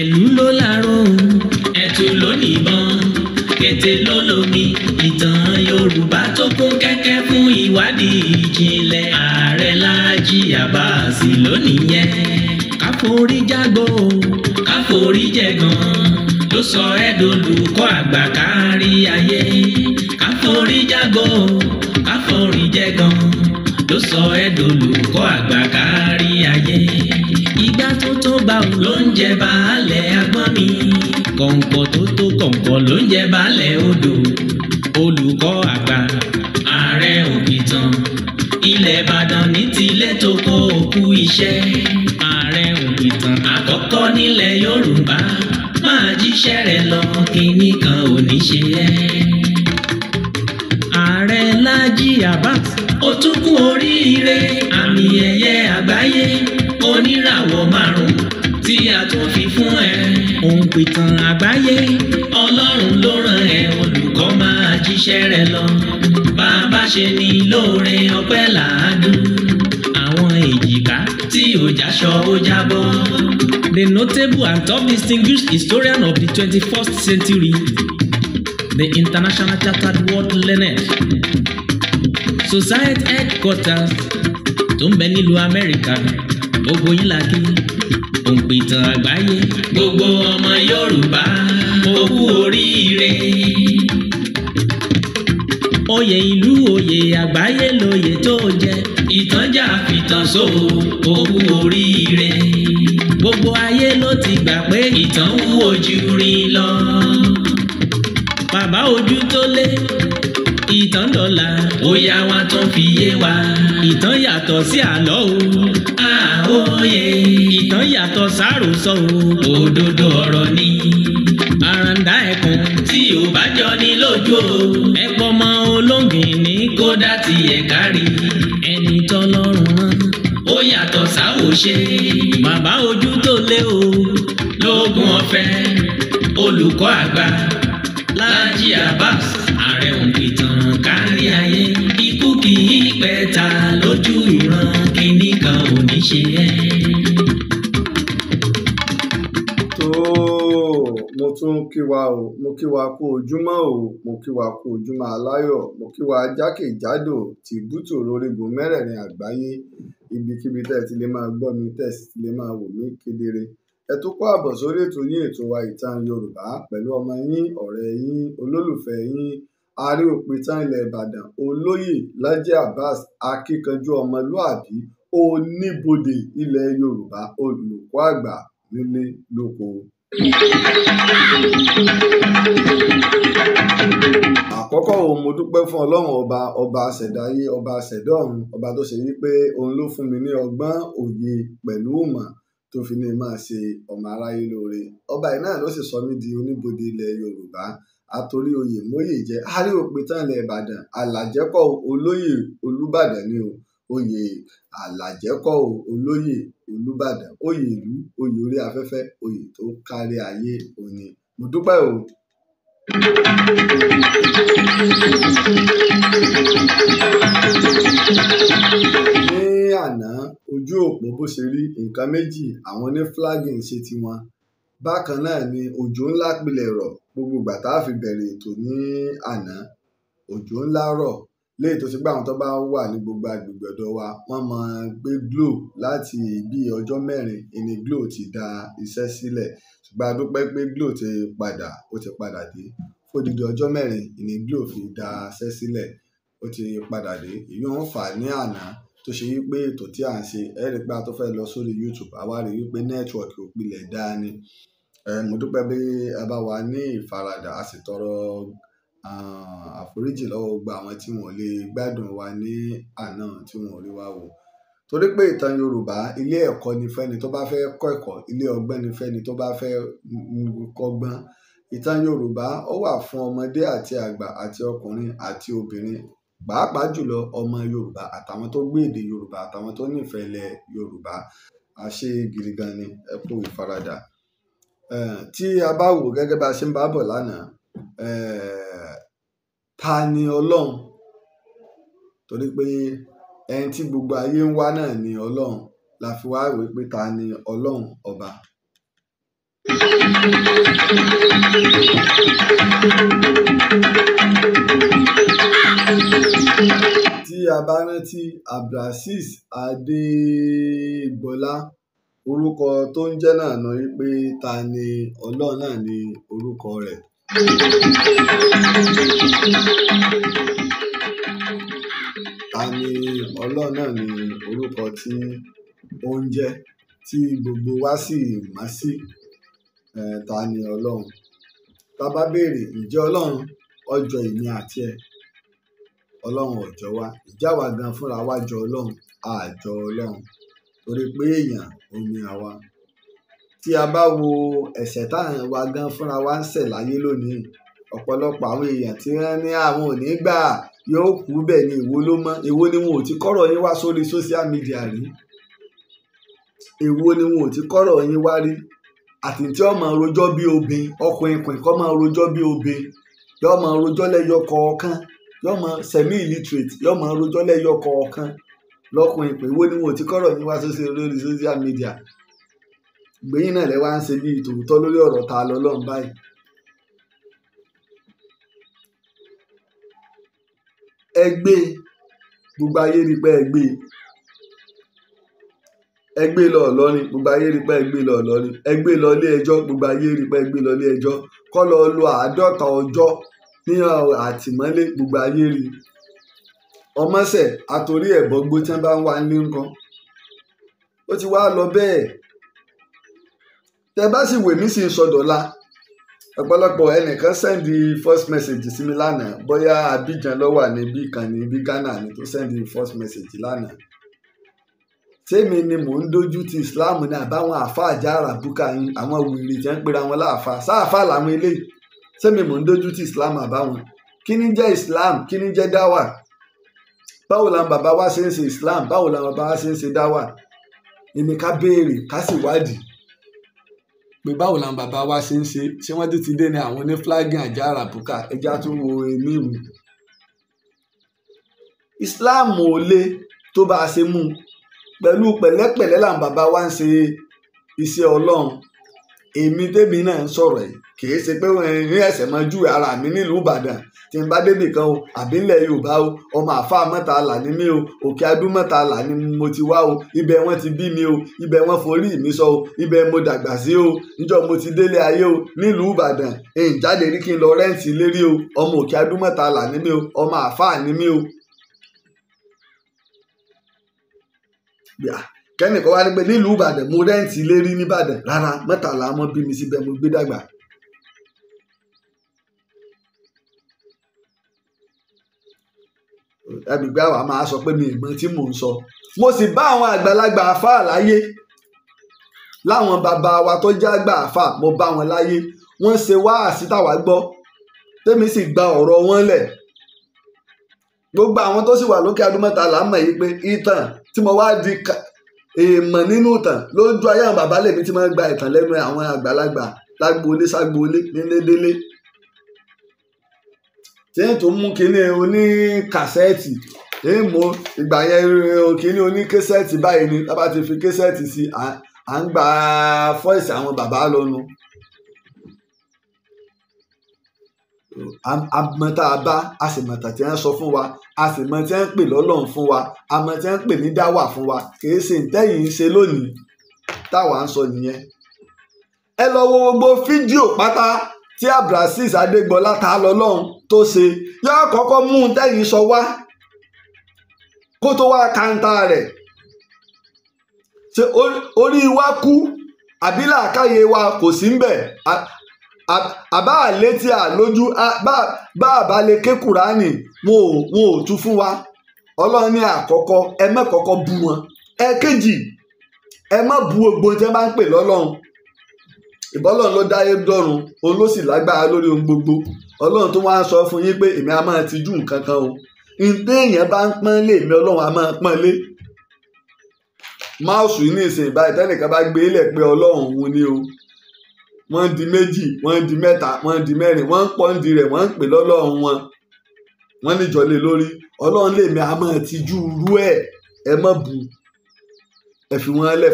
ẹ̀lú ló láró ẹ̀tù ló nìbọn kété ló lómi ìtàn Yorùbá tó kún kẹ́kẹ́ fún ìwádìí ìjìnlẹ̀ Ààrẹ Láàjì Abbas ló nìyẹn káforí jágbó káforí jẹgàn ló sọ ẹ́ dolùkọ́ àgbà kárí ayé káforí jágbó káforí jẹgàn sọ ẹ́ dolùkọ́ àgbà kárí ayé ìgbà tó tó báwo ló ń jẹ baálẹ̀ agbọ́n mi kọ̀ǹkọ̀ tó tó kọ̀ǹkọ̀ ló ń jẹ baálẹ̀ odò olùkọ́ àgbà ààrẹ òpìtàn ilẹ̀ ìbàdàn ní tilẹ̀ tó kọ́ òkú iṣẹ́ ààrẹ òpìtàn àkọ́kọ́ nílẹ̀ yorùbá máa jíṣẹ́ rẹ̀ lọ kínní kan ò ní ṣe ẹ́ ààrẹ lájí àbá tún kú oríire àmì ẹ̀yẹ àgbáyé oníràwọ̀ márùn-ún tí a tún fi fún ẹ. òǹpìtàn àgbáyé ọlọ́run ló ràn ẹ́ olùkọ́ máa jíṣẹ́ rẹ lọ bàbá ṣe ni lóore ọpẹ́ làádùn àwọn èjìká tí òjà sọ ó jábọ́. The notable and top distinguished historian of the twenty-first century, the international chartered world learned society headquarters tó ń bẹ nílùú amẹ́ríkà gbogbo yín la kí òǹpè ìtàn àgbáyé. gbogbo ọmọ yorùbá mo kú oríire. oyè ìlú oyè àgbáyé lóyè tó jẹ ìtànjà fìtànṣó mo kú oríire. gbogbo ayé ló ti gbà pé ìtàn wú ojú rí lọ. bàbá ojú tó lé ìtàn dọ̀la ó yá wa tó fi yé wa ìtàn yàtọ̀ sí àlọ́ o àwòye ìtàn yàtọ̀ sáròsọ o òdodo ọ̀rọ̀ ni àràǹdà ẹ̀kún tí ò bá jọ ní lójú o ẹ̀pọ̀ mọ olóngìn ní kódà ti ẹ̀ka rí ẹni tọ́lọ́run rán ó yàtọ̀ sáwòṣe bàbá ojú tó lé o lóògùn ọ̀fẹ́ olùkọ́ àgbà Láàjì Àbá ṣe ẹ́. mo tún kí wa o mo kí wa kú ojúmọ́ o mo kí wa kú ojúmọ́ aláyọ̀ mo kí wa jákèjádò tìbútò lórígun mẹ́rẹ̀ẹ̀rin àgbáyé ibikíbi tẹ́ ẹ ti lè máa gbọ́ mi tẹ́ ẹ sì ti lè máa wò mí kedere ẹ tó kó àbọ̀ sórí ètò yín ètò wa ìtàn yorùbá pẹ̀lú ọmọ yín ọ̀rẹ́ yín olólùfẹ́ yín ààrẹ òpìtàn ilẹ̀ ìbàdàn olóyè Laji Abbas akíkanjú ọmọlúàbí oníbodè ilẹ̀ Yorùbá olùkọ́ àgbà nílé lóko. Àkọ́kọ́ o mo dúpẹ́ fún Ọlọ́run ọba ọba aṣẹ̀dáyé ọba aṣẹ̀dọ́run ọba tó ṣe wípé òun ló fún mi ní ọgbọ́n òye pẹ̀lú ìmọ̀ tó fi ní máa ṣe ọmọ aráyé lóore ọba yìí náà ló sì sọ mí di oníbodè ilẹ̀ Yorùbá àtòrí oyè móyè jẹ tán Ìbàdàn alájẹkọ olóyè olùbàdàn oyè ìlú oyè orí afẹ́fẹ́ oyè tó kárí ayé òní mo dúpẹ́ o. ní àná ojú òpó bó ṣe rí nǹkan méjì àwọn ní flagging ṣe tiwọn bákan náà ni òjò ńlá pilẹ̀ rọ̀ gbogbo ìgbà tá a fi bẹ̀rẹ̀ ètò ní àná òjò ńlá rọ̀ léyìí tó ti pé àwọn tó bá wà ní gbogbo agbègbè ọ̀dọ̀ wa wọ́n mọ̀ pé glo láti bí ọjọ́ mẹ́rin ìní glo ti da iṣẹ́ sílẹ̀ ṣùgbọ́n a dúpẹ́ pé glo ti padà ó ti padà dé fódìdí ọjọ́ mẹ́rin ìní glo fi da iṣẹ́ sílẹ̀ ó ti padà dé èyí ń fà ní àná tó ṣe wípé ètò tí à ń ṣe ẹ rí pé a tó fẹ́ lọ sórí YouTube àwa rí i wípé nẹ́tíwọ̀kì òpilẹ̀ dáa ni mo dúpẹ́ bí a bá wa ní ìfaradà a sì tọrọ àforíjì lọ́wọ́ gba àwọn tí wọ́n lè gbádùn wa ní àná tí wọ́n rí wa wò torí pé ìtàn Yorùbá ilé ẹ̀kọ́ ni fẹ́ni tó bá fẹ́ kọ́ ẹ̀kọ́ ilé ọgbọ́n ni fẹ́ni tó bá fẹ́ kọ́gbọ́n ìtàn Yorùbá ó wà fún ọmọdé àti àgbà àti ọkùnrin àti obìnrin pàápàá jùlọ ọmọ Yorùbá àtàwọn tó gbé èdè Yorùbá àtàwọn tó nífẹ̀ẹ́ ilẹ̀ Yorùbá àṣe gidi ni ẹ kú ìfaradà tí a bá wò gẹ́gẹ́ bá a ṣe ń bá bọ̀ lánàá ta ni ọlọ́run torí pé ẹni tí gbogbo ayé ń wá náà ni ọlọ́run la fi wá wí pé ta ni ọlọ́run ọba. tí a bá rántí abdulrasheed adégbọlá orúkọ tó ń jẹ́ náà ni wípé ta ni ọlọ́run náà ni orúkọ rẹ̀ Tani Ọlọ́hun náà ni orúkọ tí ó ń jẹ́ tí gbogbo wa sì mọ̀ sí Tani Ọlọ́hun. Tá a bá béèrè ǹjẹ́ Ọlọ́run ó èmi àti ẹ? Ọlọ́run ò jọ wá. Ǹjẹ́ gan fúnra wa jọ Ọlọ́run? A à jọ Ọlọ́run torí pé èèyàn òun àwa tí a bá wo ẹ̀ṣẹ̀ táwọn wa gan fúnra wa ń ṣẹ̀ láyé lónìí ọ̀pọ̀lọpọ̀ àwọn èèyàn tí wọ́n ní àwọn ò gbà yóò kú bẹ́ẹ̀ ni èwo ló mọ́ èwo ni wọn ò ti kọ́rọ̀ yín wá sórí social media rí èwo ni wọn ò ti kọ́rọ̀ yín wá rí àti tí ọmọ rojọ́ bí obìn ọkùnrin kùn kọ́ máa rojọ́ bí obìn yọ máa rojọ́ lẹ́yọ kọ̀ọ̀kan yọ máa semi illiterate yọ máa rojọ́ lẹ́yọ kọ̀ọ̀kan lọ́kùnrin pé èwo ni wọn ò ti kọ́rọ̀ yín wá sórí social media gbẹ̀yìn náà lẹ wá ń ṣe bí ìtòótọ́ lórí ọ̀rọ̀ ta lọ́lọ́run báyìí. ẹ gbé gbogbo ayé rí pé ẹ gbé ẹ gbé lọ Ìlọrin gbogbo ayé rí pé ẹ gbé lọ Ìlọrin ẹ gbé lọ ilé ẹjọ́ gbogbo ayé rí pé ẹ gbé lọ ilé ẹjọ́ kọ́ lọ lo àádọ́ta ọjọ́ níyàn àtìmọ́lé gbogbo ayé rí ọmọọṣẹ àtòrí ẹ̀bọ́gbó tí wọ́n bá ń wá ní nǹkan ó ti wá lọ bẹ́ẹ̀ tẹ bá sì wèmí sí ń sọdọ̀la ọ̀pọ̀lọpọ̀ ẹnìkan sẹ́ndì first message sí mi lánàá bóyá Abidjan ló wà níbí kan níbí Ghana ni tó sẹ́ndì first message lánàá sẹ́mi ni mò ń dojú ti Islam ní àbáwọn àáfàá jára búkà yín àwọn wìrì tí wọ́n ń pera wọn láàfáà sáàfáà làwọn eléyìí sẹ́mi mò ń dojú ti Islam àbáwọn kí ni jẹ́ Islam kí ni jẹ́ dáwà báwo làwọn bàbá wa ṣe ń ṣe Islam báwo làwọn bàbá wa ṣe ń ṣe dáwà ìní ká béèrè ká sì wádìí pé báwo làwọn bàbá wa ṣe ń ṣe ṣé wọ́n ti ti dé ní àwọn ní flagging àjá àràbùkà ẹja tó wo èmi ìwù. Islam ò le tó bá a ṣe mú un pẹ̀lú pẹ̀lẹ́pẹ̀lẹ́ làwọn bàbá wa ń ṣe iṣẹ́ Ọlọ́run èmi tèmi náà ń sọ̀rọ̀ yìí kì í ṣe pé ní ẹ̀sẹ̀ máa ju ara mi nílùú ìbàdàn tí n bá débì kan o àbí ilẹ̀ yorùbá o ọmọ àfa mẹ́ta là ní mí o òkè adú mẹ́ta là ní mo ti wá o ibẹ̀ wọ́n ti bí mi o ibẹ̀ wọ́n forí mi sọ o ibẹ̀ mo dàgbà sí o níjọ́ mo ti délé ayé o nílùú ìbàdàn n jáde rí kí n lọ rẹ́ǹtì lérí o ọmọ òkè adú mẹ́ta là ní mí o ọmọ àfa ní mí o. Yeah kẹ́nìkan wá ní pé nílùú ìbàdàn mo rẹ́ǹtì ilé rí nìbàdàn rárá mẹ́tàlá mọ́ bí mi síbẹ̀ mo gbé dàgbà. agbègbè àwa máa sọ pé mi ìmọ̀ tí mò ń sọ mo sì bá àwọn àgbàlagbà àfà láyé láwọn bàbá wa tó jẹ́ àgbà àfà mo bá wọn láyé wọ́n ṣe wáàsí táwa gbọ́ tèmi sì gba ọ̀rọ̀ wọn lẹ̀ gbogbo àwọn tó sì wà lókè adúmọ̀ta là mọ̀ yìí pé ìtàn tí mo wá di èèmọ̀ nínú ìtàn lójú ayé àwọn bàbá lèmi ti máa ń gba ìtàn lẹ́nu àwọn àgbàlagbà lágboolé ságboolé nílédélé tí n tó mú kínní oní kàsẹ́ẹ̀tì èyí mú ìgbà yẹn kínní oní késẹ́ẹ̀tì báyìí ni tábà ti fi késẹ́ẹ̀tì sí à ń gba fọ́ìsì àwọn bàbá lọ́nu àmọ́ tá a bá a sì mọ̀ tàtí ẹ̀ sọ fún wa a sì mọ̀ tí ẹ̀ ń pè lọ́lọ́run fún wa a mọ̀ tí ẹ̀ ń pè ní dáwà fún wa kì í ṣe ntẹ́yìn ṣe lónìí táwa ń sọ nìyẹn. ẹ lọ wo gbogbo fídíò pátá tí abdulrasis adégbọlá ta lọ́lọ́run tó ṣe yọ kọ́kọ́ mú ntẹ́yìn sọ wá kó tó wá kanta rẹ̀ ṣe orí wa kú àbí làákàyè wa kò sí ń bẹ̀ àbá àlétí àlójú bá àbá lè ké kúránì wọn ò wọn ò tún fún wa ọlọ́run ní àkọ́kọ́ ẹ má kọ́kọ́ bú wọn ẹ kéjì ẹ má bu ogbon tí wọ́n bá ń pè lọ́lọ́run ìbọ́lọ́run ló dáyé dọ́run òun ló sì lágbára lórí ohun gbogbo ọlọ́run tó wá ń sọ fún yín pé èmi á máa tijú nǹkan kan o ǹdé èèyàn bá ń pọ́n lé èmi ọlọ́run á máa pọ́n lé máàsù yìí ní ìsìn ìbáyìí tẹ́nìkan bá gbé ilẹ̀ pé ọlọ́run òun ni o wọ́n ń di méjì wọ́n ń di mẹ́ta wọ́n ń di mẹ́rin wọ́n ń pọ́ǹdì rẹ̀ wọ́n ń pè lọ́lọ́run wọn wọ́n níjọ lé lórí ọlọ́run lè mi àmọ́ ìtìjú rú ẹ̀ ẹ mọ̀ bù ẹ fi wọ́n lẹ̀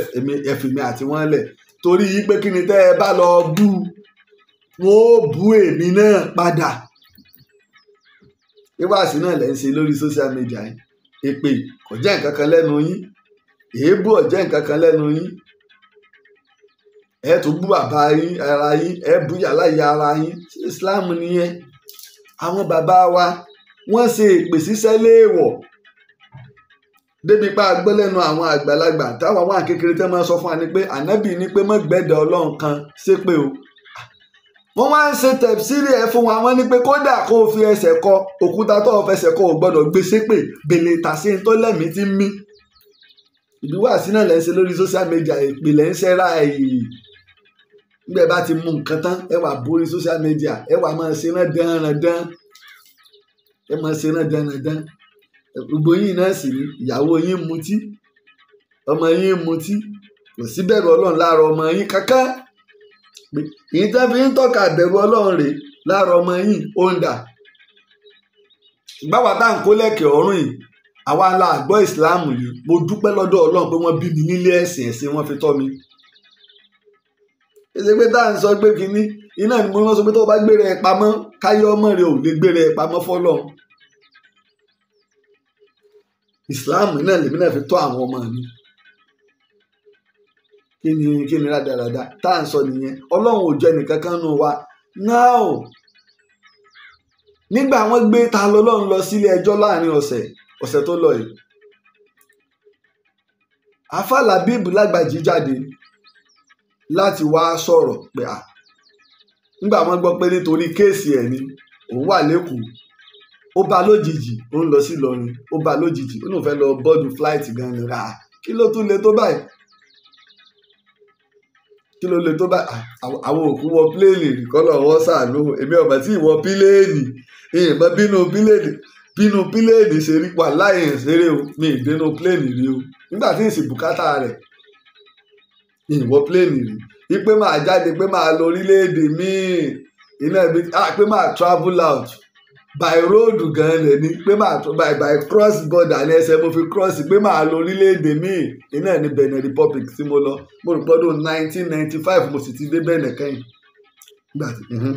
ẹ fi mi àti wọ́n lẹ̀ torí yí pé kí ni tẹ́ ẹ bá lọ bú wọn ó bú èmi náà padà wíwáàsí náà lẹ́ ń ṣe lórí social media yìí èpè kò nǹkan kan lẹ́nu yín èébú ò nǹkan kan lẹ́nu yín ẹ tún bú bàbá yín ara yín ẹ bú yàrá ìyá ara yín islam nìyẹn àwọn bàbá wa wọ́n ṣe èpè ṣíṣẹ́ léèwọ̀ débi pa agbẹ́lẹ́nu àwọn àgbàlagbà táwọn àwọn àkékeré tẹ́ máa sọ fún wa ni pé ànábì ni pé mọ́gbẹ́dẹ̀ ọlọ́run kan ṣépè o wọ́n wá ń ṣe tẹ̀síìrì ẹ̀ fún wa wọ́n ní pé kódà kó o fi ẹsẹ̀ kọ òkúta tó o fẹsẹ̀ kọ ò gbọ́dọ̀ gbé ṣépè bèlè tàṣí tó lẹ́mìí ti mí ìdíwọ́ àsínà lẹ́ ń ṣe lórí social media ìpìlẹ̀ ń ṣẹ́ra ẹ̀yìn nígbà bá ti mú nǹkan tán ẹ wà borí social media ẹ wà máa ṣe rán dánradán ẹ máa ṣe rán dánradán gbogbo yín náà sì ni ìyàwó yín mutí ọmọ yín mutí kò sí bẹ̀rù ọlọ́run lára ọmọ yín kankan yìí tẹ́ fi ń tọ́ka bẹ̀rù ọlọ́run rè lára ọmọ yín òǹdà ìgbàwá tá à ń kó lẹ́kẹ̀ẹ́ ọ̀run yìí àwa la àgbọ́ ìsìláàmù yìí mo dúpẹ́ lọ́dọ̀ ọlọ́run pé wọ́n bí mi nílé ẹ̀sìn ẹ̀sìn wọn fi tọ́ mi ṣe pé tá à ń sọ pé kínní iná ni mo máa sọ pé tó o bá gbére ẹ pamọ́ káyọ̀ ọmọ rẹ ò lè gbére ẹ pamọ́ fọ́lọ́ Islam náà lèmi náà fi tọ́ àwọn ọmọ mi kí ni kí ni rádaràda tá à ń sọ nìyẹn ọlọ́run ò jẹ́ nìkan kan nù wa now nígbà wọ́n gbé ta lọ́lọ́run lọ sílé ẹjọ́ láàrin ọ̀sẹ̀ ọ̀sẹ̀ tó lọ yìí àfa Labib lágbàjì jáde. La láti wá sọ̀rọ̀ pé à nígbà wọ́n gbọ́ pé nítorí kéèsì ẹ̀ ni òun wà lẹ́kọ̀ọ́ ó bá lójijì ó ń lọ sí Ìlọrin ó bá lójijì ó lóun fẹ́ lọ bọ́ọ̀dù flight gan ni ra kí ló tún le tó báyìí kí ló le tó báyìí àwọn òkú wọ píléènì kọ́lọ̀ wọ́n sàánú èmi ọ̀bà tí ìwọ píléènì ìyìnbọn bínú píléènì bínú píléènì ṣe rí pa láì ṣeré o mi ì dénú rí o nígbà tí ìsìn bùkátà rẹ̀ ìwọ pléènì rí i pé máa jáde pé máa lọ orílẹ̀-èdè míì iná ibi pé máa travel out by road gan lè ní pé máa by by cross border ní ẹsẹ̀ mo fi cross pé máa lọ orílẹ̀-èdè míì iná ní Benin Republic tí mo lọ mo rò pọ́dún nineteen ninety five mo sì ti dé Benin kẹ́yìn nígbà tí mhm.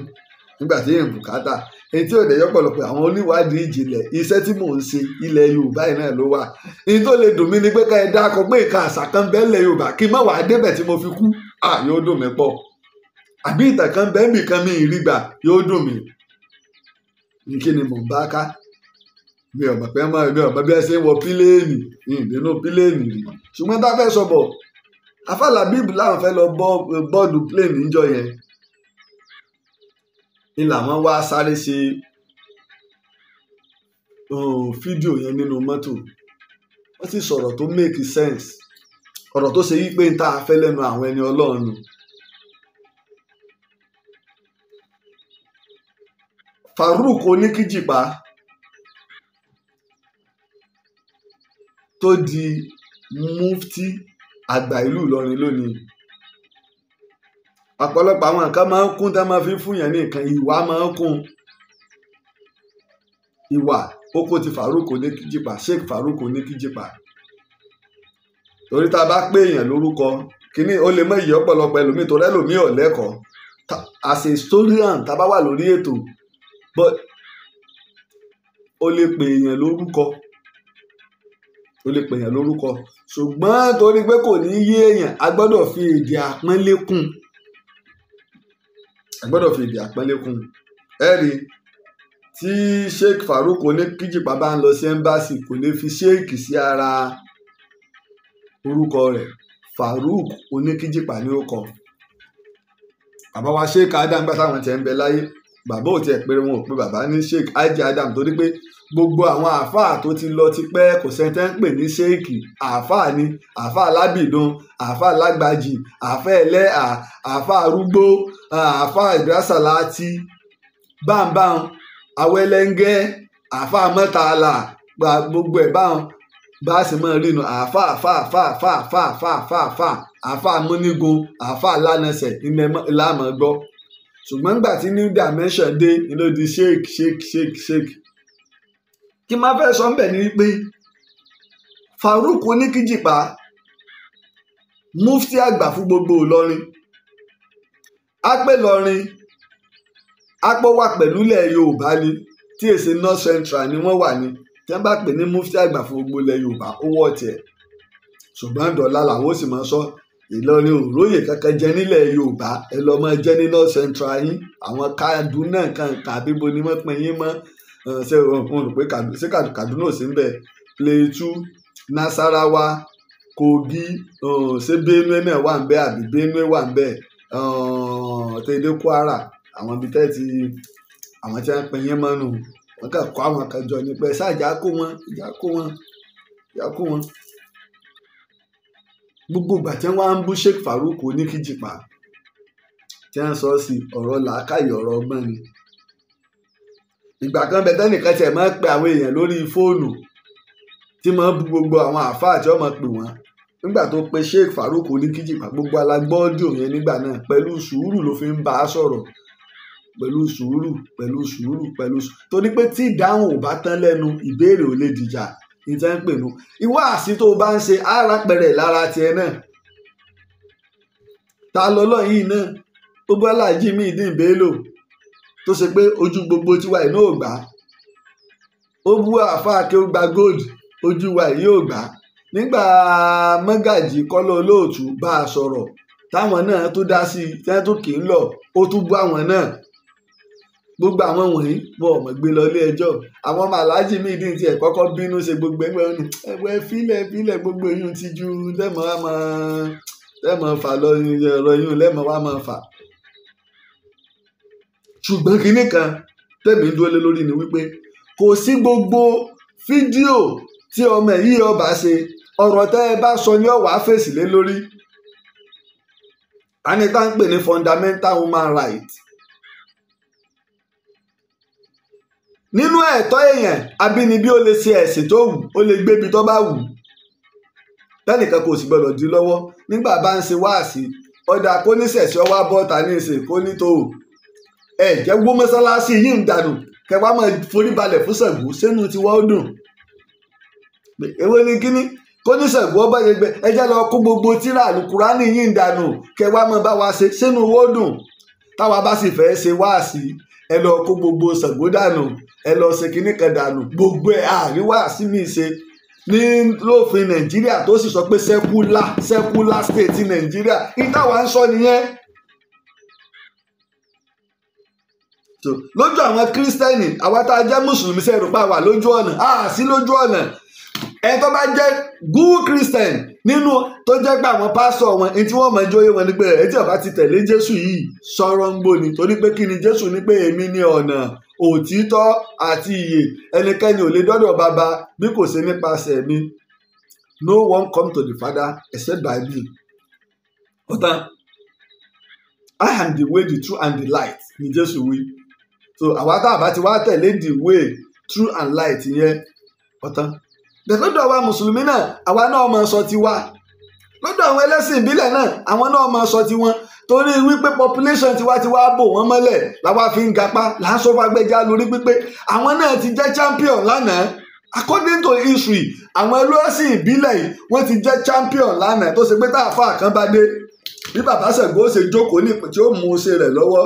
nígbà tí èèyàn bùkátà etí òde yọpọlọpọ àwọn oníwádìí ìjìnlẹ̀ iṣẹ́ tí mò ń ṣe ilẹ̀ yorùbá yìí náà ló wà ní tó lè dùn mí ni pé ká ẹ dákọ pé ìka àṣà kan bẹ́ẹ̀ lẹ̀ yorùbá kí n má wàá débẹ̀ tí mo fi kú à yóò dùn mí pọ̀ àbí ìtàn kan bẹ́ẹ̀ bì kan mi ìrígbà yóò dùn mí ní ni mò ń bá ká mi ò mọ̀ pé mọ́ mi ò mọ̀ bí ẹ ṣe ń wọ píléènì ìdènà píléènì rí ṣùgbọ́n tá a fẹ́ sọ bọ̀ afálábíb láwọn fẹ́ lọ bọ́ọ̀dù pléènì níjọ yẹn ni làwọn wá sáré ṣe oh, fídíò yẹn nínú mọ́tò wọ́n sì sọ̀rọ̀ tó make sense ọ̀rọ̀ tó ṣe wípé ń tá a fẹ́ lẹ́nu àwọn ẹni ọlọ́run nù. Farouk oníkíjìpá tó di mufti àgbà ìlú Ìlọrin lónìí ọ̀pọ̀lọpọ̀ àwọn nǹkan máa ń kún tá máa fi fún yẹn ní ìwà máa ń kún ìwà oko ti Faruq Oníkíjìpá Sheikh Faruq Oníkíjìpá torí tá a bá pé èèyàn lórúkọ kíní ó lè mọ ìyẹ ọ̀pọ̀lọpọ̀ ẹlòmíì torí ẹlòmíì ò lẹ́kọ̀ọ́ as a historian tá a bá wà lórí ètò but ó lè pè èèyàn lórúkọ ó lè pè èèyàn lórúkọ ṣùgbọ́n torí pé kò ní yé èèyàn a gbọ́dọ̀ fi èdè àpọ́nlé kún a gbọ́dọ̀ fi èdè àpọ́nlé kún un tí sheik farouk oníkíjìpá bá ń lọ sí ẹ́mbáàsì kò lè fi sheik sí ara orúkọ rẹ̀ farouk oníkíjìpá ni ó kọ bàbá wa sheik adam gbà táwọn tiẹ̀ ń bẹ láyé bàbá ò tiẹ̀ pé wọn ò pé bàbá ní sheik ajé adam torí pé gbogbo àwọn àáfàá tó ti lọ ti pẹ́ kò sẹ́ńtẹ́ ń pè ní sheik àáfàá ni àáfàá lábìdún àáfàá lágbàjì àáfàá ẹlẹ́à àáfàá arúgbó àáfà ìdírásàláàtì báńbáń awẹ́lẹ́ngẹ́ àáfà mọ́tàlá gbogbo ẹ̀ báwọn bá a sì máa rí nu àáfà àáfà àáfà àáfà àáfà àáfà àáfà àáfà múnigun àáfà lánàṣẹ ilẹ̀ láàmú gbọ́ ṣùgbọ́n nígbà tí new dimension dé ló di shake shake shake shake kí n máa fẹ́ sọ ńbẹ̀ ni wípé Farouk oníkíjìpá mufti àgbà fún gbogbo Ìlọrin apẹ̀lọrin apọ̀ wà pẹ̀lú ilẹ̀ yorùbá ni tí èsì north central ni wọ́n wà ní tí wọ́n bá pè ní mufti àgbà fún yorùbá ó wọ̀ tiẹ̀ ṣùgbọ́n dọ̀la làwọn ó sì máa sọ ìlọrin òróyè kankan jẹ nílẹ̀ yorùbá ẹ lọ máa jẹ ní north central yín àwọn kaduna kankan àbíbo ni wọ́n pè yín mọ́ ṣé wọ́n rò pé ṣé kaduna ò sí ń bẹ̀ plateau nasarawa kogi ṣé benue náà wà ń bẹ̀ àbí benue wà ń bẹ̀ tẹ̀lé Kwara àwọn ibi tẹ́ ti àwọn tí wọ́n pe yín mọ́nu wọ́n kàn kọ́ àwọn kan jọ ní pẹ́ sáàjà kó wọn ìjà kó wọn ìjà kó wọn. gbogbo ìgbà tí wọ́n ń bú Sheikh Farouk oníkìjìpá tí wọ́n sọ sí ọ̀rọ̀ làákàyè ọ̀rọ̀ ọgbọ́n ni. ìgbà kan bẹ tẹ́nìkan tiẹ̀ máa ń pe àwọn èèyàn lórí fóònù tí máa ń gbogbo àwọn àáfàá àti ọmọ pè wọ́n nígbà tó pe Sheikh Farouk oníkìjìpá gbogbo alágbọ́ọ́dùn yẹn nígbà náà pẹ̀lú sùúrù ló fi ń bá a sọ̀rọ̀ pẹ̀lú sùúrù pẹ̀lú sùúrù pẹ̀lú sùúrù torí pé tí ìdáhùn ò bá tán lẹ́nu ìbéèrè ò lè dìjà ìtẹ́ ń pè ìwọ àṣì tó o bá ń ṣe ara pẹ̀rẹ̀ lára tiẹ̀ náà ta lọ́lọ́ yìí náà tó bá láàjì mí ìdí ìbéèlò tó gbogbo tiwa yìí náà ò gbà ó bú àáfàá kí ó gba gold ojú wa yìí ò gbà nígbà mọ́gàjì kọ́lọ́ olóòtú bá a sọ̀rọ̀ táwọn náà tó dá sí i tẹ́lẹ̀ tó kì í lọ ó tún bú àwọn náà gbogbo àwọn wọ̀nyí wọn ò mọ̀ gbé lọ ilé ẹjọ́ àwọn ọmọ aláàjì mi ìdí ti ẹ̀ kọ́kọ́ bínú ṣe gbogbo ẹgbẹ́ ọ̀nù ẹgbẹ́ fílẹ̀ fílẹ̀ gbogbo eyín ti ju tẹ́mọ̀ wá mọ̀ tẹ́mọ̀ fà lọ ọ̀rọ̀ eyín lẹ́mọ̀ wá mọ̀ fà. ṣùgbọ́n kinní kan tẹ̀mí dúró lé lórí ni wípé kò sí gbogbo fídíò tí ọmọ yìí ọba ṣe ọ̀rọ̀ tẹ́ ẹ bá sọ ni ọ̀wá fèsì lé lórí anita ń pè ní fundamental human right nínú ẹ̀tọ́ èèyàn abínibí ó lè ṣe ẹ̀sìn tó wù ó lè gbébi tó bá wù tẹ́nìkan kò sì gbọdọ̀ di lọ́wọ́ nígbà bá ń ṣe wáàsí ọ̀dà kó ní sẹ̀sẹ̀ ọwá bọ́ta ní ìsìn kó ní tó ẹ̀ wó mọ́sálásí yìí ń dànù kẹwàá máa forí balẹ̀ fún Ṣàngó sẹ́nu tiwa ó dùn èwo ni kíní kóníṣègùn ọba yẹn gbẹ ẹ jẹ́ lọ kó gbogbo tíra àlùkùránì yín dànù kẹwàá mọ bá wa ṣe sínú owó dùn táwa bá sì fẹ́ ṣe wáàsí ẹ lọ kó gbogbo Ṣàngó dànù ẹ lọ ṣe kínní kan dànù gbogbo ẹ àríwá sí mi ṣe ní lófin Nàìjíríà tó sì sọ pé sẹkúlà sẹkúlà state Nàìjíríà ìtawà ń sọ nìyẹn. lójú àwọn kírísítẹ́nì àwa tá a jẹ́ mùsùlùmí sẹ́rù pa wà lójú ọ̀nà àà sí lójú ọ̀nà ẹni tó bá jẹ́ good christian nínú tó jẹ́ pé àwọn pásọ̀ wọn etí wọ́n mọ̀ jóyè wọn ni pé etí ọba ti tẹ̀lé jésù yìí sọ̀rọ̀ ń gbòòní torí pé kí ni jésù ní pé èmi ni ọ̀nà òtítọ́ àti ìyè ẹnikẹ́ni ò lè dọ́dọ̀ bàbá bí kò ṣe nípasẹ̀ mi no one come to the father except by me ọ̀tán I am the way the truth and the light ni jésù wí so àwa tá a bá ti wá tẹ̀lé the way truth and light yẹn ọ̀tán lọ́dọ̀ wa mùsùlùmí náà àwa náà máa sọ tiwa lọ́dọ̀ àwọn ẹlẹ́sìn ìbílẹ̀ náà àwọn náà máa sọ tiwọn torí wípé population tiwa ti wá bò wọ́n mọ́lẹ̀ làwa fi ń gapá là ń sọ́fà gbẹ́já lórí pípé àwọn náà ti jẹ́ champion lánàá according to history àwọn ẹlẹ́sìn ìbílẹ̀ yìí wọ́n ti jẹ́ champion lánàá tó ṣe pé tá a fa àkàn bá dé bí bàbá Ṣàngó ṣe jókòó ní ìpè tí ó mú un ṣe rẹ̀ lọ́wọ́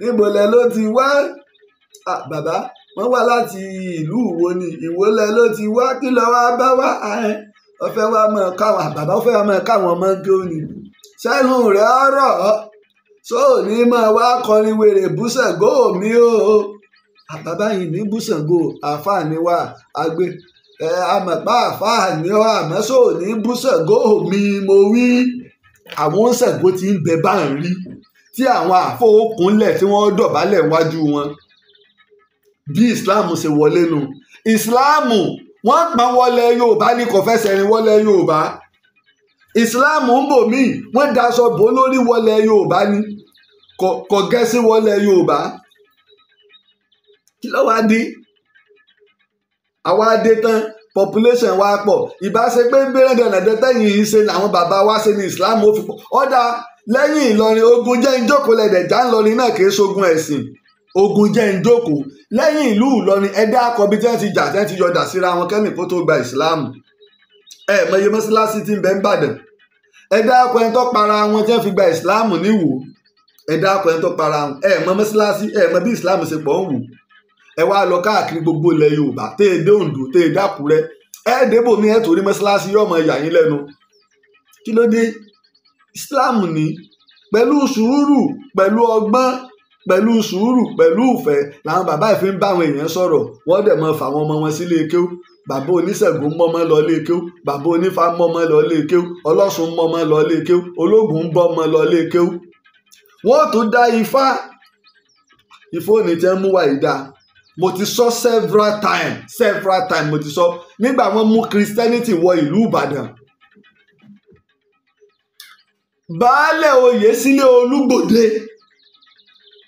níbo lẹ ló ti wá ah, bàbá wọ́n wá láti ìlú Ìwó ni Ìwó lẹ ló ti wá kí lọ wá bá wá ẹ ọfẹ wa mọ káwọn bàbá ọfẹ wa mọ káwọn ọmọ gé òní sẹ́nu rẹ ọ̀rọ̀ tó ní mọ wá kọrin wèrè búṣàgó mi o bàbá yìí ní búṣàgó àfààní wa àgbẹ ẹ àmọpá àfààní wa àmọ́ sọ ní búṣàgó mi mo wí àwọn ṣàgó ti ń bẹ bá rí tí àwọn àfọwọ́kùnlẹ̀ tí wọ́n dọ̀bálẹ̀ wájú wọn bí islam ṣe wọlé nu islam wọ́n pa wọlé yorùbá ní kò fẹsẹ̀ rìn wọlé yorùbá islam ń bò míì wọ́n daṣọ bò lórí wọlé yorùbá ni kò gẹ́sí wọlé yorùbá kí ló wá dé àwa dé tán population wa pọ̀ ìbáṣe pé ń bẹ̀rẹ̀ dẹ̀nàdẹ́ tẹ̀yìn yìí ṣe làwọn bàbá wa ṣe ní islam ó fi pọ̀ ọ̀dà lẹ́yìn ìlọrin ogun jẹ́ ìjókòó lẹ́dẹ̀ já ńlọrin náà kì í ṣogun ẹ̀sìn ogun jẹ́ ń jókòó lẹ́yìn ìlú ìlọrin ẹ̀dá akọbi tí wọ́n ti jà tí wọ́n ti yọ̀dà síra wọn kẹ́mi kó tó gba ìsìláàmù ẹ̀ mọye mọ́sálásí ti ń bẹ ń bàdàn ẹ̀dá akọ ẹni tó para wọn tí wọ́n fi gba ìsìláàmù níwò ẹ̀dá akọ ẹni tó para wọn ẹ̀ mọ mọ́sálásí ẹ̀ mọ bí ìsìláàmù ṣe pọ̀ ń wù ẹ̀ wá lọ káàkiri gbogbo ilẹ̀ yorùbá tẹ́ pẹ̀lú sùúrù pẹ̀lú ìfẹ́ làwọn bàbá yìí fi ń bá àwọn èèyàn sọ̀rọ̀ wọ́n dẹ̀ mọ́ fa àwọn ọmọ wọn sílé kéw bàbá oníṣègùn mọ́mọ́ lọ lé kéw bàbá onífá mọ́mọ́ lọ lé kéw ọlọ́sùn mọ́mọ́ lọ lé kéw ológun bọ́mọ́ lọ lé kéw wọ́n tún dá ifá ìfóònì tẹ́ ń mú wa yìí dáa mo ti sọ several times several times mo ti sọ nígbà wọ́n mú christianity wọ ìlú ìbàdàn baálẹ̀ oyè sílé olúgbòde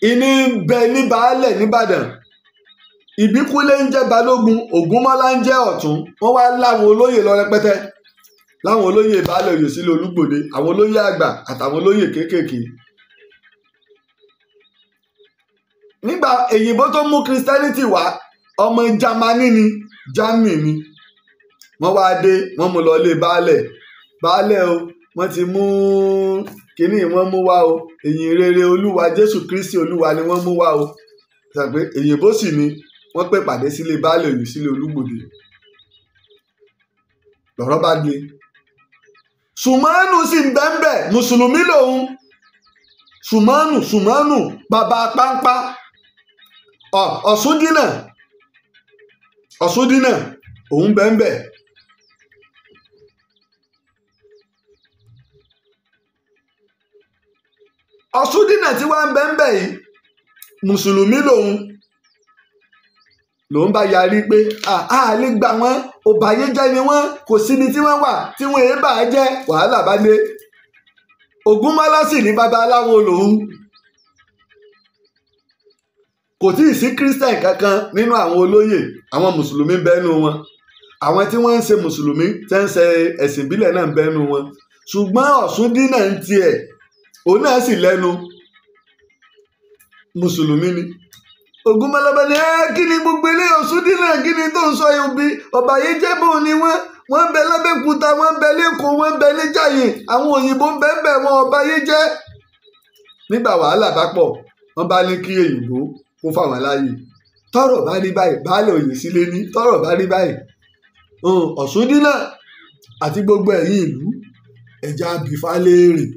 ìní ń bẹ ní baálẹ̀ nìbàdàn ìbíkúlé ń jẹ́ balógun ògúnmọ́lá ń jẹ́ ọ̀tún wọ́n wá láwọn olóyè lọ rẹpẹtẹ láwọn olóyè baálẹ̀ oyè sílẹ̀ olúgbòde àwọn olóyè àgbà àtàwọn olóyè kéékèèké nígbà èyìnbó tó mú christianity wá ọmọ jamani ni germany ni wọ́n wá dé wọ́n mú lọ lé baálẹ̀ baálẹ̀ o wọ́n ti mú kíní wọ́n mú wá o ìyìn rere olúwa jésù kristi olúwa ni wọ́n mú wá o ṣàgbé èyìnbó sì ni wọ́n pè pàdé sílé baálé ìlú sílé olúgbòde lọ́rọ̀ bá gbé sùmánù sì ń bẹ́ńbẹ́ mùsùlùmí lòun sùmánù sùmánù bàbá páńpá ọ̀ṣúndínà ọ̀ṣúndínà òun bẹ́ńbẹ́ ọ̀ṣúndínà tí wọ́n ń bẹ́ ń bẹ̀ yìí mùsùlùmí lòun lòun bá yarí pé àálé gbà wọ́n òbáyéjẹ́ ni wọ́n kò síbi tí wọ́n wà tí wọ́n èé bà á jẹ́ wàhálà bá dé Ògúnmọ́lá sì ní babaláwo lòun kò tí ì sí christian kankan nínú àwọn olóyè àwọn mùsùlùmí bẹ́nu wọn àwọn tí wọ́n ń ṣe mùsùlùmí tẹ́ ń ṣe ẹ̀sìn ìbílẹ̀ náà bẹ́nu wọn ṣùgbọ́n Ọ̀ṣúndínà ń tiẹ̀ òun náà sì lẹ́nu mùsùlùmí ni ogun mẹlẹbẹ ni ẹ kí ni gbogbo ilé ọ̀ṣúndín náà kí ni tó ń sọ ibi ọba yìí jẹ́ bò ni wọ́n wọ́n ń bẹ lábẹ́kúta wọ́n ń bẹ lẹ́kọ̀ọ́ wọ́n ń bẹ níjàyè àwọn òyìnbó ń bẹ ń bẹ wọn ọba yìí jẹ́ nígbà wàhálà bá pọ̀ wọ́n bá ní kí òyìnbó kó fáwọn láàyè tọ́rọ̀ bá rí báyìí baálé òyìn sílé ní tọ́rọ̀ bá rí báyìí ọ̀ṣúndín náà àti gbogbo ẹ̀yìn ìlú ẹ̀já bìfálẹ́rìn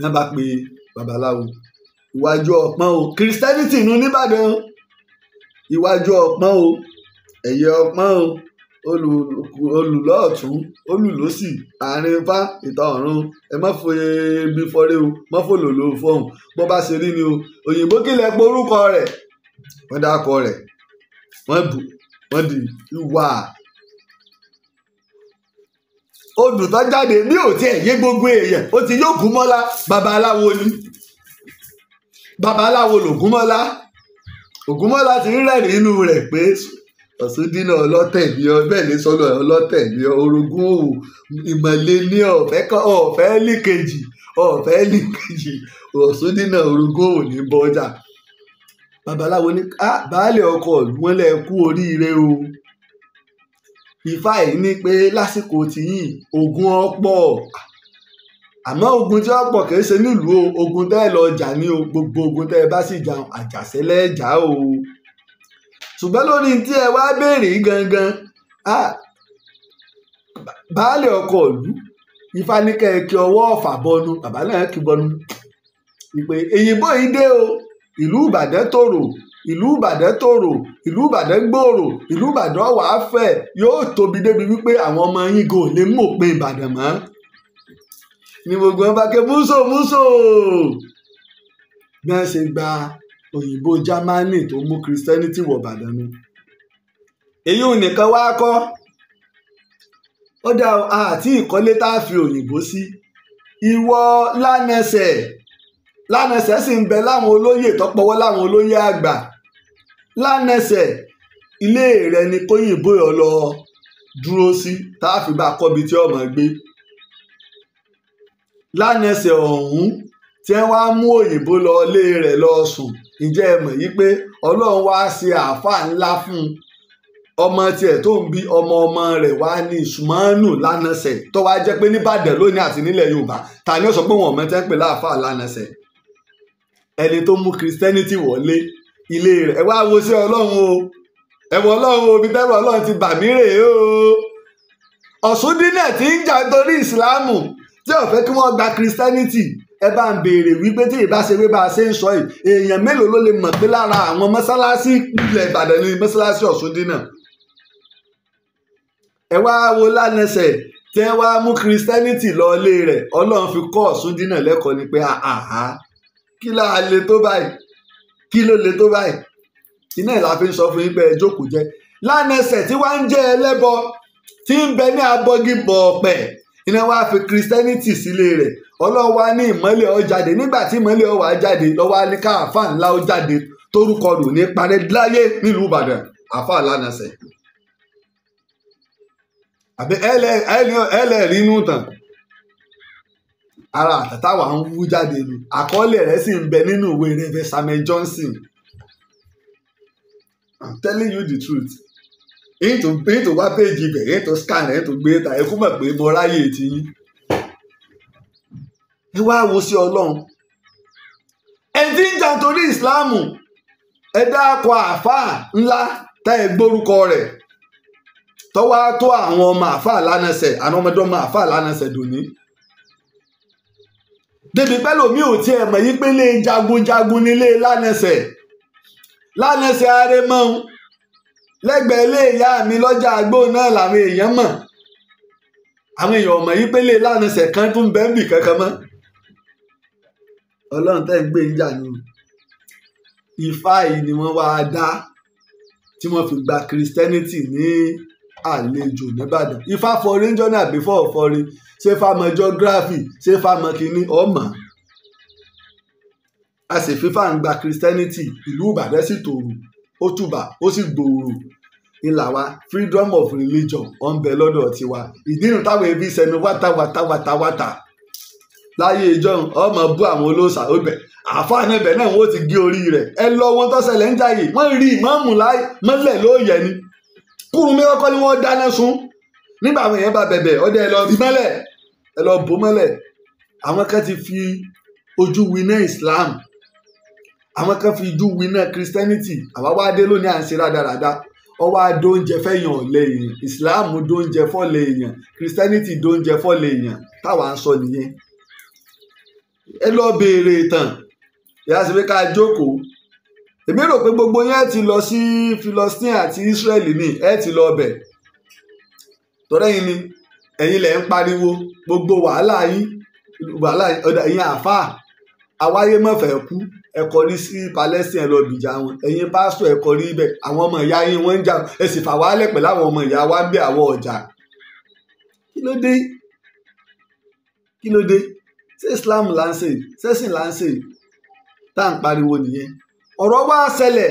ní wọ́n bá pe babaláwo ìwájú ọpọ́n o christianity nu nìbàdàn ìwájú ọpọ́n o ẹ̀yẹ ọpọ́n o olùlọ́ọ̀tún olùlọ́sì àárín ipá ìta ọ̀run ẹ má fòye bí fọ́rẹ́ o má fòlòlò fọ́hùn bó bá ṣe rí ni o òyìnbó kílẹ̀ pé orúkọ rẹ̀ wọ́n dákọ rẹ̀ wọ́n bù wọ́n di ìwà odù tó jáde ní òtí ẹ̀ yé gbogbo èèyàn ó ti yóò gúnmọ́lá babaláwo ni babaláwo lògúnmọ́lá ògúnmọ́lá ti rí rẹ̀rìn inú rẹ̀ pé ọ̀sùn dínà ọlọ́tẹ̀ ni ọ bẹ́ẹ̀ ní sọ́nà ọlọ́tẹ̀ ni ọ orogún òwò ìmọ̀lẹ́ ní ọ̀fẹ́ ọ̀fẹ́ líkejì ọ̀fẹ́ líkejì ọ̀sùn dínà orogún òwò ní bọ́jà babaláwo ní ah, baálé ọkọ̀ ọ̀dùnmọ́lẹ̀ kú oríire o ifá yìí ní pé lásìkò tìyìn ogun ọ̀pọ̀ àmọ́ ogun tí wọ́n pọ̀ kìí ṣe nílùú o ogun tẹ́ ẹ lọ jà ní o gbogbo ogun tẹ́ ẹ bá sì jà àjàṣẹ́lẹ̀ jà o ṣùgbọ́n lórí tí ẹ wá béèrè gangan baálé ọkọ̀ ìlú ifá ní kẹ́ẹ̀kì ọwọ́ ọ̀fà bọnu bàbá náà kì bọnu wípé èyí bóyí dé o ìlú ìbàdàn tòrò ìlú ìbàdàn tòrò ìlú ìbàdàn gbòòrò ìlú ìbàdàn wàá fẹ̀ yóò tóbi débi wípé àwọn ọmọ yín gò lè mú òpin ìbàdàn mọ́ ni gbogbo wọn bá ké múso múso bí wọn ṣe gba òyìnbó jámánì tó mú christianity wọ ìbàdàn nu èyí ò nìkan wá kọ́ ó dá àti ìkọ́lé tá a fi òyìnbó sí ìwọ lánàṣẹ lánàṣẹ sì ń bẹ láwọn olóyè tọpọwọ láwọn olóyè àgbà lánàṣẹ ilé rẹ ni kóyìnbó yọ lọ dúró sí tá a fi bá a kọ́bi tí ọmọ gbé lánàṣẹ ọ̀hún tí wọ́n á mú òyìnbó lọ ilé rẹ̀ lọ sùn ǹjẹ́ ẹ mọ̀ yìí pé ọlọ́run wá ṣe àáfàá ńlá fún un ọmọ tiẹ̀ tó ń bí ọmọ ọmọ rẹ̀ wá ní ìsùmọ́nù lánàṣẹ tó wá jẹ́ pé nìbàdàn lónìí àti nílẹ̀ yorùbá ta ni ó sọ pé wọn ò mọ̀ tẹ́ ń pè láàfáà lánàṣẹ ẹni tó mú christianity wọlé ilé rẹ̀ ẹ wá wo sí ọlọ́run o ẹ̀wọ̀n ọlọ́run o ibi tẹ́wọ̀n ọlọ́run ti bà mí rèé o ọ̀sùn dínà tí ń jà torí ìsìláàmù tí ò kí wọ́n gba christianity ẹ bá ń béèrè wípé tí ìbá ṣe wí bá a ṣe ń sọ yìí èèyàn mélòó ló lè mọ̀ pé lára àwọn mọ́sálásí ilẹ̀ ìbàdàn ni mọ́sálásí ọ̀sùn dínà ẹ wá wo lánàṣẹ̀ tẹ́ wá mú christianity lọ́ọ́lé rẹ̀ ọlọ́run fi kọ́ ọ̀sùn dínà lẹ́kọ̀ọ́ ni pé àhà kí láà le tó báyìí kí ló le tó báyìí iná ìlà fi ń sọ fún yín pé ẹ jókòó jẹ́. lánàṣẹ tí wàá ń jẹ ẹlẹ́bọ tí ń bẹ ní abọ́gi bọ̀ọ̀pẹ̀, iná wàá fi christianity sílé rẹ̀ ọlọ́wà ní ìmọ̀lẹ̀ ó jáde nígbà tí ìmọ́lẹ̀ ó wá jáde lọ́wọ́ á ní káàfà ńlá ó jáde torúkọ rò ní parẹ́ láyé nílùú Ìbàdàn àfà lánàṣẹ àbí ẹlẹ́rìínú tàn ara àtàtàwà ń wú jáde nù àkọọ́lẹ̀ rẹ̀ sì ń bẹ nínú ìwé rẹ̀ Samuel Johnson I'm telling you the truth èyí tó èyí tó wá péjì ibẹ̀ èyí tó scan èyí gbé ta ẹkú mọ̀ pé mo ráyè ti yín ẹ wá wo sí ọlọ́run ẹ ti ń jà torí ìsìláàmù ẹ dáko àáfàá ńlá tá ẹ gbórúkọ rẹ̀ tọ́wọ́ á àwọn ọmọ àáfàá lánàṣẹ àwọn ọmọdé ọmọ àáfàá lánàṣẹ dòní débi pẹ́lú mi ò tiẹ̀ mọ̀ yí pé lé jagunjagun nílé lánàṣẹ̀ lánàṣẹ̀ arémọ́hún lẹ́gbẹ̀ẹ́ ilé ìyá mi lọ́jà àgbò náà làwọn èèyàn mọ̀ àwọn èèyàn ọ̀mọ̀ yí pé lé lánàṣẹ̀ kan tún bẹ́ẹ̀bì kankan mọ́ ọlọ́run tẹ́ ń gbé ń jà ní ifá yìí ni wọ́n wáá dá tí wọ́n fi gba christianity ní àlejò nìbàdàn ifá fọrin jọ́nà àbí fọ́ọ̀fọrin ṣé fámọ geography ṣé fámọ kínní ọmọ a sì fífà ń gba christianity ìlú ìbàdàn sì tòrò ó túbà ó sì gbòòrò ìlà wa freedom of religion ọ̀n bẹ lọ́dọ̀ tiwa ìdí nu táwọn ẹbí sẹnu wátà wátà wátà wátà láyé ìjọhún ọmọ bú àwọn olóòṣà ó bẹ àfáàní ẹbẹ náà wọn ti gé orí rẹ ẹ lọ wọn tó ṣẹlẹ̀ ń jayé wọn rí ìmọ̀ọ́mù láì mọ́lẹ̀ lóòyẹ ni kúrú mi kọ́kọ́ ni wọ́n dáná sun nígbà àwọn èèyàn bá bẹ̀bẹ̀ ọdẹ lọ ìmọ̀lẹ̀ ẹ lọ bò mọ́lẹ̀ àwọn kan ti fi ojú winá Islam àwọn kan fi ojú winá Christianity àwa wá dé lónìí à ń ṣe rádaràda ọwọ́ adóúnjẹ fẹ́yàn ọ̀lẹ́ Islam dóúnjẹ fọ́lẹ̀ èèyàn Christianity dóúnjẹ fọ́lẹ̀ èèyàn táwa ń sọ nìyẹn ẹ lọ béèrè ìtàn ìyá sì fi ká jókòó èmi rò pé gbogbo yẹn ti lọ sí Philistine àti Israeli ni ẹ ti lọ bẹ̀ tọ́lẹ́yìn ni ẹ̀yin lẹ̀ ń pariwo gbogbo wàhálà yín wàhálà ọ̀dà ẹ̀yin àáfàá àwáyé mọ̀fẹ́ kú ẹ kọrí sí Palestine lọ bìjà wọn ẹ̀yin pásítọ̀ ẹ kọrí ibẹ̀ àwọn ọmọ ìyá yín wọ́n ń jà ẹ sì fà wálẹ̀ pẹ̀lú àwọn ọmọ ìyá wa ń bẹ àwọn ọ̀jà kí ló dé kí ló dé ṣé Islam là ń ṣe ṣẹ́sìn là ń ṣe tá à ń pariwo nìyẹn ọ̀rọ̀ wá ṣẹlẹ̀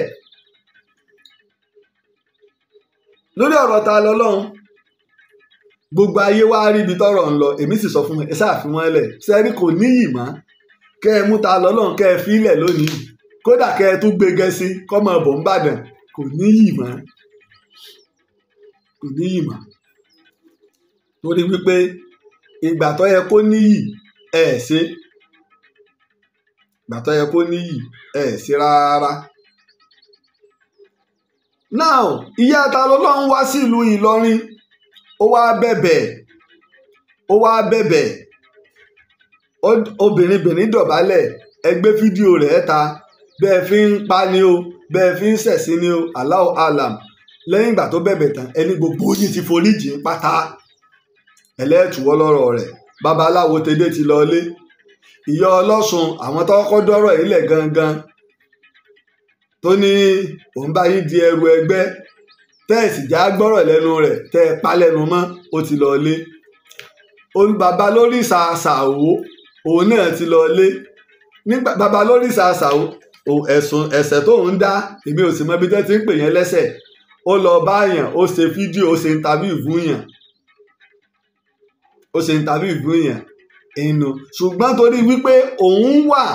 lórí ọ̀rọ̀ ta lọ́lọ́run gbogbo ayé wá rí ibi tọ́rọ̀ ń lọ èmi sì sọ fún ẹ sáà fi wọ́n lẹ̀ sẹ́ni kò níyì mọ́ kẹ́ ẹ mú ta lọ́lọ́run kẹ́ ẹ fi ilẹ̀ lónìí kódà kẹ́ ẹ tún gbégẹ sí kọ́mọ ọ̀bọ̀ ń bàdàn kò níyì mọ́ kò níyì mọ́ torí wípé ìgbà tó yẹ kó níyì ẹ ṣe ìgbà tó yẹ kó níyì ẹ ṣe rárá now ìyá ta lọ́lọ́run wá sí ìlú Ìlọrin ó wá bẹ̀bẹ̀ ó wá bẹ̀bẹ̀ obìnrin bìnrin dọ̀bálẹ̀ ẹ gbé fídíò rẹ̀ ta bẹ́ẹ̀ fi ń pa ni o bẹ́ẹ̀ fi ń ṣẹ̀sí ni o Allahu alam lẹ́yìn ìgbà tó bẹ̀bẹ̀ tán ẹni gbogbo yìí ti foríjì pátá ẹlẹ́ẹ̀tùwọ́ lọ́rọ̀ rẹ̀ babaláwo tèdè ti lọlé ìyá ọlọ́sùn àwọn tó kọ́ dọ́rọ̀ yìí lẹ̀ gangan tó ní òun bá yín di ẹrù ẹgbẹ́ tẹ́ ẹ̀ sì já gbọ́rọ̀ lẹ́nu rẹ̀ tẹ́ ẹ pa lẹ́nu mọ́ ó ti lọ lé òun bàbá lórí ṣàṣàwó òun náà ti lọ lé nígbà bàbá lórí ṣàṣàwó ẹ̀sùn ẹ̀ṣẹ̀ tó ń dá èmi ò sì mọ ibi tẹ́ ti ń pè yẹn lẹ́sẹ̀ ó lọ báyàn ó ṣe fídíò ó ṣe interview fún ó ṣe interview fún inú ṣùgbọ́n torí wípé òun wà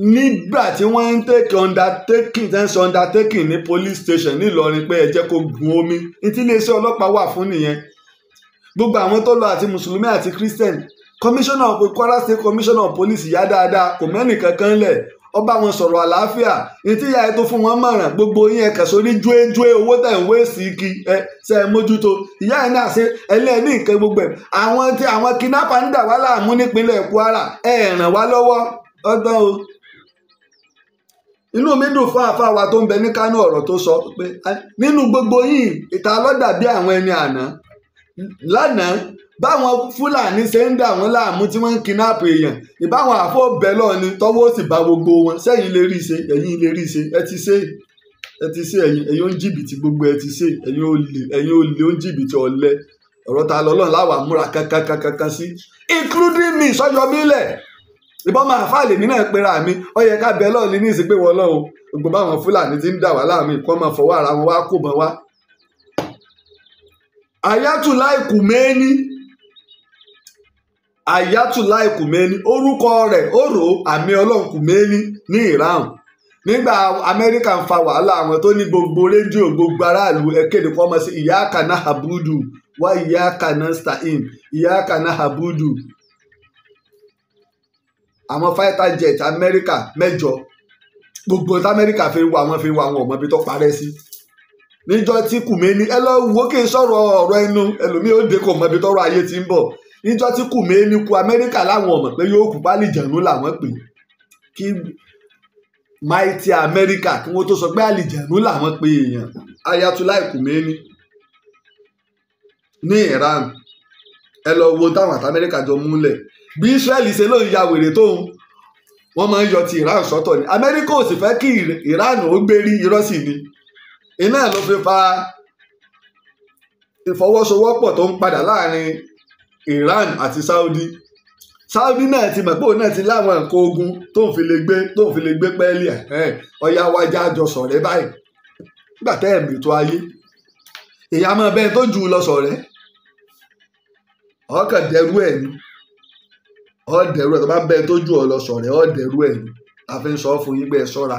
nígbà tí wọ́n ń take undertaking ten ṣe undertaking ní police station nílọrin pé ẹ jẹ́ kó gun omi ntí iléeṣẹ́ ọlọ́pàá wà fún nìyẹn gbogbo àwọn tó lọ àti mùsùlùmí àti christian commissioner of kwara state commissioner of police ìyá dáadáa kò mẹ́nì kankan lẹ̀ ọba wọn sọ̀rọ̀ àlàáfíà ntí ìyá ẹ tó fún wọn mọ̀ràn gbogbo yín ẹ̀ka sórí juéjué owó tẹ̀ ń wé sí kí ẹ ṣe é mójútó ìyá ẹ náà ṣe ẹlẹ́ẹ̀ ní nǹkan gbogbo ẹ̀ àwọn tí àwọn kidnapper ń dà wá láàmú nípínlẹ̀ kwara ẹ̀ ràn wá lọ́wọ́ ọgbọ́n o inú mi dùn fún àfàwà tó ń bẹ ní kánú ọ̀rọ̀ tó sọ pé nínú gbogbo yìí ìta lọ́dà bí àwọn ẹni àná lánàá báwọn fúlàní ṣe ń dà wọ́n láàmú tí wọ́n ń kidnap èèyàn ìbáwọn àfọ bẹ́ẹ̀ lọ ni tọ́wọ́ sì bá gbogbo wọn sẹ́yìn lè rí ṣe ẹ̀yìn lè rí ṣe ẹ ti ṣe ẹ ti ṣe ẹ̀yìn ẹ̀yìn ń jìbìtì gbogbo ẹ ti ṣe ẹ̀yìn olè ẹ̀yìn olè ń jìbìtì ọ̀lẹ ọ̀rọ̀ ta lọ́lọ́run láwàá kankan kankan sí including me sọ́yọ́mílẹ̀ ìbọn máa fà lèmi náà pera mi ó yẹ ká bẹ lọ́ọ̀lì ní ìsìnkú wọn lọ́wọ́ gbogbo báwọn fúlàní ti ń dà wá láàmú ìkọ́ máa fọwọ́ ara wọn wá wá. orúkọ rẹ̀ àmì iran nígbà amẹ́ríkà ń fa wàhálà àwọn tó ní gbogbo rédíò gbogbo aráàlú ẹ̀kéde kọ́ ọmọ sí ìyá habudu wá ìyá àwọn fighter jet America mẹ́jọ gbogbo amẹ́ríkà fi wá wọn fi wá wọn ọmọ ibi tó parẹ́ sí níjọ́ tí kùmẹ́ni ẹ lọ wò kí n sọ̀rọ̀ ọ̀rọ̀ ẹnu ẹlòmíì ó dé kò mọ ibi tọ́rọ̀ ayé ti ń bọ̀ níjọ́ tí kùmẹ́ni ku amẹ́ríkà láwọn ọmọ pé yóò kú pálí jẹ̀nu làwọn pè kí mighty amẹ́ríkà kí wọ́n tó sọ pé àlìjẹ̀nu làwọn pè èèyàn ayatollah kùmẹ́ni ní iran ẹ lọ wo táwọn àtàmẹ́ríkà jọ múlẹ̀ bí Ísírẹ́lì ṣe ló ń ya wèrè tóun wọ́n máa ń yọ ti Iran sọ́tọ̀ ni Amẹ́ríkà ò sì fẹ́ kí Iran ó gbérí irọ́ sì ni iná ló fi fa ìfọwọ́sowọ́pọ̀ tó ń padà láàrin Iran àti Saudi Saudi náà ti mọ̀ pé òun náà ti láwọn nǹkan ogun tó ń fi lè gbé tó ń fi lè gbé pẹ́ẹ́lì ẹ̀ ọ̀yá wájà jọ sọ̀rẹ́ báyìí nígbà tẹ́ ẹ̀mí tó ayé èyí á máa bẹ́ẹ̀ tó jù ú lọ sọ̀rẹ́ ọkàn dẹrú ẹ̀ ni ọ̀ọ́dẹ̀rú ẹ̀ tó bá ń bẹ́ẹ̀ tójú ọ lọ sọ̀rẹ́ ọ̀ọ́dẹ̀rú ẹ̀ la fi ń sọ fún yín pé ẹ sọ́ra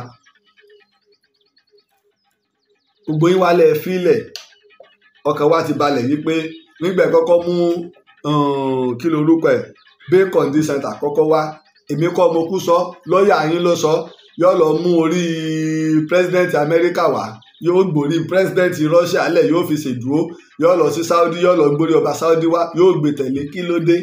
gbogbo yín wálẹ̀ fílẹ̀ ọkàn wa ti balẹ̀ wípé nígbà kọ́kọ́ mú kí ló orúkọ ẹ̀ bacon di center kọ́kọ́ wá èmi kọ́ mo kú sọ lọ́ọ̀yà yín ló sọ yóò lọ mú orí president Amẹ́ríkà wá yóò gbòrí president Russia lẹ̀ yóò fi ṣèdúró yóò lọ sí Saudi yóò lọ gbórí ọba Saudi wá yóò gbé tẹ̀lé kí ló dé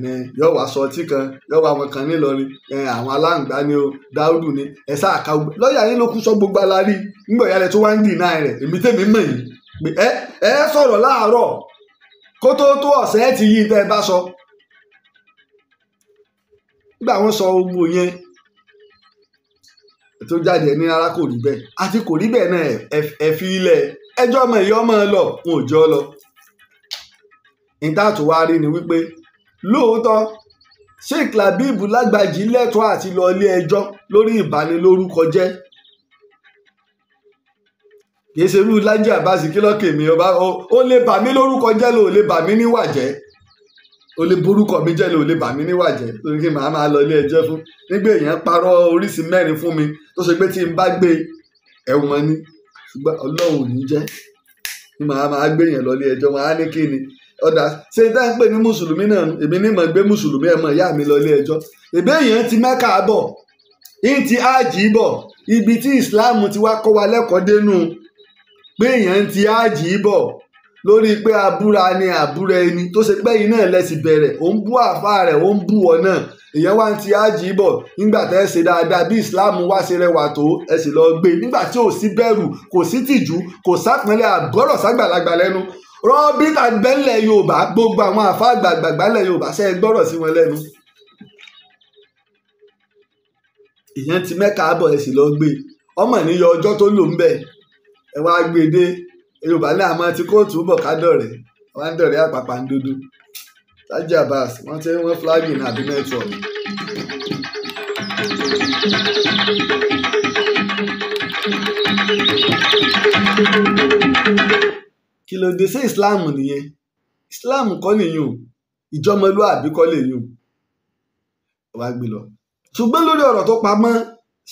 ni yóò wá sọ ọtí kan yóò wá àwọn kan nílọrin àwọn aláǹgbá ni o dáúdù ni ẹ sáà ká gbogbo yín ló kú sọ gbogbo alárí nígbà ìyá tó wá ń dì náà rẹ̀ èmi tèmi ẹ sọ̀rọ̀ sọ. nígbà sọ yẹn tó ní kò rí bẹ́ẹ̀ àti kò rí bẹ́ẹ̀ náà ẹ fi ọmọ ìyá ọmọ lọ lọ. ìtàtù wa wípé lóòótọ́ sheikh labib lágbàjì lẹ́tọ̀ọ́ àti lọ ilé ẹjọ́ lórí ìbanilórúkọ jẹ́ kì í ṣe irú Lájí Abbas kílọ́kì mi ọba ó lè bà mí lórúkọ jẹ́ lò ó lè bà mí níwà jẹ́ ó lè borúkọ mi jẹ́ lò ó lè bà mí níwà jẹ́ torí kí màá máa lọ ilé ẹjọ́ fún nígbà èèyàn parọ́ oríṣi mẹ́rin fún mi tó ṣe pé tí n bá gbé ẹ̀wọ̀n ni ṣùgbọ́n ọlọ́run ò ní jẹ́ ni màá máa gbé yẹn lọ ilé ẹjọ́ màá ní kí ni ọ̀dà ṣe tá ń pè ní mùsùlùmí náà èmi ní mọ̀ gbé mùsùlùmí ẹ̀ mọ̀ ìyá mi lọ ilé ẹjọ́ èbí èèyàn ti mẹ́kà bọ̀ ń ti áàjì bọ̀ ibi tí ìsìláàmù ti wá kọ́ wa lẹ́kọ̀ọ́ dénú pé èèyàn ti áàjì bọ̀ lórí pé abúra ni àbúra ẹni tó ṣe pé iná ẹlẹ́sì bẹ̀rẹ̀ òun bú àfa rẹ̀ òun bú ọ náà èèyàn wá ń ti áàjì bọ̀ nígbà tẹ́ ṣe dáadáa bí ìsìláàmù wá ṣe rẹwà tó ẹ sì lọ gbé nígbà tí ò sí bẹ̀rù kò sí tìjú kò sápẹ́lẹ̀ àgbọ̀rọ̀ ságbàlagbà lẹ́nu rọ́bìrì àgbẹ̀lẹ̀ yorùbá gbogbo àwọn àfa àgbàgbàgbà lẹ̀ yorùbá ṣe é gbọ́rọ̀ sí wọn lẹ́nu. ìyẹn ti mẹ́ka àbọ̀ ẹ̀ sì lọ gbé ọmọ níyọ ọjọ́ tó lò ń bẹ̀ ẹ wá gbé dé yorùbá náà ti kóòtù bọ̀ wá ń dọ̀rẹ́ ń dúdú wọ́n ti wọ́n ní àbí thank you kí ló dé ṣé islam nìyẹn islam kọ́ nìyẹn o ìjọmọlúàbí kọ́ lè yùn wàá gbé lọ. ṣùgbọ́n lórí ọ̀rọ̀ tó pamọ́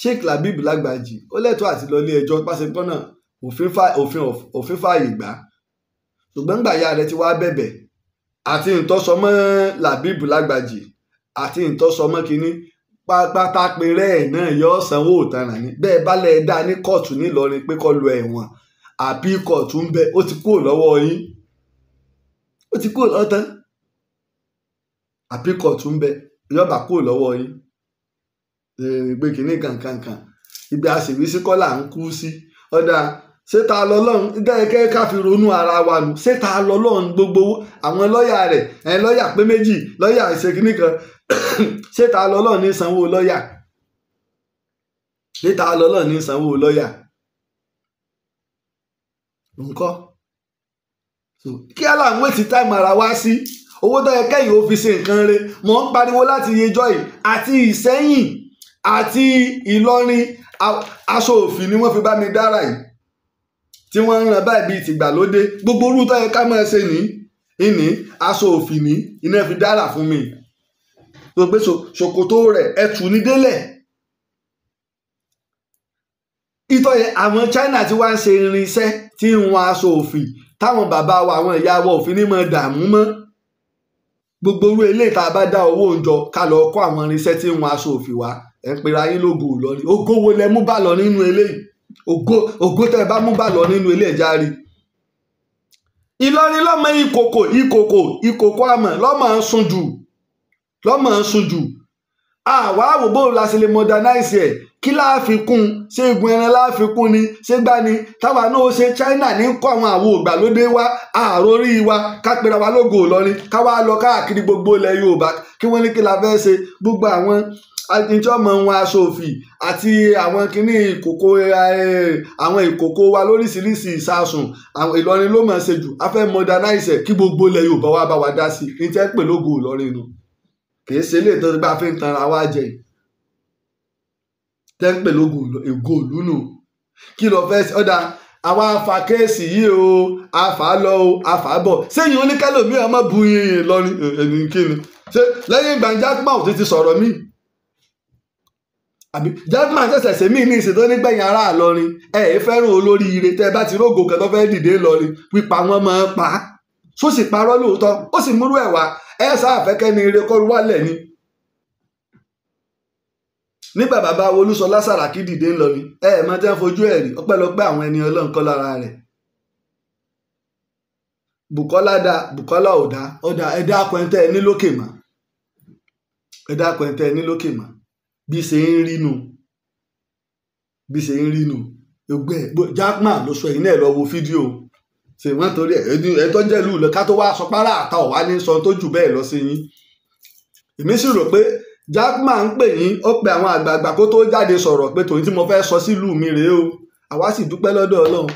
Sheikh Labib Lagbaji ó lẹ́tọ́ àti lọ ilé ẹjọ́ pásítọ́ náà òfin fààyè gbà ṣùgbọ́n gbà ya rẹ̀ ti wá bẹ̀bẹ̀ àti ìtọ́sọmọ́ Labib Lagbaji àti ìtọ́sọmọ́ kínní pátápátá pé rẹ́ẹ̀ náà yọ sanwó òtanràn ni bẹ́ẹ̀ bá lẹ́ẹ̀ dá ní kóòtù nílọrin pé kó lọ ẹ̀wọ̀n appeal court ń bẹ ó ti kúrò lọ́wọ́ yín ó ti kúrò lọ́wọ́ tán appeal court ń bẹ yọba kúrò lọ́wọ́ yín gbé kínní kankankan ibi àṣìwísí kọ́ là ń kú sí ọ̀dà ṣé ta lọ́lọ́run dẹ́ẹ̀kẹ́ ká fi ronú ara wa nù ṣé ta lọ́lọ́run gbogbo àwọn lọ́ọ̀yà rẹ̀ ẹ̀ lọ́ọ̀yà pé méjì lọ́ọ̀yà ìṣèkínní kan ṣé ta lọ́lọ́run ní sanwó lọ́ọ̀yà ṣé ta lọ́lọ́run ní sanwó lọ́ọ̀yà ńkọ́ kí á là ń wé ti táìmù ara wá sí owó tó yẹ kẹ́yìn ó fi ṣe nǹkan re mọ̀ ń pariwo láti yejọ́ yìí àti ìsẹ́yìn àti ìlọrin aṣọ òfì ni wọ́n fi bá mi dára yìí tí wọ́n ń ran báyìí bíi tìgbàlódé gbogbo orú tó yẹ ká máa ṣe ní ìní aṣọ òfì ní iná fi dára fún mi. tó pé ṣòkòtò rẹ̀ ẹ̀tù ní délẹ̀ ìtọ́ yẹn àwọn China ti wá ń ṣe irinṣẹ́ tí ń wọn aṣọ òfì táwọn bàbá wa àwọn ìyá wa òfin ní mọ̀ dààmú mọ́ gbogbo orú eléyìí tá a bá dá owó oúnjọ ká lọ kọ́ àwọn irinṣẹ́ tí ń wọn aṣọ òfì wá ẹ̀ ń pera yín lógo Ìlọrin ògo wo lẹ mú bá lọ nínú eléyìí ògo ògo tẹ bá mú bá lọ nínú ilé ẹja rí Ìlọrin lọ́mọ ìkòkò ìkòkò ìkòkò àmọ́ lọ́mọ ń sun jù lọ́mọ ń sun jù àwa àwòbó la ṣe lè modernize ẹ̀ kí láàfikún ṣé egun ẹran láàfikún ni ṣé gbá ni táwa náà ó ṣe China ní kó àwọn àwo ògbàlódé wa àròrí wa kápẹ́ra wa lógo Ìlọrin káwa lọ káàkiri gbogbo ilẹ̀ Yorùbá kí wọ́n ní kí la fẹ́ ṣe gbogbo àwọn ìjọmọ wọn aṣòfì àti àwọn kìíní ìkòkò àwọn ìkòkò wa lóríṣiríṣi ìsasùn Ìlọrin ló mọ̀ ṣe jù a fẹ́ modernize ẹ̀ kí gbogbo ilẹ̀ Yorùbá wa bá wa dá sí i ní tẹ́ pè lógo Ìlọrin nù kìí ṣe ilé ìtọ́jú bá fi ń tanra wá jẹ tẹ́ńpẹ̀ lógun ègò lúnù kí lọ fẹ́ ọ̀dà àwa afa kéèsì yìí o afa lọ o afa bọ̀ sẹ́yìn oníkálòmíì ọmọ bu yìnyín lọ́ni ẹni kíni ṣe lẹ́yìn ìgbà jákèmá ò ti ti sọ̀rọ̀ míì àbí jákèmá ṣẹ̀ṣẹ̀ ṣe míì ní ìṣètò nígbẹ̀yìn ará Ìlọrin ẹ̀ ẹ́ fẹ́ràn olórí ire tẹ́ ẹ bá ti rógò kan tó fẹ́ dìde Ìlọrin pípa wọn máa ń pa á sósì parọ́ lóòótọ́ ó sì múrú ẹ̀ wá ẹ sáàfẹ́kẹ́ ni ire kọ́ru ni nígbà bàbá Olúṣọlá Sàràkí dìde ńlọ ni ẹ ẹ̀ máa fojú rí àwọn ẹni Ọlọ́run lára rẹ̀ Bùkọ́lá da Bukola ò dá ó dá ẹ lókè lókè bí ń bí ṣe ń sọ náà lọ wo fídíò ṣe wọ́n torí ẹ̀ tó jẹ́ ìlú lọ ká tó wá sọ párá àta ọ̀wá ní sọ tó jù bẹ́ẹ̀ lọ sí yín èmi sì rò pé jákmà ń pè yín ó pe àwọn àgbààgbà kó tó jáde sọ̀rọ̀ pé tòun tí mo fẹ́ sọ sílùú mi rèé o àwa sì dúpẹ́ lọ́dọ̀ ọlọ́run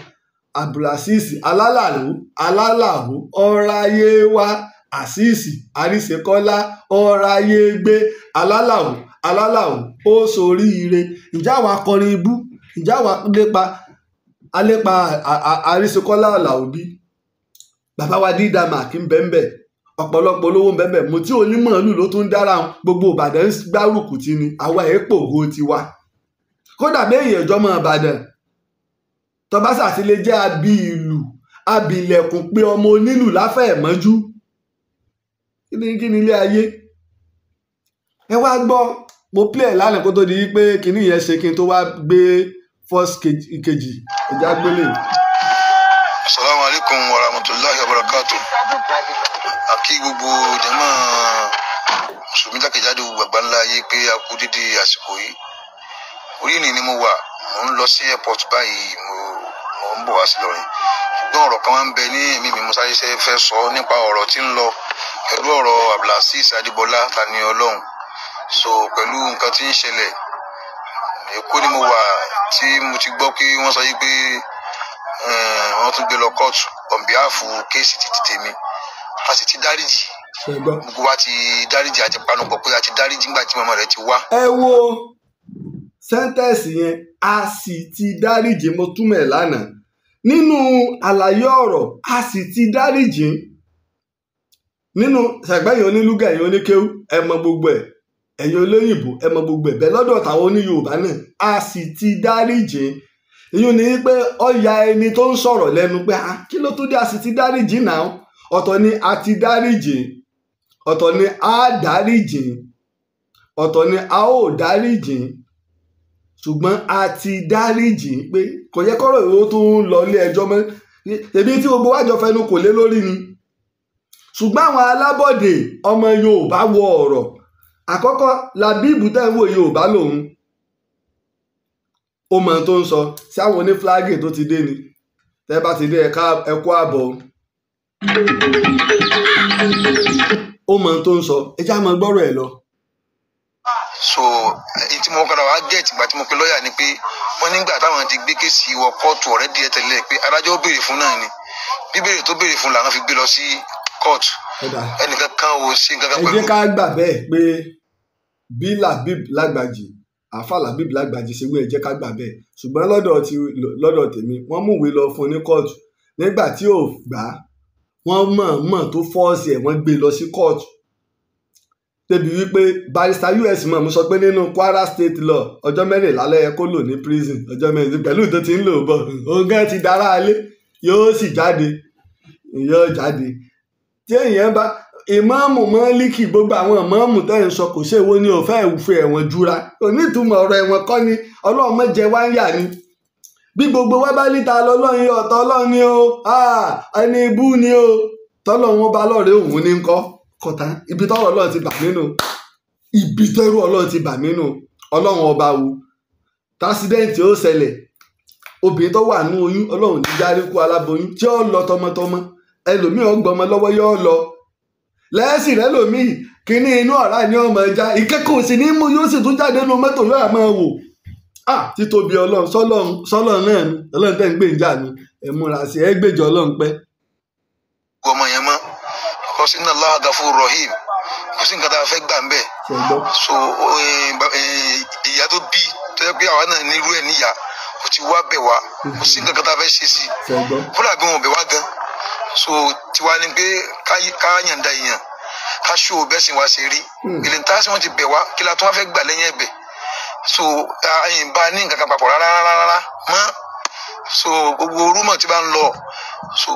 abdulasis alálàlú alálàhù ọ̀ráyé wá àṣìṣì àríṣekọ́lá ọ̀ráyé gbé alálàhù alálàhù ó soríire ìjà wa kọrin ibú ìjà wa lépa alépa àrísokọ́lá àlàó bí bàbá wa dídá màkì ń bẹ́ńbẹ́ ọ̀pọ̀lọpọ̀ olówó ń bẹ́ńbẹ́ mo tí onímọ̀ọ́lù ló tún dára gbogbo ìbàdàn gbárùkù ti ni àwa èèpo ògo tiwa kódà bẹ́ẹ̀ èèyàn jọmọ ìbàdàn tọba sàtìlẹ jẹ́ abí ìlú abìlẹ̀kùn pé ọmọ onílù láfẹ̀ẹ́ mọ́jú kí ni ilé ayé ẹ wá gbọ́ mo play ẹ̀ lánàá kó tó di wípé kinní yẹn ṣe kí n tó wá gbé first ìkejì ẹ̀jẹ̀ àgbélé. asalaamu aleykum wa rahmatulahi wa barakatu àkí gbogbo jama mùsùlùmí jákèjádò gbàgbà ńlá yé pé a kú dídí àsìkò yìí orí ni ni mo wà mò ń lọ sí airport báyìí mo mò ń bọ̀ wá sí lọ́rin ṣùgbọ́n ọ̀rọ̀ kan máa ń bẹ ní èmi mi musa ṣe fẹ́ sọ nípa ọ̀rọ̀ tí ń lọ pẹ̀lú ọ̀rọ̀ abdulhasis adibola tani so pẹ̀lú nǹkan tí ń ṣẹlẹ̀ èkó ni mo wà tí mo ti gbọ́ pé wọ́n sọ yí pé eh, wọ́n tún gbé lọ kóòtù on behalf kéèsì títí tèmi a sì ti dáríjì gbogbo wa ti dáríjì àti panupọ̀ pé a ti dáríjì nígbà tí màmá rẹ̀ ti wá. ẹ wo sẹ́ńtẹ́ẹ̀sì yẹn a sì ti dáríjì mo túmọ̀ ẹ̀ lánàá nínú àlàyé ọ̀rọ̀ a sì ti dáríjì nínú ṣàgbẹ́yìn onílùgà yìí oníkéwú ẹ mọ gbogbo ẹ̀ ẹ̀yin olóyìnbó ẹ mọ gbogbo ẹ̀bẹ̀ lọ́dọ̀ tàwọn oní yorùbá náà a sì ti dáríjì ìyún ni pé ó ya ẹni tó ń sọ̀rọ̀ lẹ́nu pé ah, kí ló tó dé a sì ti dáríjì náà ọ̀tọ̀ ni a ti dáríjì ọ̀tọ̀ ni a dáríjì ọ̀tọ̀ ni a ó dáríjì ṣùgbọ́n a ti dáríjì pé kò yẹ kọ́rọ̀ ìwé tó ń lọ ilé ẹjọ́ mọ́ èmi tí gbogbo wájọ fẹnu kò lé lórí ni ṣùgbọ́n àwọn alábọ̀dé ọmọ yorùbá wọ ọ̀rọ̀ àkọ́kọ́ Labeeb tẹ́ ń wò Yorùbá lòun ó mọ tó ń sọ sí àwọn oníflágì tó ti dé ni tẹ́ bá ti dé ẹ̀ka ààbọ̀ ó mọ tó ń sọ ẹ já mọ gbọ́rọ̀ ẹ̀ lọ. so èyí tí mo padà wá gẹ̀ tìgbà tí mo pe lọ́ọ̀yà ni pé wọ́n nígbà táwọn ti gbé kéèsì wọ kóòtù ọ̀rẹ́ díẹ̀ tẹ̀lé pé adájọ́ béèrè fún náà ni bíbèrè tó béèrè fún làwọn fi gbé lọ sí kóòtù ẹnìkan kan ò sí nǹkan kan pẹ̀lú. ẹ jẹ́ ká gbà bẹ́ẹ̀ pé bí labib lágbàjì àáfà labib lágbàjì ṣe wí ẹ jẹ́ ká gbà bẹ́ẹ̀ ṣùgbọ́n lọ́dọ̀ ti lọ́dọ̀ tèmi wọ́n mú ìwé lọ fún ní kóòtù nígbà tí ò gbà á wọ́n mọ̀ọ́mọ̀ tó fọ́ọ̀sì ẹ̀ wọ́n gbé e lọ sí kóòtù débi wípé barrister us mọ̀ mo sọ pé nínú kwara state law ọjọ́ mẹ́rìnlá lẹ́yẹ kó lò ní prison ọjọ́ mẹ́rin pẹ̀lú tó ti ń lò bọ̀ ògán ti dára alé yóò sì jáde yóò jáde tí èèyàn bá ìmáàmù mọ́líkì gbogbo àwọn ìmáàmù tẹ́ ń sọ kò sí èwo ni òfẹ́ ìwúfẹ́ ẹ̀wọ̀n jura onítùmọ̀ ọ̀rọ̀ ẹ̀wọ̀n kọ́ ni ọlọ́run mọ́jẹ wá ń yà ni bí gbogbo wa bá níta lọ́lọ́run yọ ọ̀tọ̀ ọlọ́run ni o ah, ẹni ibú ni o tọ́lọ́run bá lọ́ọ̀rẹ́ òun ní kọ́ kọ̀tà ibi tọ́rọ̀ ọlọ́run ti bà mí ibi tẹ́rù ọlọ́run ti bà mí ọlọ́run ọba wo lẹ́sìn rẹ lòmíì kíní inú ọ̀rá ni ọmọ ẹja ìkẹ́kọ̀ọ́ sì ní mú yóò sì tún jáde nínú mọ́tò yóò àmọ́ wò á títóbi ọlọ́run sọ́lọ́run náà ni ọlọ́run tẹ́ ń gbé ìjà ni ẹ̀ múra sí ẹ gbèjọ ọlọ́run pẹ́. ọmọ yẹn mọ ọsẹ náà láàgàfọ rahim kò sí nǹkan tá a fẹ́ gbà ń bẹ̀ so ìyá tó bí tó yẹ pé àwa náà nírú ẹ̀ níyà kò ti wá bẹ̀ wá kò sí nǹkan tá a fẹ́ ṣe sí i kó dàbí wọn bẹ̀ wá gan-an so tiwa ni pé ká yànda èèyàn ká ṣó o bẹ́sìn wa ṣe rí èlé hmm. ní tásí wọn ti bẹ̀ wá kí la tó wá fẹ́ gbà lẹ́yìn ẹ̀bẹ̀ so àyìnbá ní nǹkan kan papọ̀ rárá rárá mọ́ so gbogbo rúmọ̀ tí bá ń lọ so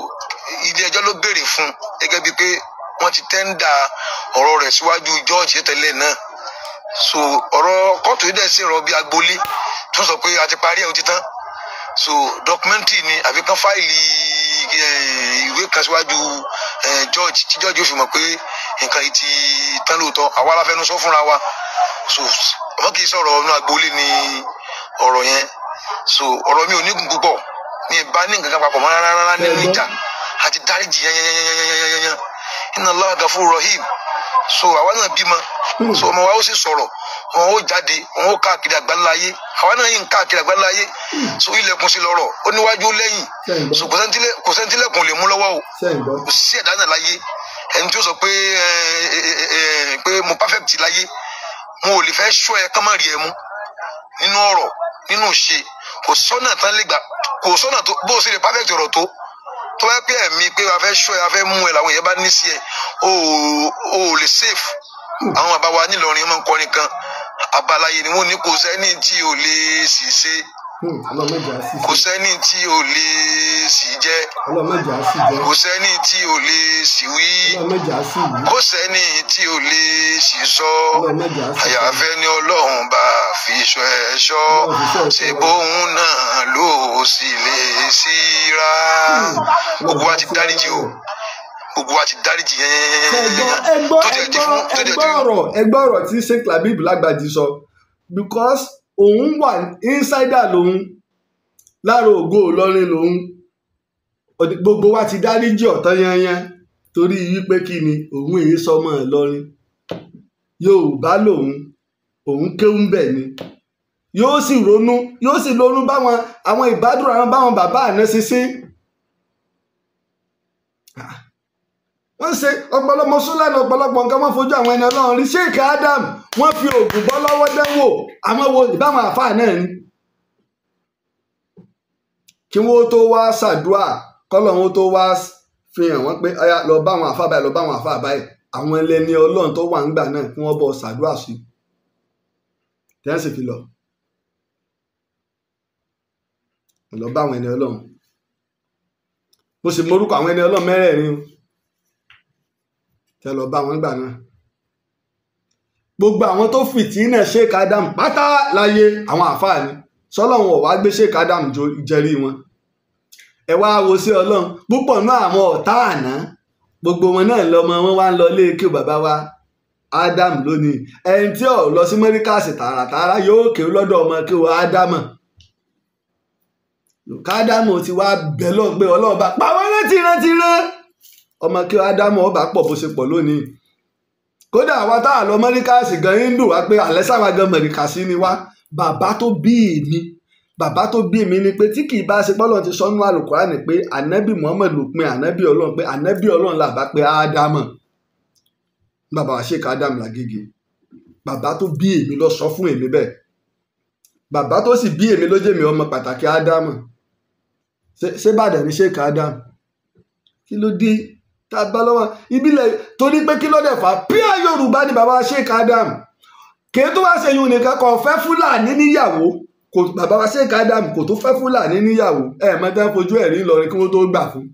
ilé ẹjọ́ ló béèrè fún gẹ́gẹ́ bíi pé wọ́n ti tẹ́ńdà ọ̀rọ̀ rẹ̀ síwájú jọ́ọ̀jì tẹ́lẹ̀ náà so ọ̀rọ̀ kóòtù yìí dẹ̀ sí ìrọ̀ bíi agboolé tó sọ pé a ti parí ẹ̀ ó so dọkumẹ́ntì ni àbí kan fáìlì eh, ìwé kan síwájú eh, george tí george yóò fi mọ̀ pé nǹkan yìí ti tán lóòótọ́ àwa la sọ fúnra wa so wọn kì í sọ̀rọ̀ ọ̀nà agboolé ni ọrọ yẹn so ọrọ mi ò ní gùn púpọ̀ mi bá ní nǹkan kan papọ̀ rárá rárá nínú ìjà àti dáríjì yányányányányányányán wọn ó jáde wọn ó káàkiri àgbáńlá ayé àwa náà yìí ń káàkiri àgbáńlá ayé so ilẹ̀kùn sí lọ́rọ̀ ó níwájú lẹ́yìn so kò sẹ́ńtílẹ̀kùn lè mú lọ́wọ́ o kò sí ẹ̀dá náà láyé ẹni tí ó sọ pé pé mo perfect láyé mo ò lè fẹ́ ṣọ́ ẹ kán má rí ẹ mú nínú ọ̀rọ̀ nínú ìṣe kò sọ́nà tán lè gbà kò sọ́nà tó bó o sì lè perfect ọ̀rọ̀ tó tó bá pẹ́ ẹ̀mí pé a fẹ́ ṣọ́ ẹ a fẹ́ mú ẹ làwọn èèyàn bá ní sí ẹ o ò lè safe hmm. àwọn bàbá nílọrin ọmọ nǹkan nìkan abalaye ni wọ́n ní kò sẹ́ni tí ò lè sì ṣe hmm, kò sẹ́ni tí ò lè sì jẹ́ kò sẹ́ni tí ò lè sì wí kò sẹ́ni tí ò lè sì sọ àyàfẹ́ ni ọlọ́run bá fi sọ ẹ̀ ṣe bóun náà ló sì lè síra gbogbo hmm, wa ti dáríjì o gbogbo wa ti dáríjì yẹn tó tiẹ̀ di fún tó tiẹ̀ di fún. ẹgbọ́n ọ̀rọ̀ ẹgbọ́n ọ̀rọ̀ tí Sheikh Labib Lágbàjì sọ because òun wà insider lòun lára ògo Ìlọrin lòun gbogbo wa ti dáríjì ọ̀tán yanyan torí wípé kí ni òun èyí sọmọ Ìlọrin Yorùbá lòun òun kéwú bẹ̀ ni yóò sì ronú yóò sì ronú báwọn àwọn ìbádùn àwọn báwọn wọ́n ṣe ọ̀pọ̀lọpọ̀ sólànà ọ̀pọ̀lọpọ̀ nǹkan wọ́n fojú àwọn ẹni ọlọ́run rí sheik adam wọ́n fi oògùn bọ́ lọ́wọ́ dánwò àmọ́ wo ìbáwọn àfáà náà ni. kí wọ́n tó wá ṣàdúà kọ́lọ́hún tó wá fi hàn wọ́n pé ọ̀yà lọ bá àwọn àfáà báyìí lọ bá àwọn àfáà báyìí àwọn ẹlẹ́ni ọlọ́run tó wà ńgbà náà kí wọ́n bọ́ ṣàdúà sí i tẹ́ẹ̀ sì fi lọ. lọ bá àwọn ẹni ọlọ́run mo sì morúkọ àwọn ẹni ọlọ́run mẹ́rẹ̀ẹ̀rin tẹ lọ bá wọn gbà náà gbogbo àwọn tó fìtínà Sheikh Adam pátá láyé àwọn àfáà ni sọlọ́run ọ̀wá gbé Sheikh Adam jẹrí wọn ẹ wá wo sí ọlọ́run púpọ̀ náà àwọn ọ̀tá àná gbogbo wọn náà lọmọ wọn wá ń lọ lé kí bàbá wa Adam lónìí ẹni tí ò lọ sí mẹ́ríkàsì tààràtààrà yóò kéwú lọ́dọ̀ ọmọ kí wọ́n Ádámọ̀ kádámọ̀ ti wá bẹ̀ lọ́gbẹ́ ọlọ́ọ̀bá pàwọn rántí rántí ọmọ kí ádámù ọba pọ̀ bó ṣe pọ̀ lónìí kódà àwa tá a lọ mọ́ríkàsì gan ń dùn wá pé àlẹ́ sáwa gan mọ̀ríkàsì ni wá bàbá tó bí èmi bàbá tó bí èmi ni pé tí kì í bá ṣe pọ́lọ́ ti sọ́nú àlùkùránì pé ànábì muhammed ló pin ànábì ọlọ́run pé ànábì ọlọ́run làbá pé ádámù bàbá wa ṣèkà ádámù làgègè bàbá tó bí èmi lọ sọ fún èmi bẹ́ẹ̀ bàbá tó sì bí èmi ló jẹ́ mi ọmọ pàtàkì ádámù ṣé bàdàn ni ṣèkà ádámù kí ló dé tàbá lọ́wọ́ ìbílẹ̀ torí pé kí ló dẹ̀ fà píà yorùbá ni bàbá sheik adam kìí tó wá ṣe yun nìkan kò fẹ́ fúlàní níyàwó bàbá wa sheik adam kò tó fẹ́ fúlàní níyàwó ẹ mọ tẹ́ fojú ẹ̀rí lọrin kí wọ́n tó gbà fún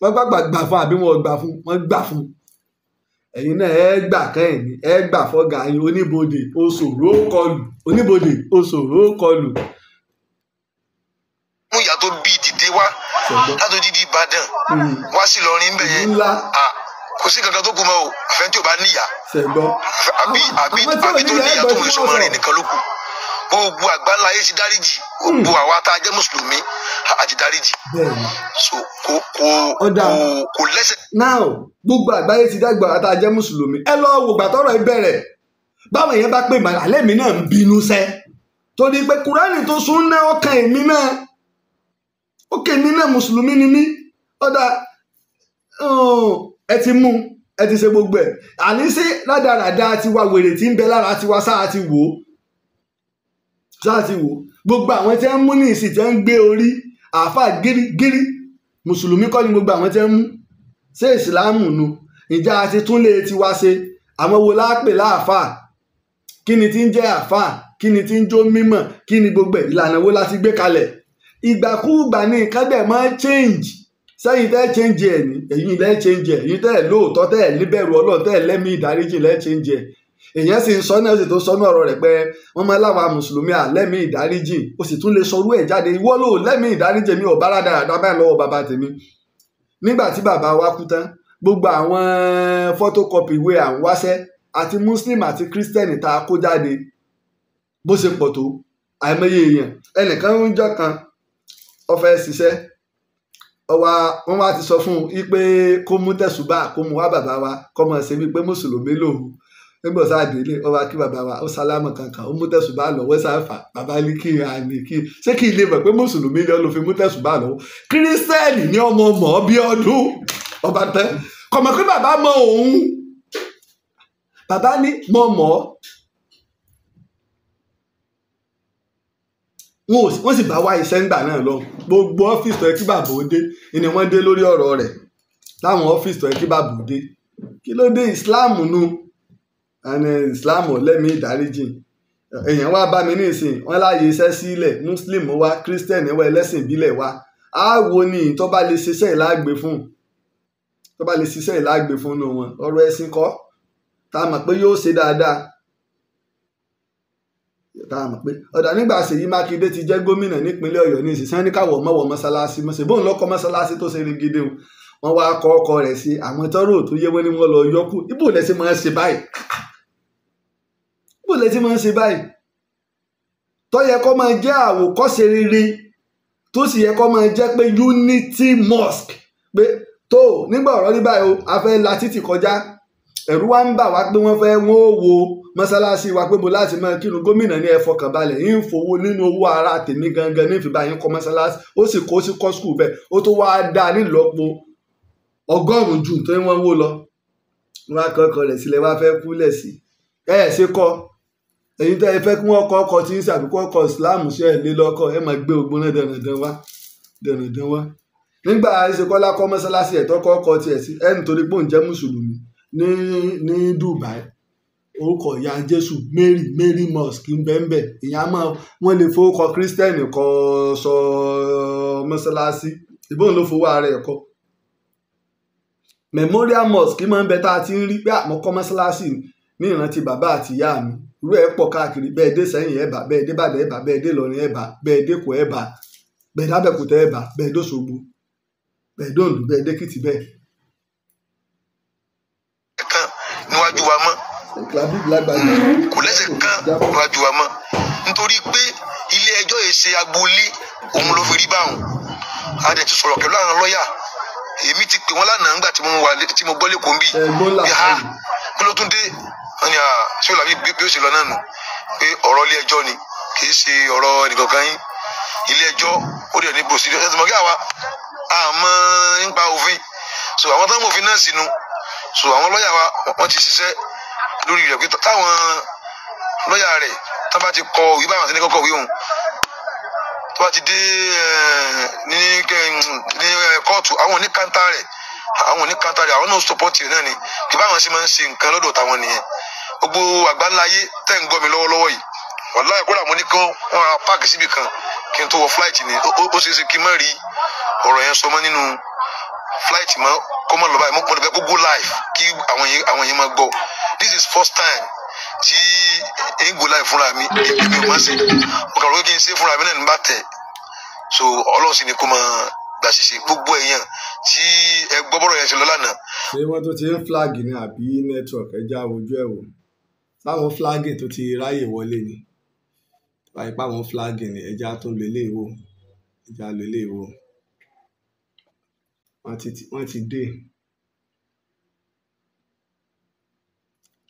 wọ́n gbàgbà gbà fún àbí wọ́n gbà fún wọ́n gbà fún ẹ̀yin náà ẹ gbà kẹ́yìn ni ẹ gbà fọ́gà yín oníbodè oṣòro kọlù oníbodè oṣòro kọlù. mú ìyá tó bí ìdìde wá láti odidi Ìbàdàn mm-hmm. wá sí Ìlọrin ń bẹ yẹn kò sí kankan tó kù mọ́ o àfẹ́ tí o bá níyà àbí àbí àbí tó níyà tó ń sọ mọ́ rìn nìkan ló kù gbogbo àgbáńlá ayé ti dáríjì gbogbo mm. àwa tá a jẹ́ mùsùlùmí àti dáríjì so kò kò kò kò lẹ́sẹ̀. now gbogbo àgbáyé ti dágbà tá a jẹ́ mùsùlùmí ẹ lọ wò gbàtọ́rọ̀ ẹ bẹ̀rẹ̀ báwọn èèyàn bá pè mà alẹ́ mi náà ń bínú sẹ́ torí pé kùránì tó sún náà ọkàn èmi náà ókè mi náà mùsùlùmí ni mí ọ̀dà oh, ẹ ti mú ẹ ti ṣe gbogbo ẹ̀ àní sí ládàradà wa wèrè tí ń bẹ lára tiwa sáà ti wò ó sáà ti wò ó gbogbo àwọn tí ń mú ní ìsìn tí ń gbé orí àáfà gírígírí mùsùlùmí kọ́ ni gbogbo àwọn tí ń mú ṣé ìsìláàmù nu ìjà àti túnlé tiwa ṣe àwọn wo láàpè láàfà kí ni ti ń jẹ́ àfà kí ni ti ń jó mímọ̀ kí ni gbogbo ìlànà wo la gbé kalẹ̀ ìgbàkúùgbà ni nǹkan dẹ̀ máa change sẹ́yìn tẹ́ change ẹ̀ ní ẹ̀yìn lẹ́ change ẹ̀ ẹ̀yìn tẹ́ lóòótọ́ tẹ́ níbẹ̀rù ọlọ́run tẹ́ lẹ́mí ìdáríjì lẹ́ change ẹ̀ èyàn sì ń sọ náà sì tó sọ náà ọ̀rọ̀ rẹ̀ pé wọ́n máa láwọn mùsùlùmí àlẹ́mí ìdáríjì ó sì tún lè sọ orú ẹ̀ jáde ìwọ́ lò lẹ́mí ìdáríjì mi ò bá rádaràdá báyìí lọ́wọ́ bàbá tèmi nígbà tí bàbá wa kú tán gbogbo àwọn photocopy ìwé à ń wáṣẹ́ àti muslim àti kírísítẹ́nì tá a kó jáde bó ṣe pọ̀ tó àìmọye èèyàn ẹnìkan ń jọ kan ó fẹ́ ṣiṣẹ́ ọwa wọn wá ti sọ fún un pé kó mú tẹ̀sùbà kó mú wá bàbá wa kọ́ mọ̀ ṣe wípé mùsùlùmí lòun nígbà tá a délé ó wá kí bàbá wa ó sálámù kankan ó mú tẹ̀sùbà lọ́wọ́ sáfà bàbá ní kí n àní kí n ṣé kí n lè mọ̀ pé mùsùlùmí ni ó lọ fi mú tẹ̀sùbà lọ́wọ́ kírísítẹ́nì ni ọmọ mọ̀ bí ọdún ọba tẹ kọ̀mọ̀ pé bàbá mọ òun bàbá ní mọ̀ mọ̀ wọ́n sì bá wá iṣẹ́ ńgbà náà lọ gbogbo ọ́fíìsì tó yẹ kí bàbá ó dé ni wọ́n dé lórí ọ̀rọ̀ rẹ̀ láwọn ọ́fíìsì tó yẹ kí bàbá ó dé kí ló dé islam nu àni islam lẹ́mí ìdáríjì èèyàn wá bá mi nísìn wọn láàyè iṣẹ́ sílẹ̀ muslim wa christian wa ẹlẹ́sìn ìbílẹ̀ wa àwo ni tó bá lè ṣiṣẹ́ ìlágbè fún tó bá lè ṣiṣẹ́ ìlágbè fún nu wọn ọ̀rọ̀ ẹ̀sìn kọ́ tá a mọ̀ pé yóò ṣe dáadáa tá a mọ̀ pé ọ̀dà nígbà Ṣèyí Mákindé ti jẹ́ gómìnà nípínlẹ̀ Ọ̀yọ́ ní ìsinsìnyí ní káwọ̀ mọ́wọ́ mọ́sálásí mọ́sẹ̀ bóun lọ́kọ́ mọ́sálásí tó ṣe rigide o wọ́n wá kọ́ ọkọ rẹ̀ sí àwọn tọ́rọ̀ tó yé wọ́n ní wọ́n lọ yọkù ibò lẹ́sìn máa ń ṣe báyìí ibò lẹ́sìn máa ń ṣe báyìí tó yẹ kó máa jẹ́ àwòkọ́ṣe rere tó sì yẹ kó máa jẹ́ pé unity mosque pé tó nígbà ọ̀rọ̀ rí báyìí o a fẹ́ la títì kọjá ẹ̀rú wa ń bà wá pé wọ́n fẹ́ wọ́n ó wo mọ́sálásí wa pé mo láti máa kírun gómìnà ní ẹ fọkàn balẹ̀ yín fowó nínú owó ara tèmi gangan ní ìfìbá yín kọ́ mọ́sálásí ó sì kó sí kọ́ skul bẹ́ẹ̀ ó tó wá dáa nílọ́po ọgọ́rùn-ún ju tó wọ́n wó lọ wọ́n á kọ́ ọkọ rẹ̀ sílẹ̀ wá fẹ́ kúlẹ̀ sí ẹ ẹ̀ ṣe kọ́ èyí tẹ́ ẹ fẹ́ kí wọ́n kọ́ ọkọ tí ń sàbíkọ́ ọkọ ìsìláàmù ṣe ẹ̀ lé lọ́kọ̀ ẹ máa gbé ogbóná dandan wá dandan wá nígbà ìṣekọ́lá kọ́ mọ́sálásí ẹ̀ tọ́kọ́ ọkọ tiẹ̀ sí ẹ̀ nítorí pé òun jẹ́ mùsùlùmí ní ní Dubai orúkọ ìyá Jésù Mary Mary mosque ńbẹ́ńbẹ́ ìyá máa wọ́n lè fowókọ kírísítẹ́nì kọ sọ mọ́ṣáláṣí ìbọn ló fowó ara ẹ̀ kọ́ Memorial mosque máa ń bẹ tá a ti ń rí pé àmọ́kọ́ mọ́ṣáláṣí ní ìrántí bàbá àti ìyá mi irú ẹ̀ pọ̀ káàkiri bẹ́ẹ̀ dé Sẹ́yìn ẹ̀bà bẹ́ẹ̀ dé Bàdàn ẹ̀bà bẹ́ẹ̀ dé Ìlọrin ẹ̀bà bẹ́ẹ̀ dé Èkó ẹ̀bà bẹ́ẹ̀ dábẹ̀kútẹ́ ẹ̀bà bẹ́ẹ̀ dóṣogbo bẹ́ẹ̀ dóòlù bẹ́ẹ̀ dé Kìtì bẹ́ẹ̀ níwájú wa mọ́ kò lẹ́sẹ̀ kan níwájú wa mọ́ nítorí pé ilé ẹjọ́ yìí ṣe agboolé òun ló fi rí báwọn a dẹ̀ ti sọ̀rọ̀ pẹ̀lú àwọn lọ́ọ̀yà èmi ti pè wọ́n lánàá nígbà tí mo wà tí mo gbọ́ lẹ́kọ̀ọ́ bí bí ha kí ló tún dé wọ́n ní ah, ṣé o làbí bí o ṣe lọ náà nù pé ọ̀rọ̀ ilé ẹjọ́ ni kì í ṣe ọ̀rọ̀ ẹnìkankan yín ilé ẹjọ́ ó dẹ̀ ní procedure ẹ̀sìn mọ́kí àwa àmọ́ nípa òfin so àwọn táwọn òfin náà sínú so àwọn lọ́yà wa wọ́n ti ṣiṣẹ́ lórí rẹ̀ pé táwọn lọ́yà rẹ̀ tó bá ti kọ òwe báwọn ti kọ́kọ́ òwe òun tó bá ti dé eh, ní eh, eh, kóòtù àwọn oníkàntà rẹ̀ àwọn oníkàntà rẹ̀ àwọn náà sọpọ́tì rẹ̀ náà ni kí báwọn ṣe máa ń ṣe nǹkan lọ́dọ̀ táwọn nìyẹn gbogbo àgbáńláyé tẹ̀ ń gbọ́ mi lọ́wọ́lọ́wọ́ yìí wàláyé kódà mo ní kí wọ́n ra páàkì síbì kan kí n tó wọ fúláìtì ni ó ṣeé ṣe kí n má rí ọ̀rọ̀ yẹn sọ nínú flight mọ́ kó mọ́ lọ báyìí mo lè fẹ́ gbogbo live kí àwọn yẹn àwọn yẹn máa gbọ́ this is first time tí ègbò live fúnra mi èmi ò má ṣe mo kàrọ̀ pé kí n ṣe fúnra mi náà ní bá so ọlọ́run sì ni kó máa gbà ṣiṣẹ́ gbogbo èèyàn tí ẹ gbọ́ bọ́rọ̀ yẹn ṣe lọ lánàá. ṣé wọ́n tó ti ń flag ni àbí network ẹ já ojú ẹ̀ wò táwọn flag tó ti ráyè wọlé ni báyìí pàwọn flag ni ẹja tó lélẹ́wọ̀ ẹja lélẹ́wọ̀ wọ́n ti wọ́n ti dé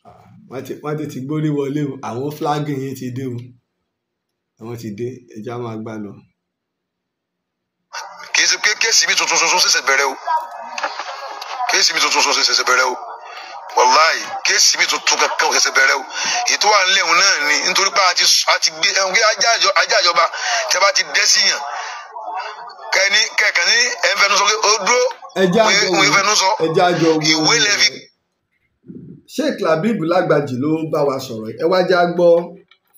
ah, wọ́n ti wọ́n ti ti gbórí wọlé o àwọn flagging yìí ti dé o àwọn ti dé ẹja máa gbà lọ. kì í ṣe pé kéèsì mi tuntun tuntun ṣẹ̀ṣẹ̀ bẹ̀rẹ̀ o kéèsì mi tuntun tuntun ṣẹ̀ṣẹ̀ bẹ̀rẹ̀ o wàláì kéèsì mi tuntun kankan ò ṣẹ̀ṣẹ̀ bẹ̀rẹ̀ o ètò wà nílẹ̀ òun náà ni nítorí pé a ti gbé ajá ìjọba tí a bá ti dẹ́ síyàn kẹni kẹkàn ní ẹnfẹnusọ pé ó dúró òun ìfẹnusọ ìwé lẹbi. Sheikh Labib Lágbàjì ló bá wa sọ̀rọ̀ ẹ wá já gbọ́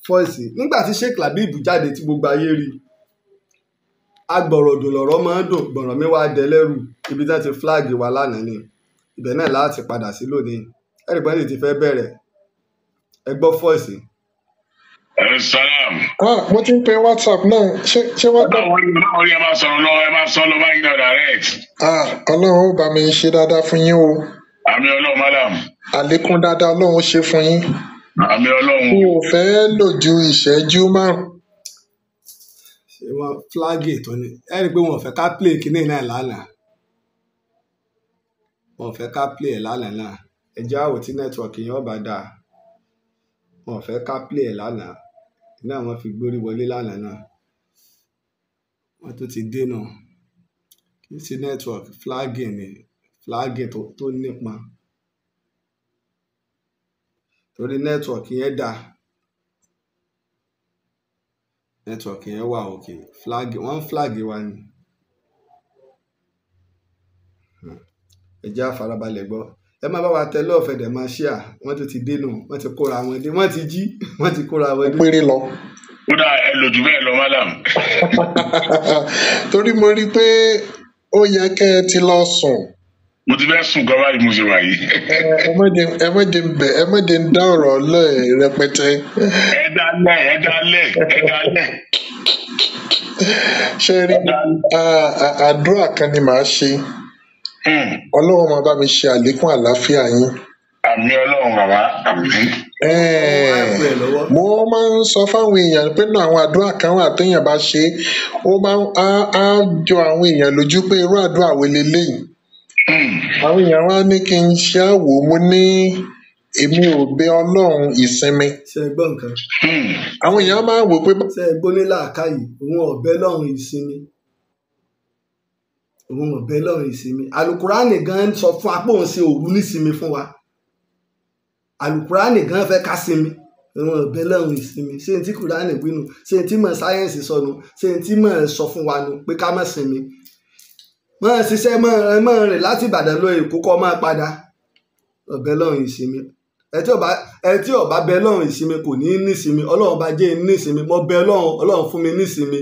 fọ́ọ̀sì nígbà tí Sheikh Labib jáde tí gbogbo ayé rí agbọ̀rọ̀dùn lọ̀rọ̀ máa ń dùn gbọ̀ràn mi wá dẹlẹ́rù ibi tí wọ́n ti flag wa lánàá ni ibẹ̀ náà láti padà sí lónìí ẹ̀rìgbọ́n lè ti fẹ́ bẹ̀rẹ̀ ẹ gbọ́ fọ́ọ̀sì salam. Ah, mo ti ń pe whatsapp náà ṣé ṣé whatsapp. báwo ni ẹ máa sọ̀rọ̀ lọ ẹ máa sọ lọ báyìí náà direct. Ah, ọlọ́run ó bá mi ṣe dáadáa fún yín o. àmì ọlọ́run madam. àlékún dáadáa ọlọ́run ó ṣe fún yín. àmì ọlọ́run. mi ò fẹ́ lò ju ìṣẹ́jú márùn-ún. ṣé wọ́n flag ètò ni ẹ rí i pé wọn ò fẹ́ ká play kinní náà lánàá wọn ò fẹ́ ká play ẹ̀ lánàá náà ẹjọ́ àwòtí nẹ́tíwọ̀kì yẹn ọ̀bà dáa wọn ò ká play ẹ̀ lánàá náà wọ́n fi gbórí wọlé lánàá náà wọ́n tó ti dènà kì í network flagging ni flagging tó, tó nípa torí network yẹn dà network yẹn wà òkè flag wọ́n flag wa ni ẹ jẹ́ àfarabalẹ̀ gbọ́ ẹ má bá wa tẹ lọ́ọ̀fẹ́ dẹ̀ máa ṣíà wọ́n tún ti dénà wọ́n ti kóra wọn dé wọ́n ti jí wọ́n ti kóra wọn dé. péré lọ. kódà ẹ lò jù bẹ́ẹ̀ lọ mádàm. torí mo rí i pé ó yẹ kẹ́ ẹ ti lọ sùn. mo ti fẹ́ sùn gan báyìí mo ṣe wà yìí. ẹ má dé bẹ ẹ má dé dá ọ̀rọ̀ lẹ̀ rẹpẹtẹ. ẹ dálẹ̀ ẹ dálẹ̀ ẹ dálẹ̀. ṣé rí àdúrà kan ni màá ṣe. Hmm. ọlọ́run máa bá mi ṣe àlékún àlàáfíà yín. àmì ọlọ́run bàbá àmì. mo máa ń sọ fáwọn èèyàn pé nínú àwọn àdúrà kan wà téèyàn bá ṣe ó máa á jọ àwọn èèyàn lójú pé irú àdúrà wo leléyìí. Hmm. àwọn èèyàn wá ní kí n ṣe àwò mo ní èmi ò bẹ ọlọ́run ìsinmi. ṣe é gbọ́ nǹkan. Hmm. àwọn èèyàn máa wò pé. ṣe é gbónílà káyì òun ọ̀bẹ lọ́run ìsinmi òun ò bẹ lọ́rùn ìsinmi alukurani gan sọ fún apá òun ṣe òru nísinmi fún wa alukurani gan fẹ́ ká sinmi òun ò bẹ lọ́rùn ìsinmi ṣé n tí kurani gbinu ṣé n tí mọ̀ sáyẹ́nsì sọnu ṣé n tí mọ̀ sọ fún wa nu pé ká má sinmi mọ̀ ṣiṣẹ́ mọ̀ mọ̀ rìn láti Ìbàdàn lọ Èkó kọ́ mọ̀ padà ọ̀bẹ lọ́rùn ìsinmi ẹ tí ọba bẹ lọ́rùn ìsinmi kò ní nísinmi Ọlọ́run bá jẹ́ nísinmi mo bẹ Ọlọ́run Ọlọ́run fún mi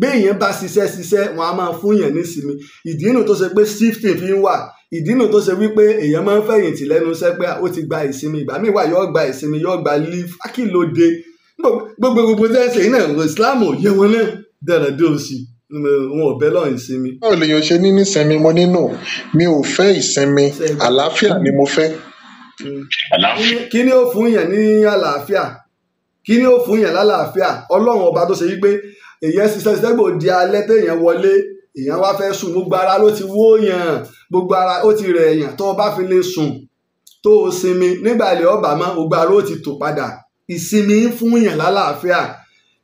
bí èèyàn bá ṣiṣẹ́ ṣiṣẹ́ wọn a máa fún èèyàn nísinmi ìdínú tó ṣe pé shifting fi ń wà ìdínú tó ṣe wípé èèyàn máa ń fẹ̀yìntì lẹ́nu iṣẹ́ pé ó ti gba ìsinmi ìgbà míì wà yóò gba ìsinmi yóò gba leave akílóde gbogbo gbogbo tẹ́sẹ̀ iná Islam ò yẹ wọn náà dára dé òsì wọn ò bẹ́ lọ́ọ̀ ìsinmi. báwo lèèyàn ṣe ní nísinmi mo nínú mi ò fẹ́ ìsinmi àlàáfíà ni mo fẹ́. Hmm. kí ni ó fún yàn ní àlàáfíà kí ni ó fún yàn lálàáfíà ọlọ́run ọba tó ṣe wípé èèyàn ṣiṣẹ́ ṣiṣẹ́ gbò di alẹ́ téèyàn wọlé èèyàn wá fẹ́ sùn gbogbo ara ló ti wó yàn gbogbo ara ó ti rẹ̀ èèyàn tó o bá fi lè sùn tó o sinmi nígbà ilẹ̀ ọba mọ́ gbogbo ara ó ti tò padà ìsinmi ń fún yàn lálàáfíà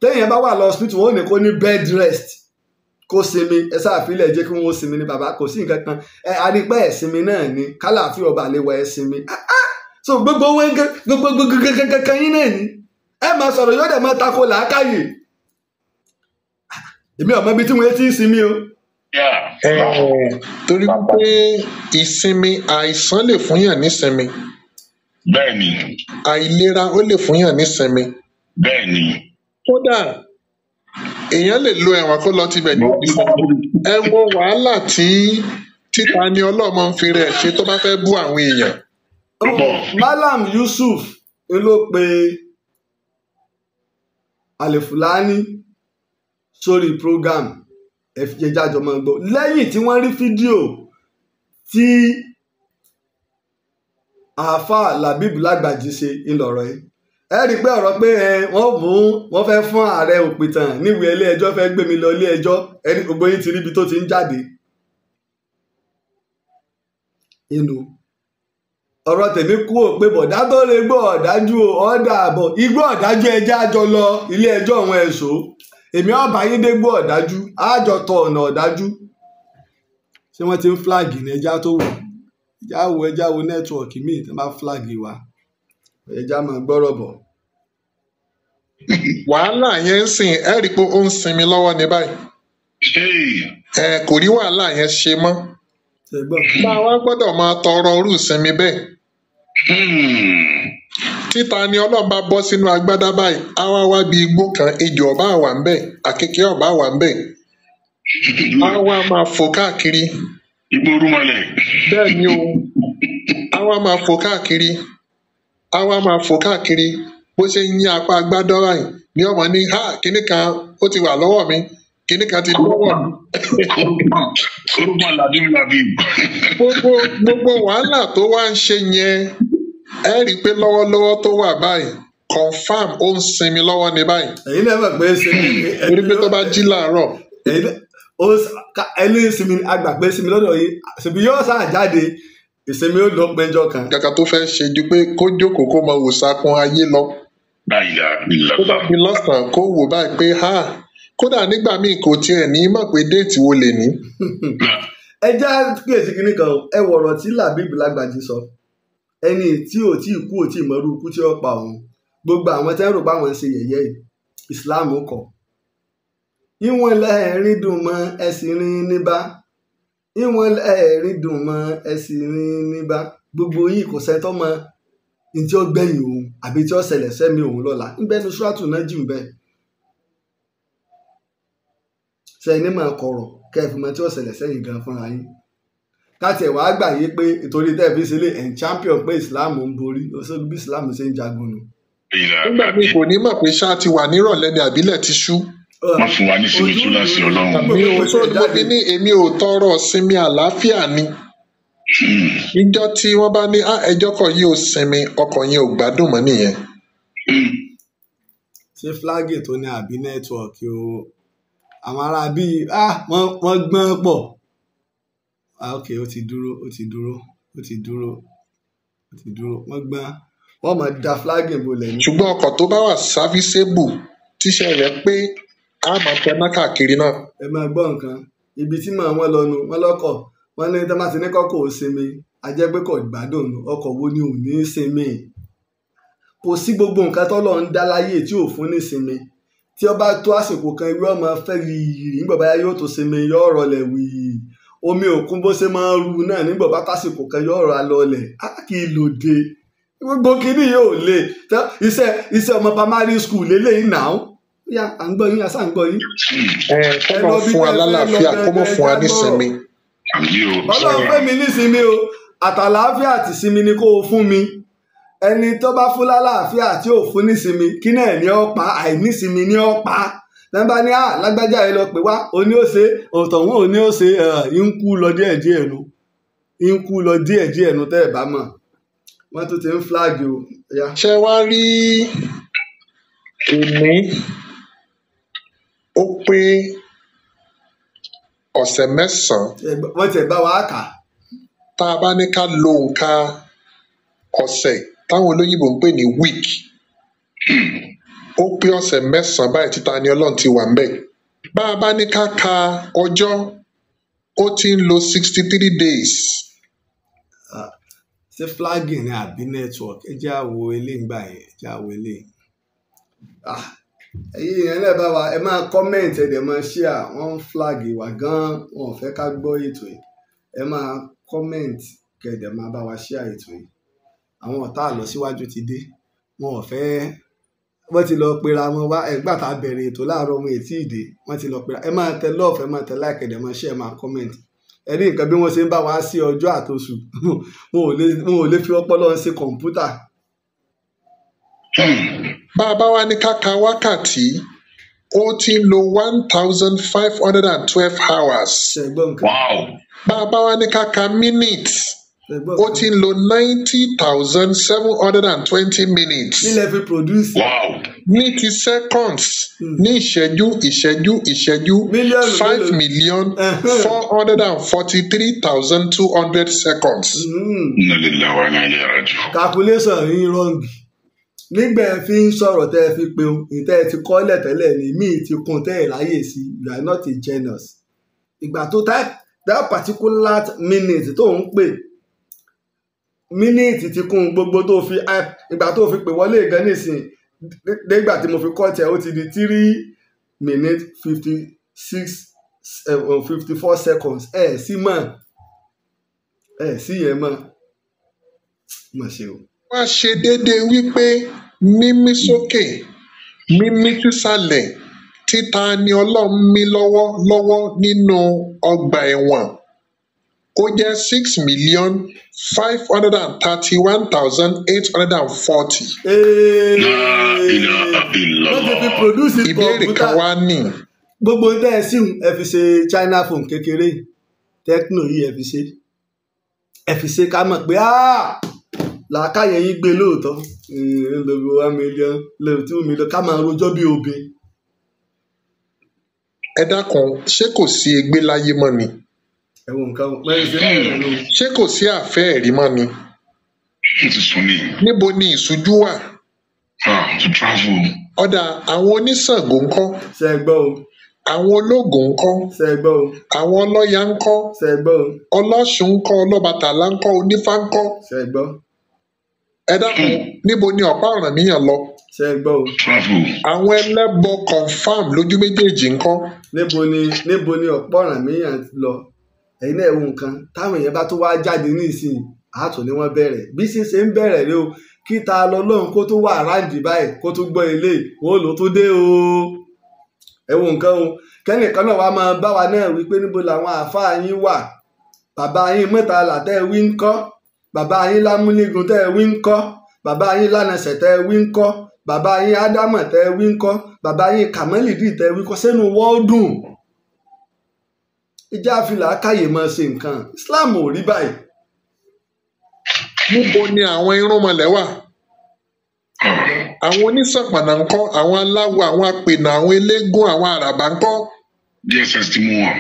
téèyàn bá wà lọ hospital wọn ò ní kó ní bed rest kó sinmi ẹ sáàfilẹ̀ jẹ́ kí wọ́n sinmi ní bàbá kò sí nǹkan kan ẹ arípẹ́ ẹ̀sinmi náà ni kálàáfíà ọba lè wọ ẹ̀sinmi ah, ah! so gbogbo wọn gbogbo gbogbo kankan yín náà ni ẹ máa sọ̀rọ̀ yóò dẹ̀ máa tako làákàyè èmi ọmọ ibi tí wọn ti ń sinmi o. Eh, torí pé ìsinmi àìsàn lè fún yàn nísinmi. bẹ́ẹ̀ni. àìlera ó lè fún yàn nísinmi. bẹ́ẹ̀ni. kódà èèyàn lè lo ẹ̀wọ̀n kó lọ tibẹ̀ ní ẹ wo wàhálà tí títa ni ọlọ́mọ ń fi rẹ̀ ṣe tó bá fẹ́ bú àwọn èèyàn. Malam Yusuf ló pe Alifulani sórí program ẹ fi jẹjẹ àjọ máa gbọ́ lẹ́yìn tí wọ́n rí fídíò tí àáfàá Labib Lagbaji ṣe ńlọrọ yìí ẹ rí i pé ọ̀rọ̀ pé wọ́n mú wọ́n fẹ́ fún ààrẹ òpìtàn níwèé ilé ẹjọ́ fẹ́ gbé mi lọ ilé ẹjọ́ ẹni gbogbo yín ti ríbi tó ti ń jáde inú ọ̀rọ̀ tèmi kú ò pé bọ̀dá tó lè gbọ́ ọ̀dájú ọ̀dà àbọ̀ igbó ọ̀dájú ẹjẹ́ àjọ lọ ilé ẹjọ́ àwọn ẹ̀ṣọ́ èmi ọba ayédègbò ọ̀dájú àjọtọ̀ ọ̀nà ọ̀dájú ṣé wọ́n ti ń flag ní ẹja tó wù ẹja wo ẹja wo nẹ́tíwọ̀kì míì tí bá flag wa ẹja máa gbọ́rọ̀ bọ̀. wàhálà yẹn ń sìn ẹ rí i pé ó ń sinmi lọ́wọ́ ní báyìí ẹ kò rí wàhálà yẹn ṣe mọ́ bá a wá gbọ́dọ̀ máa tọrọ irú ìsinmi bẹ́ẹ̀. Hmm. títa ni ọlọ́run bá bọ́ sínú agbada báyìí á wá bí igbó kan ejò ọ̀bá wà ń bẹ̀ àkekèé ọ̀bá wà ń àwa á máa fò káàkiri. ìgboro bẹ́ẹ̀ ni o á wá máa fò káàkiri àwa wá máa fò káàkiri bó ṣe ń yí apá agbádá báyìí ni ọmọ ní ha kinní kan ó ti wà lọ́wọ́ mi kinní kan ti lọ́wọ́ mi. gbogbo gbogbo wàhálà tó wá ń ṣe yẹn. ẹ rí i pé lọ́wọ́lọ́wọ́ tó wà báyìí confam ó ń sinmi lọ́wọ́ ní báyìí. èyí náà mọ̀ pé sinmi. Hmm. torí pé tó bá jí làárọ̀. ẹni sinmi àgbà pé sinmi lọ́dọ̀ yìí sinmi yóò sáà jáde ìsinmi ó lọ péjọ kan. kàkà tó fẹ́ ṣe ju pé kó jókòó kó mọ òòsàkun ayé lọ. báyà bá fi lọ́sàn-án kó wò báyìí pé ha kódà nígbà míì kò tiẹ̀ ní mọ̀ pé déètì wo lè ní. ẹ já kíyèsí kínní kan ẹ wọ̀rọ̀ tí làbíbi lágbàjì sọ. So ẹni tí ò tí ì kú ò tí ì mọrú ikú tí ó pa òun gbogbo àwọn tẹ́ ń rò pé àwọn ń ṣe yẹ̀yẹ́ Islam kọ̀ ìwọ̀n lẹ́ẹ̀rín dùn mọ́ ẹ̀sìn gbogbo yìí kò sẹ́tọ́ mọ́ ní tí ó gbẹ̀yìn òun àbí tí ó ṣẹlẹ̀ sẹ́mi òun lọ́la ńbẹ́ ní ṣúrátù náà jù bẹ́ẹ̀ sẹ́yìn ní màá kọ̀rọ̀ mọ́ tí ó ṣẹlẹ̀ sẹ́yìn gan fúnra yín káti ẹ̀wà àgbà yé pé nítorí tẹ́ fi sílé ẹ̀ champion pé islam ń borí oṣooṣù bí islam ṣe ń jagun nù. nígbà mi kò ní mọ̀ pé ṣáà ti wà nírọ̀lẹ́ ni àbílẹ̀ ti ṣú. wọ́n fún wa ní sinmi tún láti ọlọ́run. mi ò tó mo fi ní èmi ò tọrọ sinmi àlàáfíà ni. ìjọ tí wọ́n bá ní ah, ẹjọ́ kan yìí ò sinmi ọkàn yìí ò gbádùn mọ́ nìyẹn. ṣé flagi tó ní àbí nẹ́tíwọ̀kì o àwọn ará bíi ah, wọ́n gbọ́n pọ̀ Ah, ok, o ti dúró, ó ti dúró, o ti dúró, o ti dúró. Wọ́n gbá wọ́n máa da flagging bolẹ̀ ni. Ṣùgbọ́n ọkọ̀ tó bá wà serviceable tíṣẹ́ rẹ̀ pé a máa tẹ ná káàkiri náà. Ẹ máa gbọ́ nǹkan, ibi tí màá wọ́n lọ nu, wọ́n lọ́kọ̀, wọ́n ní tí wọ́n bá ti ní kọ́kọ́ ò sinmi, a jẹ́ pé kò gbádùn nu, ọkọ̀ wo ni ò ní sinmi. Kò sí gbogbo nǹkan tó lọ ń dá láyé tí ò fún ní sinmi. Tí ó bá tó àsìkò kan, irú ọmọ fẹ́ yìí, nígbà báyá yóò tó sinmi, yóò rọlẹ̀ wìí omi òkun bó ṣe máa ń ru náà nígbà bá tásìkò kan yọ ọ̀rọ̀ alọ́ọ̀lẹ̀ á kì í lòde gbogbo kìíní yóò lè iṣẹ́ iṣẹ́ ọmọ primary school lélẹ́yìn náà yá à ń gbọ́ yín àṣà ń gbọ́ yín. ẹ kó mọ fún wa lálàáfíà kó mọ fún wa nísinmi. ọlọ́run fẹ́ mi nísinmi o àtàlàáfíà àti sinmi ni kó o fún mi ẹni tó bá fún lálàáfíà tí ò fún nísinmi kí náà ní ọ̀pá àìnísinmi ní ọ̀pá nàbà ní à ah, lágbájá yìí lọ pè wá òní ó ṣe òtọ̀hún òní ó ṣe ìnkú lọ díẹ̀ díẹ̀ nu ìnkú lọ díẹ̀ díẹ̀ nu tẹ́ ẹ̀ bá mọ̀ wọ́n tún ti ń fúláàgì o. ṣé wàá rí èmi ó pé ọ̀sẹ̀ mẹ́sàn-án. wọ́n ti bá wa kà. tá a bá ní ká lo nǹkan ọ̀sẹ̀ táwọn olóyìnbó ń pè ní week ó pé ọ̀sẹ̀ mẹ́sànán báyìí tí Taniọlọ́run ti wà ńbẹ̀ bá a bá ní ká ka ọjọ́ ó ti ń lo sixty three days. ṣé flagging ni àbí network ẹ jẹ́ àwo ilé ń gbà yẹn ẹ jẹ́ àwo ilé. ẹ̀yin ìyẹn náà bá wa ẹ máa comment ẹ dẹ̀ máa share wọ́n ń flag wa gan-an wọn ò fẹ́ ká gbọ́ ètò yìí ẹ máa comment kẹ́ ẹ dẹ̀ máa bá wa share ètò yìí àwọn ọ̀tá àlọ́síwájú ti dé wọn ò fẹ́ wọ́n ti lọ pera wọn wá ẹ̀gbà tá a bẹ̀rẹ̀ ètò láàárọ̀ wọn ètí ìdè wọ́n ti lọ pera ẹ máa tẹ love ẹ máa tẹ like ẹ̀dẹ̀ máa share ẹ máa comment ẹ ní nǹkan bí wọ́n ṣe ń bá wa sí ọjọ́ àtosù wọn ò lè fi ọpọlọ ṣe kọ̀ǹpútà. Hmm. bá a bá wa ní ká ka wákàtí ó ti lo one thousand five hundred and twelve hours. bá a bá wa ní ká ka minutes ó ti ń lo ninety thousand seven hundred and twenty minutes. wow ní ti seconds hmm. ní ìṣẹ́jú ìṣẹ́jú ìṣẹ́jú five million four hundred and forty-three thousand two hundred seconds. nílẹ̀ wà ní ayé calculation yín wrong nígbà ẹ fi ń sọ̀rọ̀ tẹ́ ẹ fi pe ìtẹ́ ẹ ti kọ́lẹ̀ tẹ́lẹ̀ ni míì ti kun tẹ́ ẹ ráyè sí you are not a genius. ìgbà tó that particular minute tó ń pè mínítì ti kún gbogbo tó fi ìgbà tó fi pè wọlé gan nísìn dégbà tí mo fi kọ́ tẹ̀ ó ti di three minute fifty six eh, oh, fifty four seconds ẹ̀ sí mọ̀ ẹ̀ sí yẹn mọ̀ mọ̀ ṣe o. wọ́n ṣe déédéé wípé mímí sókè mímí sísàlẹ̀ títa ni ọlọ́run mí lọ́wọ́ lọ́wọ́ nínú ọgbà ẹ̀wọ̀n ó jẹ six million five hundred and thirty one thousand eight hundred and forty. ìbéèrè kan wá ní. gbogbo tẹ́ ẹ sì ẹ fi ṣe china phone kékeré tecno yìí ẹ fi ṣe ẹ fi ṣe ká mọ̀ pé ah! làákàyè yín gbé lóòótọ́ lóbi one million lóbi two million ká máa rojọ́ bí obìnrin. ẹ dákun ṣé kò sí ẹgbẹ́ láyé ni ẹ̀wọ̀n nǹkan pẹ́ẹ́sì. ṣé kò sí àfẹ́ ẹ̀rí mọ́ ni. níbo ni ìṣújú wà. ọ̀dà àwọn oníṣàngó ń kọ́. ṣẹ́gbọ́n o àwọn ológun ńkọ́ àwọn ọlọ́ya ńkọ́ ọlọ́ṣun ńkọ́ ọlọ́bàtálá ńkọ́ onífá ńkọ́ ẹ dákun níbo ni ọ̀pá Ọ̀rànmíyàn lọ àwọn ẹlẹ́bọ confam lójú méjèèjì ńkọ́. níbo ni níbo ni ọ̀pá Ọ̀rànmíyàn lọ ẹ̀yin náà ẹ̀wọ̀n nǹkan táwọn èèyàn bá tó wá jáde ní ìsìn àtò ni wọ́n bẹ̀rẹ̀ bí ṣe ṣe ń bẹ̀rẹ̀ rẹ o kí ta lọ lọ́hùn kó tó wà ráǹdì báyìí kó tó gbọ́ ilé wọ́n ló tó dé o ẹ̀wọ̀n nǹkan o kẹ́nìkan náà wàá máa bá wa náà wípé níbo làwọn àáfàá yín wà bàbá yín Murtala tẹ́ ẹ wí ń kọ́ bàbá yín Lámúlégún tẹ́ ẹ wí ń kọ́ bàbá yín Lánàṣẹ̀ tẹ́ ẹ wí ń kọ́ bàbá yín Ádámọ̀ tẹ́ ẹ wí ń kọ́ bàbá yín Kàmálìdí tẹ́ ẹ wí kọ́ sẹ́nu wọ́ọ̀dùn ìjà àfilà káyè máa ṣe nǹkan Islam ò rí báyìí. níbo ni àwọn irúnmọlẹ̀ wà àwọn onísàpàdà ńkọ́ àwọn aláwọ àwọn apènà àwọn eléégún àwọn àràbà ńkọ́. DSS ti mú wọn.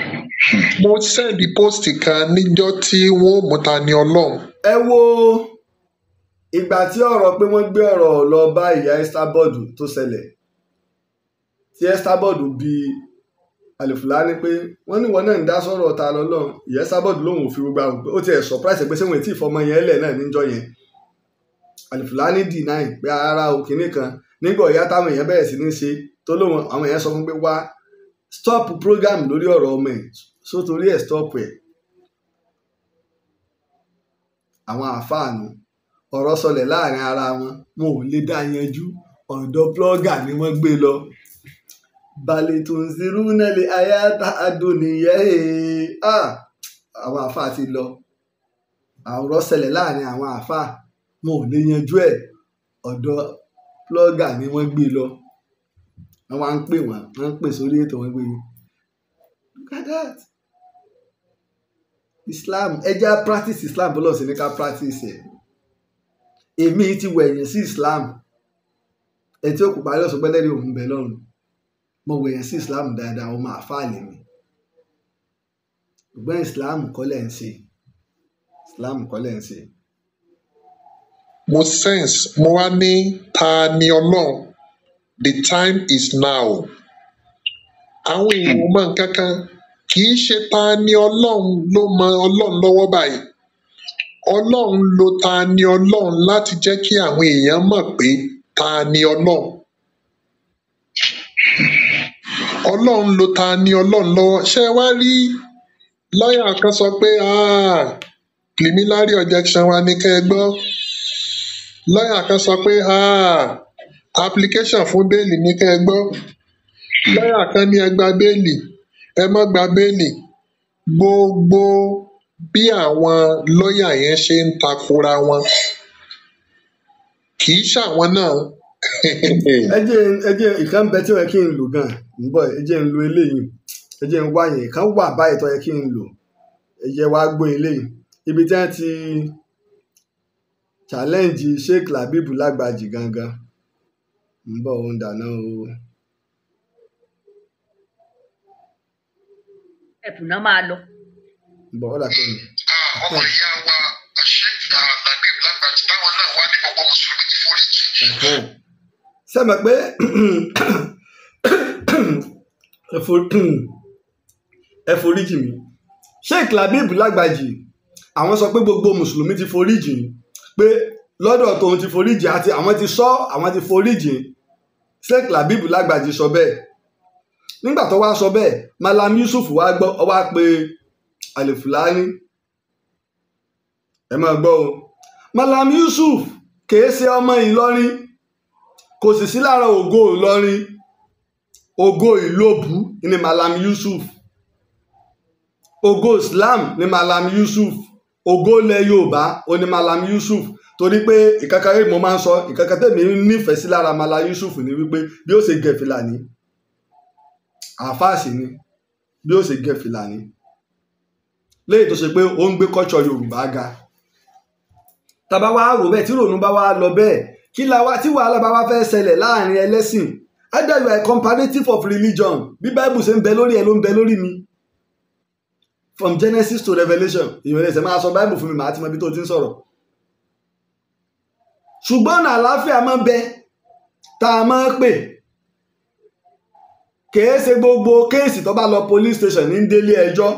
mo sẹ́ẹ̀dì póòsì kan níjọ́ tí wọ́n mú ta ni ọlọ́run. ẹ wo ìgbà tí ọ̀rọ̀ pé wọ́n gbé ọ̀rọ̀ lọ bá ìyá Esther Bọ́ọ̀dù tó ṣẹlẹ̀ tí Esther Bọ́ọ̀dù bíi àlèfùlá ni pé wọ́n ní wọn náà ń dá sọ̀rọ̀ ọ̀tá lọ́lọ́run ìyẹn sábọ̀dù lòun ò fi gbogbo àwọn ó ti ẹ̀ surprise pé sẹ́wọ̀n tí ìfọmọ yẹn lẹ̀ náà níjọ yẹn àlèfùlá ní deny pé ara òkìní kan nígbà ìyá táwọn èèyàn bẹ̀rẹ̀ sí ní ṣe tó lóun àwọn èèyàn sọ fún pé wá stop program lórí ọ̀rọ̀ ọmọ ẹ̀ so torí ẹ̀ stop ẹ̀ àwọn àfáànù ọ̀rọ̀ sọlẹ̀ láàrin ara wọn wọn ò lè dá yanjú ọ̀dọ̀ blogger ni wọ́n gbé lọ balitunziruna li ayata adoniya ee ah, àwọn àáfàá ti lọ àwòrán ṣẹlẹ̀ láàrin àwọn àáfàá wọn ò lè yanjú ẹ̀ ọ̀dọ̀ plọ́gà ni wọ́n gbé lọ wọ́n wá ń pè wọ́n wọ́n ń pè sórí ètò wọn gbé Islam ẹ jẹ́ practice Islam bọ́lọ̀ sí ní ká practice ẹ̀ èmi ti wẹ̀yìn sí Islam ẹ̀ tí ó kù parí ọ̀sán gbẹ́lẹ́rì òun bẹ̀ lọ́rùn mo wò yẹn sí islam dáadáa ọmọ àfáàlì mi ṣùgbọ́n islam kọ́ lẹ̀ ń ṣe islam kọ́ ń ṣe. mo sense mo wá ní ta ni ọlọ́run the time is now àwọn èèyàn mọ nǹkan kan kì í ṣe ta ni ọlọ́run ló mọ ọlọ́run lọ́wọ́ báyìí ọlọ́run ló ta ni ọlọ́run láti jẹ́ kí àwọn èèyàn mọ̀ pé ta ni ọlọ́run ọlọ́run ló ta ni ọlọ́run lọ́wọ́ ṣé wá rí lọ́ọ̀yà kan sọ pé preliminary objection wa ni kẹ́ ẹ gbọ́ lọ́ọ̀yà kan sọ pé application fún bẹ́ẹ̀lì ni kẹ́ ẹ gbọ́ lọ́ọ̀yà kan ní ẹ gba bẹ́ẹ̀lì ẹ má gba bẹ́ẹ̀lì gbogbo bí àwọn lọ́ọ̀yà yẹn ṣe ń takora wọn kì í ṣàwọn náà. ẹ jẹ́ ẹ jẹ́ ìkànnì bẹ́ẹ̀ tí ó yẹ kí lò gan ń bọ̀ ẹ jẹ́ ń lo eléyìí ẹ jẹ́ ń wá yẹn kan wà báyìí tó yẹ kí n lò ẹ wá gbọ́ eléyìí ibi tí wọ́n ti challenge Sheikh Labeeb Lagbaji gangan ń bọ̀ òun dáná o. ẹ̀bùn náà máa lọ. bọ̀ ọ́ dàpọ̀ mi. ọmọ ìyá wa Sheikh Labeeb Lagbaji táwọn náà wá ní gbogbo mùsùlùmí ti forí jì. sẹ́mi pé ẹ foríjì mi sheikh labib lágbàjì àwọn sọ pé gbogbo mùsùlùmí ti foríjì pé lọ́dọ̀ tóun ti foríjì àti àwọn ti sọ àwọn ti foríjì sheikh labib lágbàjì sọ bẹ́ẹ̀ nígbà tó wá sọ bẹ́ẹ̀ malam yusuf wá gbọ́ ọ wá pé alifulani ẹ máa gbọ́ o malam yusuf kèé ṣe ọmọ ìlọrin kò sì sí lára ògo ìlọrin Ogo ilobu ni malam yusuf Ogo islam ni malam yusuf Ogo ilẹ̀ yorùbá ó ní malam yusuf torí pé ìkankan mo máa ń sọ ìkankan tèmi nífẹ̀ẹ́ sí lára malam yusuf ni wípé bí ó ṣe gẹ̀ fìlàní àfáàsì ni bí ó ṣe gẹ̀ fìlàní léyìí tó ṣe pé ó ń gbé kọ́ṣọ yorùbá ga tàbá wa rò bẹ́ẹ̀ tí ròònú bá wa lọ bẹ́ẹ̀ kí la wá tí wàhálà bá wa fẹ́ ṣẹlẹ̀ láàrin ẹlẹ́sìn either you are comparative of religion bí bible ṣe ń bẹ lórí ẹ ló ń bẹ lórí mi from genesis to revelation ìrẹsẹ máa sọ bible fún mi màá ti mọ ibi tó ti ń sọ̀rọ̀ ṣùgbọ́n ọ̀nà àlàáfíà máa ń bẹ tá a máa ń pè kèé ṣe gbogbo kéèsì tó bá lọ police station ní délé ẹjọ́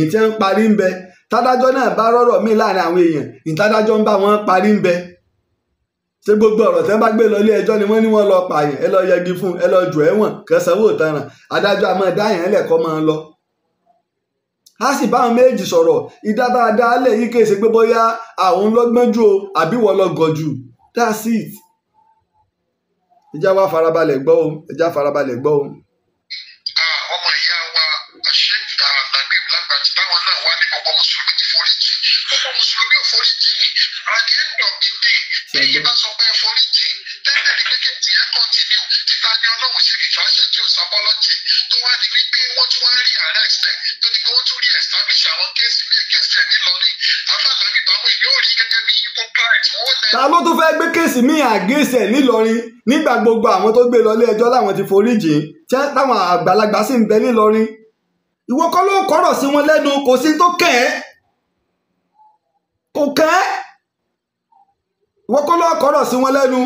ìtẹ́ ń parí ń bẹ tádájọ́ náà bá rọ́rọ̀ míì láàrin àwọn èèyàn ìtádájọ́ ń bá wọn parí ń bẹ ṣé gbogbo ọ̀rọ̀ tẹ́ bá gbé lọ ilé ẹjọ́ ni wọ́n ní wọ́n lọ pààyàn ẹ lọ yẹgi fún ẹ lọ jù ẹ̀wọ̀n kẹsànwó ìtanràn adájọ́ àmọ́ dáyàn lẹ̀kọ́ máa lọ. a sì bá àwọn méjì sọ̀rọ̀ ìdádáadáa lẹ̀ yí kéèsì pé bóyá àwọn lọ́gbọ́n jù o àbí wọ́n lọ gọ̀ jù that's it. ìjà wa farabalẹ̀ gbọ́ o ìjà farabalẹ̀ gbọ́ o. Ah, ọmọ ìyá wa àṣẹ àgbàgbé ìgbàgbà foríjì ọmọ mùsùlùmí ò foríjì at the end of the day lẹ́yìn bá sọ pé foríjì tẹ́lẹ̀ rí pẹ́kẹ́ tì ẹ́ kọ́ntínú títa ni ọlọ́run ṣe fìfàṣẹ tí ò sábọ́lọ́tì tó wá di wípé wọ́n tún wá rí arrest tó di pé wọ́n tún rí establish àwọn kéèsì ní kéèsì ẹ̀ nílọrin afáàlàbí báwo yóò rí gẹ́gẹ́ bí ipò client wọ́n lẹ́. ta ló fẹ́ nígbà gbogbo àwọn tó gbé lọlé ẹjọ́ láwọn ti foríjì táwọn àgbàlagbà sì ń bẹ nílọrin ìwọ kọ́ ló kọ́rọ̀ sí wọn lẹ́nu kò sí tó kẹ́ ẹ́ kùkẹ́ wọ́n kọ́ lọ́ọ́ kọ́rọ̀ sí wọn lẹ́nu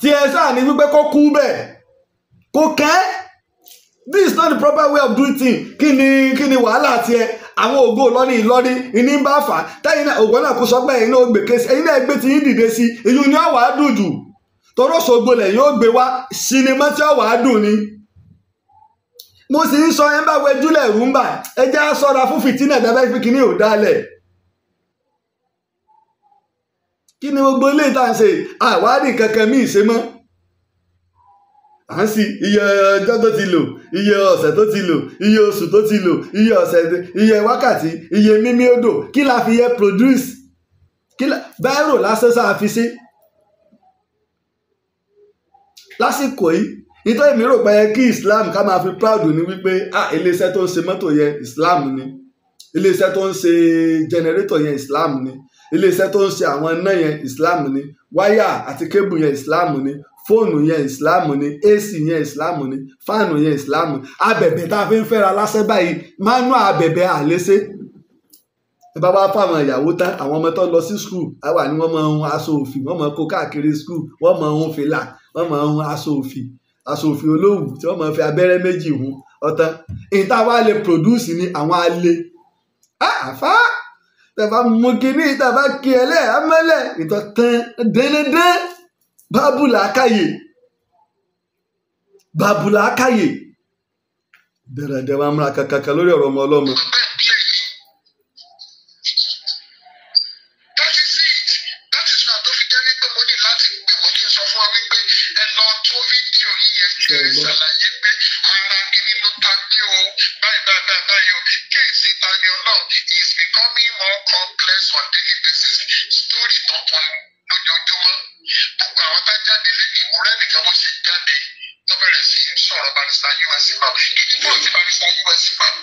tí ẹ sáà ní wípé kó kú bẹ́ẹ̀ kùkẹ́ this not the proper way of doing things kí ni kí ni wàhálà àwọn ògbó ìlọrin ìlọrin ìní bá fà á náà ògbọ́n náà kó sọ pé ẹ̀yin náà mo sì ń sọ ẹ ń bá wẹjúlẹ̀ rúmbà ẹ jẹ́ á fún fìtínà ìdábẹ́ fi kínní ò dálẹ̀ kí ni gbogbo ilé ìta ń ṣe àwárí kankan míì ṣe mọ́ à ń sì iye ọjọ́ tó ti lò iye ọ̀sẹ̀ tó ti lò iye oṣù tó ti lò iye ọ̀sẹ̀ iye wákàtí iye mímí odò kí la fi yẹ produce kí la báírò lásán sáà fi sí lásìkò yìí ìtọ́ èmi rò pé kí Islam ká máa fi proud ní wípé ah iléeṣẹ́ tó ń ṣe mọ́tò yẹn Islam ni iléeṣẹ́ tó ń ṣe jẹnẹrétọ̀ yẹn Islam ni iléeṣẹ́ tó ń ṣe àwọn iná yẹn Islam ni wáyà àti kébù yẹn Islam ni fóònù yẹn Islam ni AC yẹn Islam ni fáànù yẹn Islam ni abẹ̀bẹ̀ tá a fi ń fẹ́ra lásán báyìí mánú abẹ̀bẹ̀ àléṣe bàbá fáwọn ìyàwó tán àwọn ọmọ tó lọ sí skul àwa ni wọ́n máa ń aṣọ òfì wọ́n máa kó káàkiri skul wọ́n máa ń fìlà wọ́n máa ń aṣọ òfì asòfin olóòwú tí wọ́n máa fi abẹ́rẹ́ méjì hun ọ̀tán ìta wa lè produce ni àwọn alẹ́ àfa tàbá mú kínní tàbá kí ẹ lẹ́ẹ̀ amẹ́lẹ̀ ìtọ́ tán dẹ́nẹ́dẹ́n bábùlà àkàyè bábùlà àkàyè dẹ̀rẹ̀dẹ̀ wa múra kankan lórí ọ̀rọ̀ ọmọ ọlọ́mọ.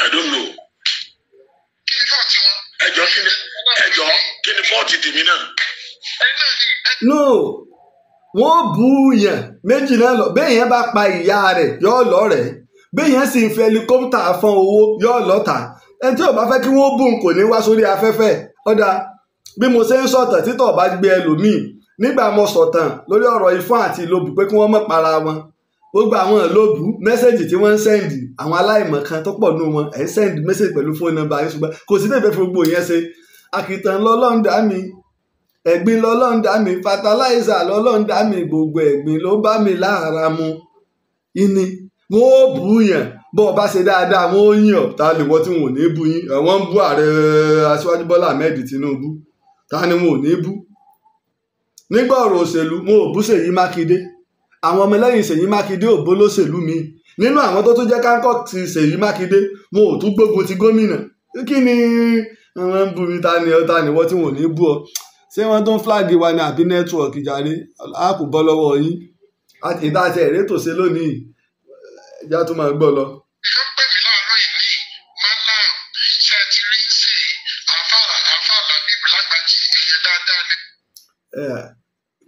I don't know. ẹjọ́ kí ni ẹjọ́ kí ni fọ́ọ̀tì tèmi náà. no wọ́n bú yẹn méjì náà lọ bẹ́ẹ̀ yẹn bá pa ìyá rẹ̀ yóò lọ́rẹ̀ẹ́ bẹ́ẹ̀ yẹn sì ń fi ẹlikọ́pítà fọ́n owó yóò lọ́ta ẹni tí ò bá fẹ́ kí wọ́n bùn kò ní wá sórí afẹ́fẹ́ ọ̀dà bí mo ṣe ń sọ̀tàn títọ̀ bá gbé ẹlòmíì nígbà mo sọ̀tàn lórí ọ̀rọ̀ ifá àti ìlòbù pé kí wọ́n mọ̀ para wọn gbogbo àwọn ìlóòbù mẹ́sẹ̀gì tí wọ́n ń sẹ́ndì àwọn aláìmọ̀kan tó pọ̀ nù wọn ẹ̀ ń sẹ́ndì mẹ́sẹ̀gì pẹ̀lú fóònù nọ́mbà yín ṣùgbọ́n kò sí tẹ̀fẹ́ fún gbogbo yẹn ṣe àkìtàn lọ́lọ́run dá mi ẹ̀gbin lọ́lọ́run dá mi fataláìsà lọ́lọ́run dá mi gbogbo ẹ̀gbin ló bá mi lára mu ìní wọn ò bù yàn bọ́ ọ bá ṣe dáadáa wọn ò yàn ta lè wọ́n tí wọn ò ní bú yín wọ́n ń bú ààrẹ aṣíwájú bọ́lá ahmed tinubu ta ni wọn ò ní bú nígbà ọ̀rọ̀ òṣèlú wọn ò bú ṣèyí mákindé àwọn ọmọlẹ́yìn Ṣèyí Mákindé ò bó lóṣèlú mi nínú àwọn tó tún jẹ́ káńkọ́ ti Ṣèyí Mákindé wọn ò tún gbógun ti gómìnà kí ni wọn ń bu mi ta ni ọta ni wọ́n tí wọn ò ní bú ọ ṣé wọ́n tún flag wa ni àbí network ìjàre a kò bọ́ lọ́wọ́ yín ìdájẹ́ ìrétòṣe lónìí ìjà tó máa gbọ́ lọ.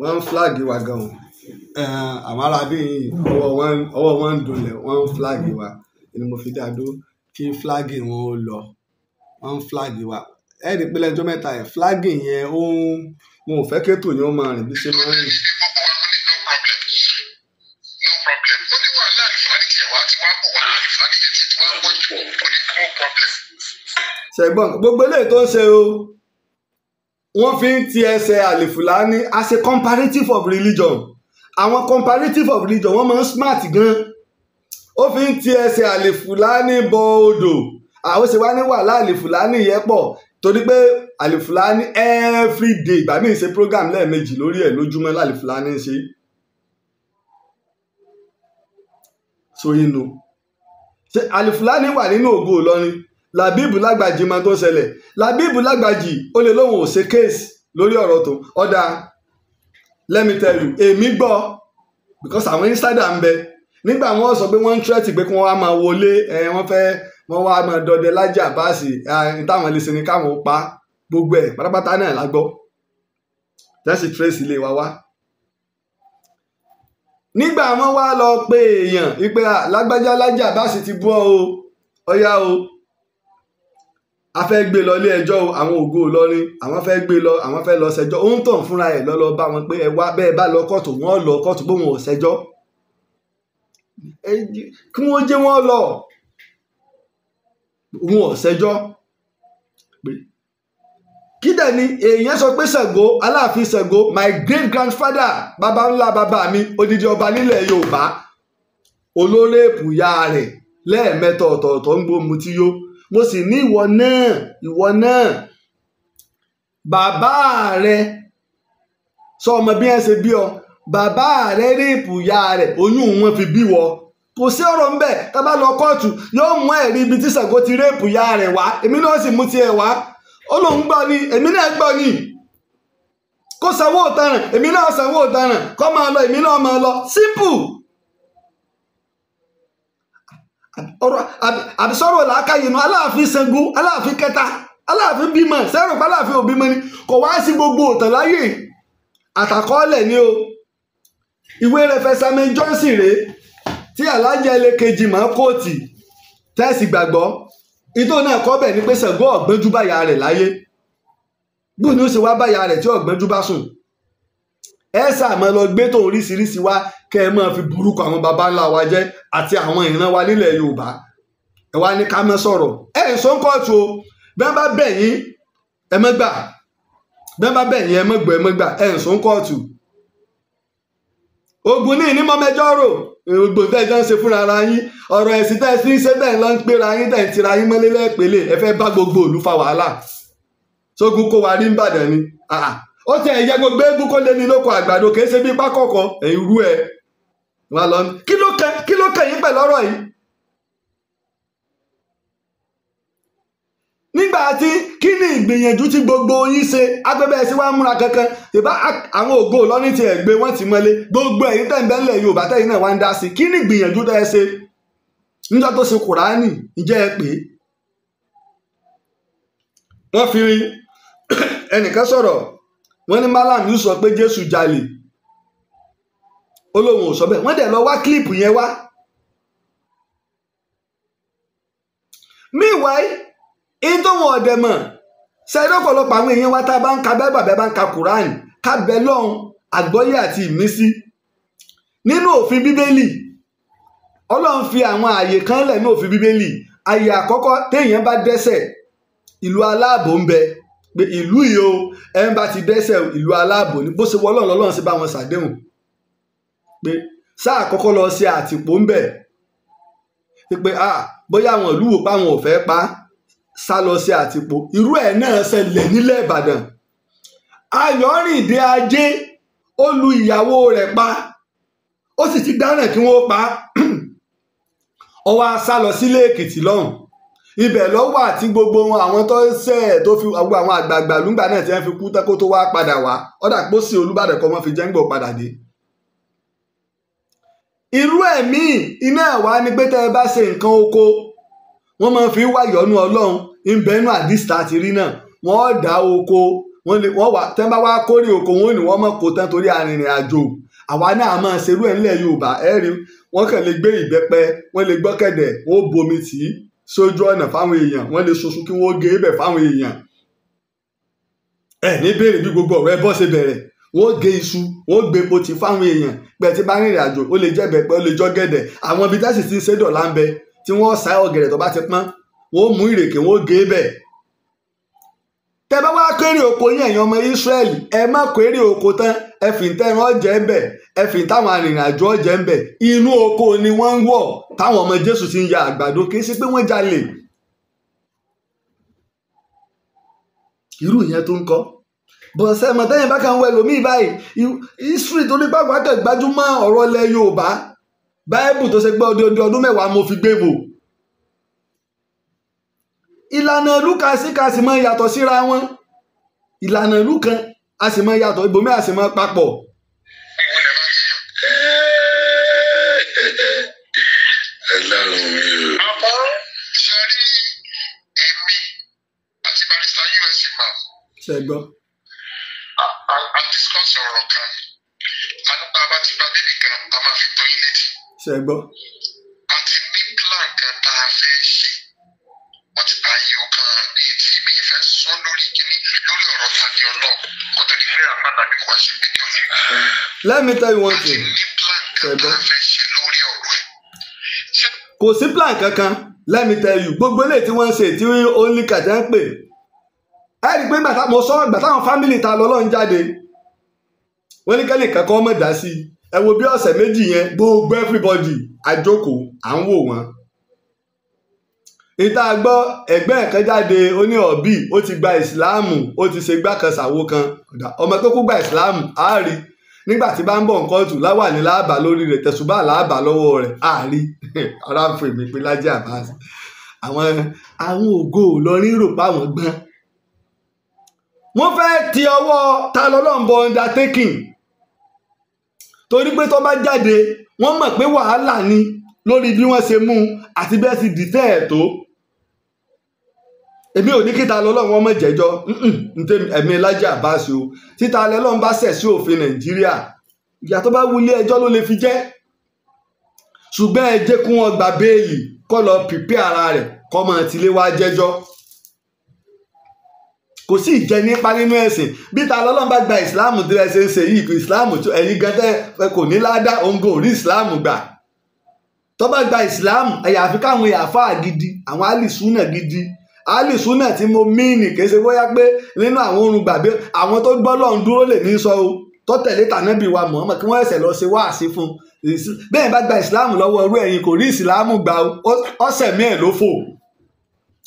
wọ́n ń flag wa gan o àwọn arábí yìí ọwọ́ wọn ń dunlẹ̀ wọ́n ń flag wa ni mo fi dáadó kí flag wọn ó lọ wọ́n ń flag wa ẹ rí i pé lẹ́jọ́ mẹ́ta yẹn flag yẹn ó ń wọn ò fẹ́ kétò yẹn ó máa rìn bí ṣe máa ń rìn. ṣẹ̀gbọ́n gbogbo eléyìí tó ń ṣe o wọ́n fi ń ti ẹsẹ̀ àlèfùlání as a comparative of religion àwọn comparative of religion wọ́n máa ń smart gan ó fi ń ti ẹsẹ̀ àlèfùlání bọ odò àwọn ṣe wá ní wàhálà àlèfùlání yẹn pọ̀ torí pé àlèfùlání everyday ìgbà míì ṣe program lẹ́ẹ̀mejì lórí ẹ̀ lójúmọ́ lálèfùlání ṣe. so yín nu ṣe àlèfùlání wà nínú ògo Ìlọrin. Labeeb Lágbàjì máa tó ṣẹlẹ̀ Labeeb Lágbàjì ó lè lóun ò ṣe kéèsì lórí ọ̀rọ̀ tó ọ̀dà let me tell you èmi gbọ́ because àwọn insider ń bẹ nígbà wọn sọ pé wọn ń tírẹ́tì pé kí wọn wá máa wọlé ẹ wọn fẹ́ wọn wá máa dọdẹ lájà báàsì ẹ táwọn lè ṣe ni káwọn pa gbogbo ẹ pátápátá náà la gbọ́ tẹ́sí trace ilé wa wá nígbà wọn wá lọ pé èèyàn ìpè lágbájá lájà báàsì ti bú ọ o ọyá o a fẹ́ gbé lọ ilé ẹjọ́ o àwọn ògo Ìlọrin àwọn fẹ́ gbé lọ àwọn fẹ́ lọ ṣẹjọ́ ó ń tàn fúnra ẹ̀ lọ́lọ́ bá wọn pé ẹ wá bẹ́ẹ̀ bá lọ kóòtù wọn lọ kóòtù bó wọn ò ṣẹjọ́ kí wọ́n jẹ́ wọ́n lọ wọn ò ṣẹjọ́ kí dẹ̀ ni èèyàn sọ pé Ṣàngó Aláàfin Ṣàngó my great grandfather bàbá ńlá bàbá mi odidi ọba nílẹ̀ Yorùbá olórèpù ya rẹ̀ lẹ́ẹ̀mẹ́ta ọ̀tọ̀ọ̀tọ̀ ń gbóhùn mutí mo sì ní ìwọ náà ìwọ náà bàbá rẹ sọ ọmọ bí wọn ṣe bí ọ bàbá rẹ réèpù ìyá rẹ oyún wọn fi bí wọ kò sí ọrọ ń bẹ̀ lọ kóòtù yóò mú ẹ̀rí ibi tí Ṣàngó ti réèpù ìyá rẹ̀ wá èmi náà sì mú tiẹ̀ wá ó lóun gbọ́ ni èmi náà gbọ́ ni kó sanwó ọ̀daràn èmi náà sanwó ọ̀daràn kó máa lọ èmi náà máa lọ simple. ọ̀rọ̀ àbísọ̀rọ̀ làákàyè nu aláàfin Ṣàngó aláàfin kẹta aláàfin bímọ sẹ́rù pé aláàfin ò bímọ ni kò wá sí gbogbo òtàn láyè àtàkọ́ọ́lẹ̀ ni o ìwé rẹfẹsàmì Johnson rèé tí alájà ẹlẹ́kejì máa kóòtì tẹ́sì gbàgbọ́ ìtò náà kọ́ bẹ̀ ni pé Ṣàngó ọ̀gbẹ́jú báyà rẹ̀ láyé gbọ́n ni ó ṣe wá báyà rẹ̀ tí ọ̀gbẹ́jú bá sùn ẹ sàmọ́ lọ gbé tó oríṣiríṣi wá kẹ́ ẹ máa fi burúkú àwọn baba ńlá wa jẹ́ àti àwọn ìran wa nílẹ̀ Yorùbá ẹ wá ní ká má sọ̀rọ̀ ẹ ẹ sọ ń kóòtù o bí wọ́n bá bẹ̀ yín ẹ má gbà bí wọ́n bá bẹ̀ yín ẹ má gbọ́ ẹ má gbà ẹ ẹ sọ ń kóòtù ogun ní ìní mọ́mẹ́jọ́ rò gbogbo tẹ́ ẹ jọ ń ṣe fúnra ara yín ọ̀rọ̀ ẹ̀sìn tẹ́ ẹ fi ń ṣe bẹ́ẹ̀ lọ ń gbéra yín tẹ́ ẹ tira yín mọ́lé lẹ́ẹ̀pẹ́lẹ́ ẹ fẹ́ bá gbogbo ìlú fa wàhálà sógun kó wa rí ń bàdàn ni ó ti ẹ̀yẹ gbogbo eégún kó lé ní lóko àgbàdo kì í ṣe bí pákọ̀kọ̀ ẹ̀yìn rú ẹ wọn lọ kí ló kẹ kí ló kẹ yín pẹ̀lú ọ̀rọ̀ yìí. nígbà tí kí ni ìgbìyànjú tí gbogbo yín ṣe agbẹ́bẹ́ sí wàá múra kankan ìbá àwọn ògo lọ́ní ti ẹ̀gbẹ́ wọ́n ti mọ́lé gbogbo ẹ̀yin tẹ̀m̀bẹ́lẹ̀ Yorùbá tẹ̀yin náà wá ń dá sí kí ni ìgbìyànjú tẹ́ ẹ ṣe níjọ́ tó ṣe Kùránì ìjẹ́ ẹ pé wọ́n fi ẹnìkan sọ̀rọ̀ wọ́n ní Malam Yusuf sọ pé Jésù jalè olóhùn ò sọ bẹ́ẹ̀ wọ́n dẹ̀ lọ wá kílíìpù yẹn wá. meanwhile in tó wọn ọ̀dẹ̀ mọ̀ ṣẹ́rí ọ̀pọ̀lọpọ̀ àwọn èèyàn wa tá a bá ń ka bẹ́ẹ̀ bàbá bá ń ka Quran ká bẹ lọ́hùn àgbọ́yé àti ìmísí nínú òfin bíbélì Ọlọ́run fi àwọn ààyè kan lẹ̀ ní òfin bíbélì ààyè àkọ́kọ́ téèyàn bá dẹ́sẹ̀ ìlú aláàbò ń bẹ pé ìlú yìí o ẹ̀ ń bá ti dẹ́sẹ̀ ìlú aláàbò ní bó ṣe wọ́ Ọlọ́run lọ́lọ́run sí bá wọn ṣàdéhùn pé sáà kọ́kọ́ lọ ṣe àtìpó ń bẹ̀ pé ah bóyá àwọn ìlú wò pa ò fẹ́ pa sá lọ ṣe àtìpó irú ẹ̀ náà ṣẹlẹ̀ nílẹ̀ Ìbàdàn Ayọ̀rìndé Ajé ó lu ìyàwó rẹ̀ pa ó sì ti dáràn kí wọ́n pa ó wá sá lọ sílé Èkìtì lọ́hùn ibẹ̀ lọ wà tí gbogbo àwọn tó ṣẹ̀ tó fi gbogbo àwọn àgbààgbà lùgbà náà ti fi kú tẹ́kó tó wá padà wá ọ̀dà pósí Olúbàdàn kọ́ wọ́n fi jẹ́ńgbò padà dé irú ẹ̀mí iná ẹ̀wá ni pé tẹ́ ẹ bá ṣe nǹkan oko wọ́n máa fi wá yọ̀nú ọlọ́run ìbẹ́nu àdìsítà àti rí náà wọ́n dá oko wọ́n lè wọ́n wà tẹ́ ń bá wá kórè oko wọ́n ní wọ́n mọ̀ kó tán torí arìnrìn àjò àwa náà máa ṣerú ẹ̀ ńlẹ̀ Yorùbá ẹ̀ rí wọ́n kàn lè gbé ìbẹ́pẹ wọ́n lè gbọ́kẹ̀dẹ̀ wọ́n bomi tì í sójú ọ̀nà fáwọn èèyàn wọ́n lè ṣoṣù kí wọ́n gé ibẹ̀ fáwọn èèyàn ẹ̀ ní bí gbogbo ọ̀rọ̀ bọ́ ṣe bẹ̀rẹ̀ wọ́n gé iṣu wọ́n gbé epo tì fáwọn èèyàn pẹ̀ tí bá rìnrìn àjò ó lè jẹ́ bẹ̀pẹ̀ ó lè jọ gẹ̀dẹ̀ àwọn ibi tẹ́sì ti ṣe dọ̀la ń bẹ tí wọ́n sá ọ̀gẹ̀dẹ̀ tó bá ti pọ́n wọ́n mú ìrèké wọ́n gé e bẹ̀. tẹ wá kéré oko yín ẹ̀yin ọmọ Ísírẹ́lì ẹ má kéré oko tán ẹ fi ń tẹ́ran ọ̀jẹ̀ ń bẹ̀ ẹ fi ń táwọn arìnrìn àjò ọ̀jẹ̀ ń bẹ̀ inú oko ni wọ́n ń wọ̀ táwọn bọ̀sẹ̀ mọ̀tẹ́yìn bákan wọ ẹlòmíì báyìí history tó ní pàpà kan gbajúmọ̀ ọ̀rọ̀ ilẹ̀ Yorùbá báìbù tó ṣe gbọ́ ọdún ọdún mẹ́wàá mo fi gbé bò ìlànà ìlú kan sí kan sì máa yàtọ̀ síra wọn ìlànà ìlú kan a sì máa yàtọ̀ ibòmí a sì máa papọ̀. ṣe gbọ́. ṣe gbọ́. àti ní kan tá a fẹ́ ṣe wọ́n ti bá yí ọkàn bíi tí mi fẹ́ sọ lórí kíní lórí ọ̀rọ̀ tàbí ọlọ́ kó tó di pé àpáta mi kò ṣe fídíò mi. let me tell you one thing. ṣe lórí kò sí plan kankan let me tell you gbogbo eléyìí tí wọ́n ṣe tí only kàtà ń pè ẹ rí i pé mo sọ ìgbà táwọn fámìlì ta lọ́lọ́ jáde wọ́n ní kẹ́lẹ́ kankan ọmọ dá ẹ wo bí ọ̀sẹ̀ méjì yẹn gbogbo everybody àjókòó à ń wò wọ́n ìta gbọ́ ẹ̀gbẹ́ ẹ̀kan jáde ó ní ọ̀bí ó ti gba ìsìláàmù ó ti ṣe gbàkànṣàwó kan ọmọ tó kú gba ìsìláàmù àárí nígbà tí bá ń bọ̀ nǹkan tù láwà ní láàbà lórí rẹ̀ tẹ̀sùbà láàbà lọ́wọ́ rẹ̀ àárí ọ̀rá ń fò mí pé Lájí Abbas àwọn àwọn ògo lọrin rò páwọn gbọ́n wọ́n fẹ́ ti ọwọ́ ta lọ́lọ́ undertaking torí pé tó bá jáde wọ́n mọ̀ pé wàhálà ni lórí bí wọ́n ṣe mú un àti bẹ́ẹ̀ sì dìtẹ́ ẹ̀ tó èmi ò ní kíta lọ́lọ́run ọmọ ìjẹ́jọ́ ẹ̀mí Laji Abbas o títa lọ́lọ́run bá ṣẹ̀ sí òfin Nàìjíríà ìyà tó bá wulé ẹjọ́ ló lè fi jẹ́ ṣùgbọ́n ẹ jẹ́ kí wọ́n gba béèlì kó lọ pìpì ara rẹ̀ kó máa tilé wá jẹ́jọ́ kò sí ìjẹ nípa nínú ẹ̀sìn bí ta lọ́lọ́run bá gba ìsìláàmù tí ẹ ṣe ń ṣe yìí kò ìsìláàmù tó ẹ̀yin gan tẹ́ kò ní ládá òǹgò rí ìsìláàmù gbà tó bá gba ìsìláàmù àyàfi káwọn ìyàfà gidi àwọn alìsúnà gidi alìsúnà tí mo míìnì kì í ṣe bóyá pé nínú àwọn orun gbàgbé àwọn tó gbọ́ lọ́run dúró lè ní sọ o tó tẹ̀lé tànábì wa Muhammad kí wọ́n ẹ̀sẹ̀ lọ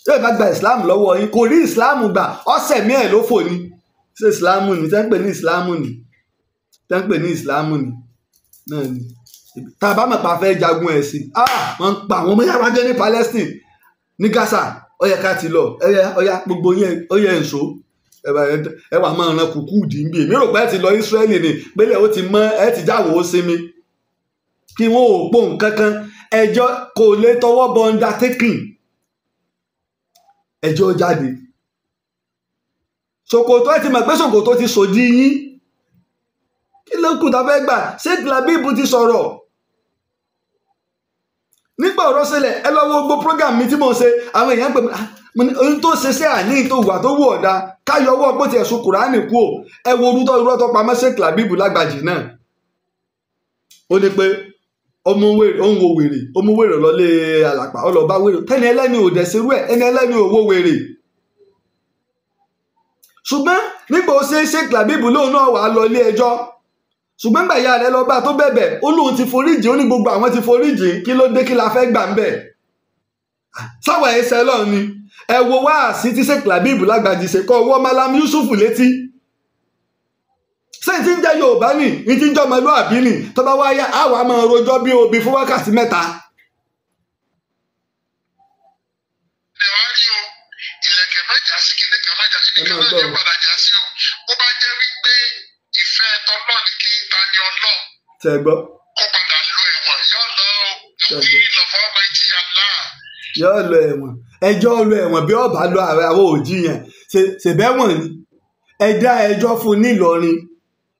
yóò bá gba islam lọ́wọ́ yín kò rí islam gbà ọ̀sẹ̀ mi ẹ̀ ló fò ní ṣé islam ni tẹ́ ń pè ní islam ni tẹ́ ń pè ní islam ni náà ni tá a bá mọ̀ pa fẹ́ jagun ẹ̀ sí wọ́n ń pa àwọn ọmọ yàrá jẹ́ ní Palestine ní Gaza ó yẹ ká ti lọ ó yẹ ó yẹ gbogbo yẹn ó yẹ nsọ ẹ wà máa ran kùkú dì í bí èmi rò pé ẹ ti lọ Israẹli ni pélé ó ti mọ ẹ ti jáwọ́ sinmi kí wọn ò pò nǹkan kan ẹjọ́ kò lè tọwọ́ bọ undertaking ẹjẹ́ ó jáde ṣòkòtò ẹ ti mọ̀ pé ṣòkòtò ti sòdí yín kí ló kù tàbí ẹgbà ṣé Labeeb ti sọ̀rọ̀ nígbà ọ̀rọ̀ sílẹ̀ ẹ lọ wo gbogbo program mi tí mo ṣe àwọn èèyàn pè mí ah, ohun tó ṣe sí àní tó wà tó wù ọ̀dà káyọwọ́ pé tiẹ̀ sun kùránì kú ò ẹ wo orúkọ irú ọtọ pamọ́ ṣé Labeeb lágbàjì náà ó ní pé ọmọ wèrè òun wò wèrè ọmọ wèrè lọlé àlàpà ọlọba wèrè tẹni ẹlẹni ò dẹ serú ẹ ẹni ẹlẹni ò wò wèrè ṣùgbọ́n nígbà ó ṣe é ṣe Labib lóun náà wàá lọ ilé ẹjọ́ ṣùgbọ́n gbà ìyá rẹ lọ bá tó bẹ̀bẹ̀ ó lóun ti foríjì ó ní gbogbo àwọn ti foríjì kí ló dé kí la fẹ́ gbà ń bẹ̀ sáwọn ẹsẹ lọ́run ni ẹ wo wáàsí tí Sheikh lágbàjì ṣe kọ́ ọwọ́ Malam Yusuf létí ṣé ti ń jẹ́ yorùbá nì ní ti ń jọ́ ọmọlúàbí nì tó bá wá yá àwa máa rojọ́ bí obì fún wákàtí mẹ́ta. ìlẹ̀kẹ̀ mẹ́jà lọ ìlú ìlọ̀fọ́ lọ ẹ̀wọ̀n bí ọba lọ àwọn òjì yẹn ṣèbẹ́wọ̀n ni ẹ̀dá ẹjọ́ fún nílọrin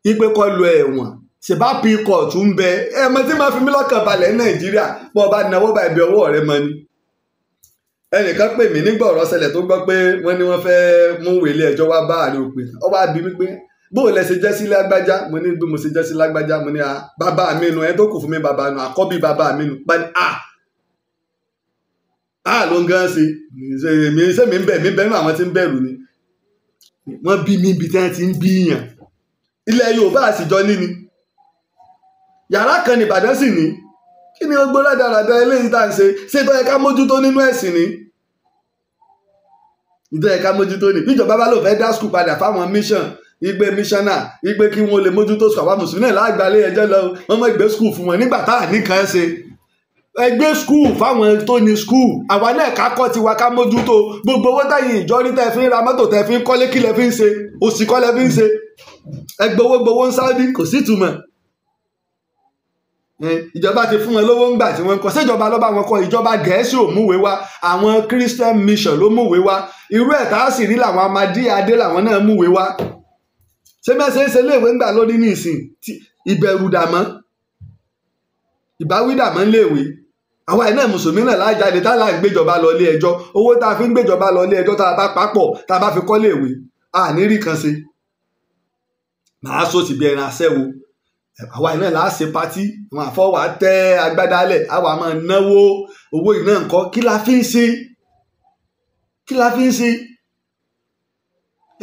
ipe kọ lu ẹ̀wọ̀n ṣèbá p court ń bẹ ẹmọ tí máa fi mí lọ́kàn balẹ̀ ní nàìjíríà bó o bá náwó bá ibi ọwọ́ rẹ mọ ni. ẹnìkan pè mí nígbà ọ̀rọ̀ ṣẹlẹ̀ tó gbọ́ pé wọ́n ní wọ́n fẹ́ mú wèlé ẹjọ́ wá bá àárẹ̀ òpin ọ wá bí mi pé bó o lẹ ṣe jẹ́ sí lágbájá mo ní bí mo ṣe jẹ́ sí lágbájá mo ní a ah, bàbá mi nu ẹ tó kù fún mi bàbá nu àkọ́bí bàbá mi nu bá ní a ah, a ah, ló ń gán ṣe mi ṣe mi ń bẹ̀ mi bẹ̀ nínú àwọn tí ń bẹ̀rù ni wọ́n bí mi ibi tí wọ́n ti ń bí yàn ilẹ̀ yorùbá àsìjọ níni yàrá kan ní ìbàdàn sì ní kí ni gbogbo rádaràda eléyìí tá à ń ṣe ṣé tó yẹ ká mójútó nínú ẹ̀sìn ni tó yẹ ká mójútó ni bíjọba bá lò fẹ́ dá skul padà fáwọn mission igbe missioner igbe kí wọn lè mójútó skul àwọn mùsùlùmí náà láàgbálẹ̀ ẹjọ́ lọ wọn mọ ìgbé skul fún wọn nígbà tá à ní kan ṣe ẹgbẹ́ skul fáwọn tó ní skul àwa náà ká kọ́ tiwa ká mójútó gbogbo owó táyìn ìjọ ní tẹ́ fi ń ra mọ́tò tẹ́ fi ń kọ́lé kí lẹ fi ń ṣe òsì kọ́ lẹ fi ń ṣe ẹgbowó gbowó ń sáábì kò sí ìtumọ̀ ìjọba ti fún wọn lówó ńgbà tí wọ́n ń kọ́ síjọba ló wọn kọ́ ìjọba gẹ̀ẹ́sì ò múwèé wá àwọn Christian mission ló múwèé wá irú ẹ̀ tá a sì rí làwọn amadé adé làwọn náà múwèé wá ṣé mẹ́sẹ̀ ń ṣe léèwé lórí ní ìsìn ìbẹ̀rù dàmọ́ ìbáwí dàmọ́ léèwé àwa iná mùsùlùmí náà lájáde tá là ń gbéjọba lọ ilé ẹjọ́ owó tá a fi ń gbéjọba lọ ilé ẹjọ́ tá a bá papọ̀ tá a bá fi kọ́lé ìwé a ní rí kan ṣe màá so sì bí ẹran aṣẹ́wo àwa iná là á ṣe patí àwọn àfọwà tẹ agbádálẹ̀ àwa máa náwó owó iná nǹkan kí la fi ń ṣe kí la fi ń ṣe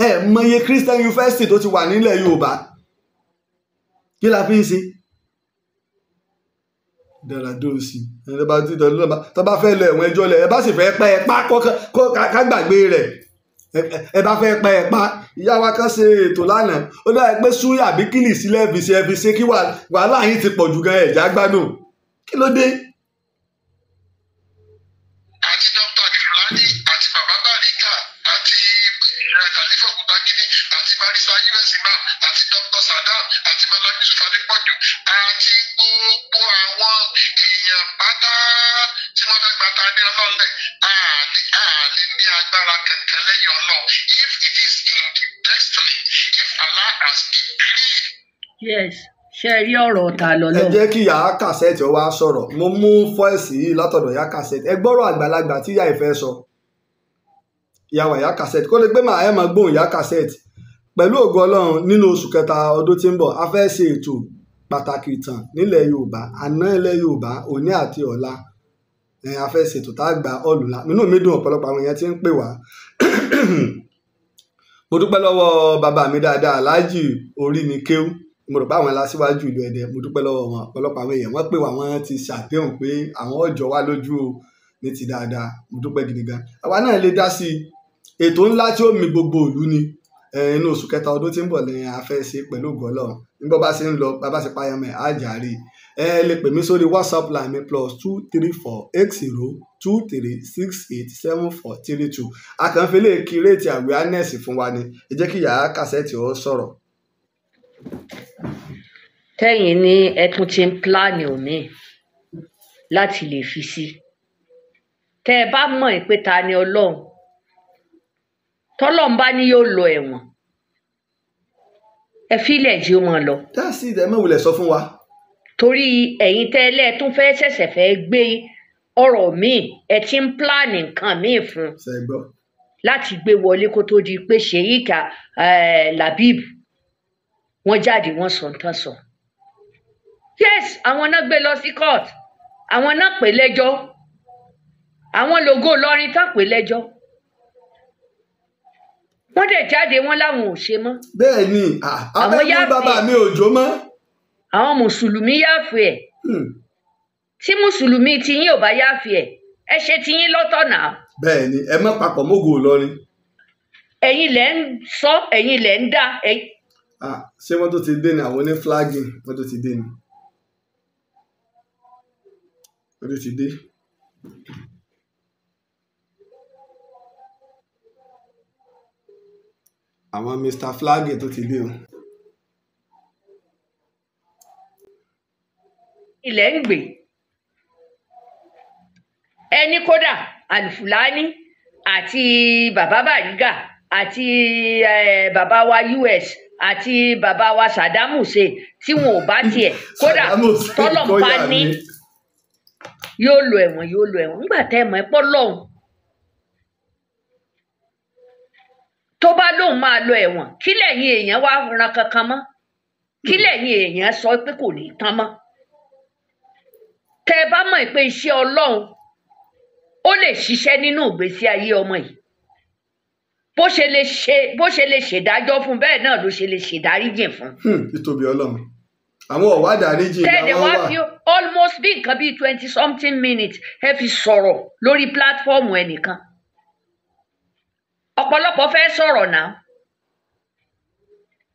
ẹ mọye Christian University tó ti wà nílẹ̀ Yorùbá kí la fi ń ṣe ìdánradó sí i ẹni bá ti tọ́ lọ́ba tó bá fẹ́ lọ ẹ̀wọ̀n ẹjọ́ lẹ̀ ẹ bá sì fẹ́ pẹ́ ẹ pa kó ká gbàgbé rẹ̀ ẹ bá fẹ́ pẹ́ ẹ pa ìyá wa kan ṣe ètò lánàá ó dára pé súyà bí kìlì sílẹ̀ fi ṣe ẹ fi ṣe kí wàhálà yín ti pọ̀ jù gan ẹ̀já gbádùn kí ló dé tí wọ́n fẹ́ gba tàbí ọlọ́run lẹ̀ àlè ní agbára kankan lẹ́yìn ọlọ́run if it is in the destiny if Allah has decreed. yes ṣe rí ọ̀rọ̀ ọ̀tà lọ́lọ́. ẹ jẹ́ kí ìyá kàṣẹ́ẹ̀tì wá sọ̀rọ̀ mo mú fọ́ẹ̀sì yìí látọ̀dọ̀ ìyá kàṣẹ́ẹ̀tì ẹ gbọ́rọ̀ àgbàlagbà tí ìyá ìfẹ́ sọ ìyàwó ìyá kàṣẹ́ẹ̀tì kó lè gbé màá ẹ̀ máa gbóhùn ìyá kàṣẹ́ẹ̀tì pẹ̀lú ògo ọlọ́run nínú oṣù kẹta ọdún tí ń bọ̀ a fẹ́ ṣe ètò pàtàkì ìtàn nílẹ̀ yorùbá àná ilẹ̀ yorùbá òní àti ọ̀la a fẹ́ ṣètò tá a gba ọ̀lù la inú mi dùn ọ̀pọ̀lọpọ̀ àwọn èèyàn tí ń pè wá mo dúpẹ́ lọ́wọ́ bàbá mi dáadáa aláàjì orí ni kéwú mo rò pé àwọn aláṣíwájú ìlú ẹ̀dẹ̀ mo dúpẹ́ lọ́wọ́ wọn ọ̀pọ̀lọpọ̀ àwọn èèyàn wọ́n pè wá wọ́n ti ṣàdéhùn pé àwọn ọ̀jọ̀ wá lójú o ní ti dáadáa mo dúpẹ́ gidi gan àwa náà lè dá sí ètò ńlá tí ó mi gbogbo ìlú ni inú oṣù kẹta ọdún tí ń bọ̀ lẹ́yìn afẹ́ ṣe pẹ̀lú gọ́lọ̀ nígbà bá ṣe ń lọ bá ṣe payamẹ́ àjàre ẹ lè pè mí sórí whatsapp line mi plus two three four eight zero two three six eight seven four three two akànfẹ́lẹ́ kírètì awareness fún wa ni ẹ jẹ́ kí yàrá kàṣẹ́tì ó sọ̀rọ̀. tẹ́yìn ní ẹkún ti ń pílánì omi láti lè fi sí tẹ́ ẹ bá mọ̀ pé ta ni ọlọ́run tọ́lọ́run bá ní yóò lọ ẹ̀wọ̀n ẹ fílẹ̀ jí ó máa lọ. dáàsì ẹ mọ̀ wulẹ̀ sọ fún wa. torí ẹ̀yin tẹ́lẹ̀ tún fẹ́ ṣẹ̀ṣẹ̀ fẹ́ gbé ọ̀rọ̀ míì ẹ ti ń pílánì nǹkan míì fún un láti gbé wọlé kó tó di pé ṣèyíkà eh, labib wọn jáde wọn sọ nǹkan sọ. yes àwọn náà gbé lọ sí court àwọn náà pè lẹ́jọ́ àwọn lògo lọrin tán pè lẹ́jọ́ wọ́n dẹ̀ jáde wọ́n láwọn ò ṣe mọ́. bẹ́ẹ̀ ni àwọn yá fún bàbá mi ò jó mọ́. àwọn mùsùlùmí yá fún ẹ̀ hmm. tí mùsùlùmí tiyín ò bá yá fún ẹ̀ ẹ ṣe tiyín lọ́tọ̀ náà. bẹ́ẹ̀ ni ẹ má papọ̀ mọ́gò lọ́rin. ẹ̀yin lẹ ń sọ ẹ̀yin lẹ ń dá. ṣé wọ́n tó ti dé ni àwọn oní flagging wọ́n tó ti dé ni. wọ́n tó ti dé. àwọn Mr. Flaggy tó ti dé o. ilẹ̀ ń gbè ẹni kódà alifulani àti bàbá Bariga àti eh, bàbá wa US àti bàbá wa Sàdámù ṣe tí wọn ò bá tiẹ̀ kódà tọ́lọ̀ ń bá ní yóò lo ẹ̀wọ̀n yóò lo ẹ̀wọ̀n nígbà tẹ́ ẹ mọ̀ ẹ́ pọ́ lọ́hùn tó bá lóun máa lọ ẹ̀wọ̀n kí lẹ́yìn èèyàn wá ran kankan mọ́ kí hmm. lẹ́yìn èèyàn sọ pé kò ní tán mọ́ tẹ́ ẹ bá mọ̀ pé iṣẹ́ Ọlọ́run ó lè ṣiṣẹ́ nínú ìgbésí ayé ọmọ yìí bó ṣe lè ṣe bó ṣe lè ṣèdájọ́ fún bẹ́ẹ̀ náà ló ṣe lè ṣèdáríjìn fún. Hmm, títóbi Ọlọ́run àwọn ọwọ àdáríjì làwọn wà. tẹ́lẹ̀ wá fi almost bí nǹkan bíi twenty something minutes ẹ fi sọ̀rọ̀ lórí pílátífọ́ọ̀mù ẹnìkan ọ̀pọ̀lọpọ̀ fẹ́ sọ̀rọ̀ náà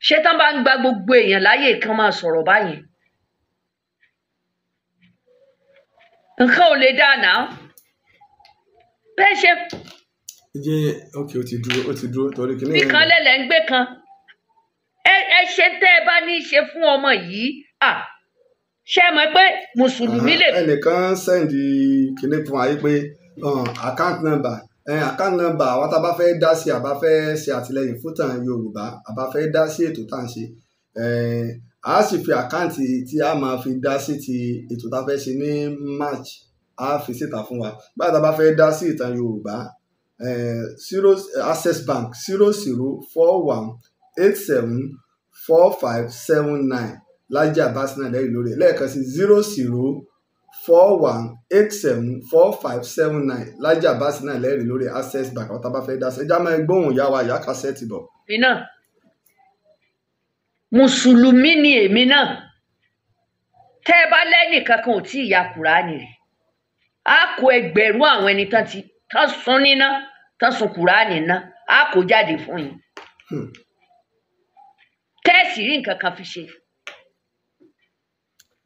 ṣé tán bá ń gba gbogbo èèyàn láyè kan máa sọ̀rọ̀ báyìí nǹkan ò lè dáná bẹ́ẹ̀ ṣe. yé ok ó ti dúró ó ti dúró torí kí ni. bí kan lẹ́lẹ̀ ń gbé kan ẹ ṣe tẹ́ ẹ bá ní í ṣe fún ọmọ yìí ṣé ẹ pé mùsùlùmí lè. ẹnìkan sẹ́ndì kìnìún fún pé àkáǹtì uh, nọ́mbà àkáǹtì nọ́mbà àwọn tá a bá fẹ́ dá sí àbá fẹ́ ṣe àtìlẹyìn fún Ìtàn Yorùbá àbá fẹ́ dá sí ètò tá à ń ṣe a sì fi àkáǹtì tí a máa fi dá sí ti ètò tá a fẹ́ ṣe ní March a fi síta fún wa báyìí tá a bá fẹ́ dá sí Ìtàn Yorùbá zero Access Bank zero zero four one eight seven four five seven nine Laji Abbas náà lẹ́yìn lórí ẹ̀ lẹ́ẹ̀kan sí zero zero four one eight seven four five seven nine Laji Abbas náà lẹ́rìí lórí access bank àwọn tábà fẹ́ dá sí ẹja máa gbóhùn ìyá wa ìyá kásẹ́ẹ̀tì bọ̀. èmi náà mùsùlùmí ni èmi náà tẹ́ ẹ bá lẹ́nìkan kan ò tí ì ya kùránì rí a kó ẹgbẹ̀rún àwọn ẹni tán ti tán sun níná tán sun kùránì ná a kó jáde fún yín hmm. tẹ́ rí nǹkan kan fi ṣe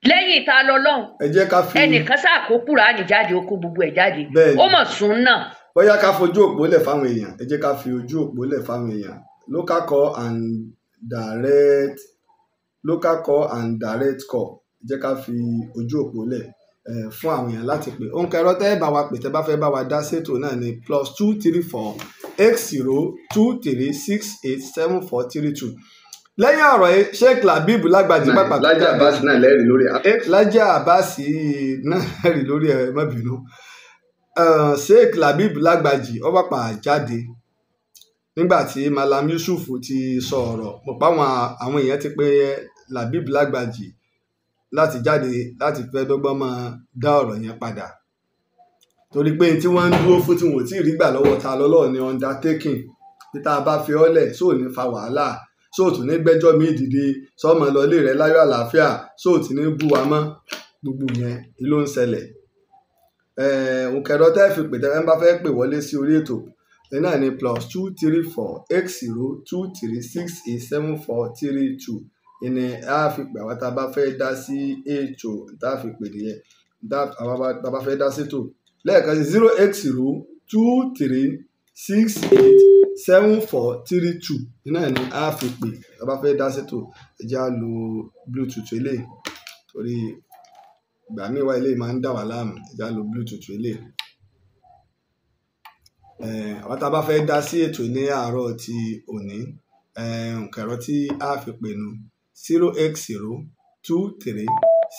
lẹ́yìn ìta lọ́lọ́run ẹnìkan ṣàkókò ránì jáde ó kó gbogbo ẹ̀ jáde ó mọ̀ sún náà. bóyá ká fojú òpó lẹ̀ fáwọn èèyàn ẹ jẹ́ ká fi ojú òpó lẹ̀ fáwọn èèyàn local call and direct local call and direct call ẹ jẹ́ ká fi ojú òpó lẹ̀ fún àwọn èèyàn láti pè òǹkà ẹ̀rọ tẹ́ ẹ bá wa pè tẹ́ bá fẹ́ bá wa dá ṣètò náà ní plus two three four eight zero two three six eight seven four three two lẹ́yìn ọ̀rọ̀ yìí sheikh labib lágbàjì pápá. lájà abasi náà lẹ́rìí lórí ẹ̀. lájà abasi náà lẹ́rìí lórí ẹ̀ má bínú sheikh labib lágbàjì ó pàpà jáde nígbà tí malam yusuf ti sọ ọ̀rọ̀ mo páwọn àwọn èèyàn ti pé labib lágbàjì láti jáde láti fẹ́ dọ́gbọ́n máa dá ọ̀rọ̀ yẹn padà torí pé tí wọ́n ń dúró fún tí wọ́n ò tí ì rí gbà lọ́wọ́ ta lọ́lọ́ ni undertaking tí tá a bá fi ọ́ lẹ̀ sóò ní fa wàhálà. So, sóòtù ní gbẹ́jọ́ mi dìde sọ́mọ lọlé rẹ láyọ̀ àlàáfíà sóòtù ní bú wa mọ́ gbogbo yẹn ló ń ṣẹlẹ̀ òkèrò tẹ́ fi pè tẹ́ bá fẹ́ pè wọlé sí orí ètò náà ni plus two three four eight zero two three six eight seven four three two ìní a fi pè àwọn tá a bá fẹ́ dá sí ètò tá a fi pè nìyẹn tá a bá fẹ́ dá sí ètò lẹ́ẹ̀kan sí zero eight zero two three six eight seven four three two iná ẹ̀ ní a fi pè tá a bá fẹ́ dá sètò ẹ jẹ́ á lo bluetooth eléyìí torí ìgbà míì wá eléyìí máa ń dà wá láàmú ẹ jẹ́ á lo bluetooth eléyìí àwọn tá a bá fẹ́ dá sí ètò ní àárọ̀ ti òní nǹkan tí a fi pè nu zero eight zero two three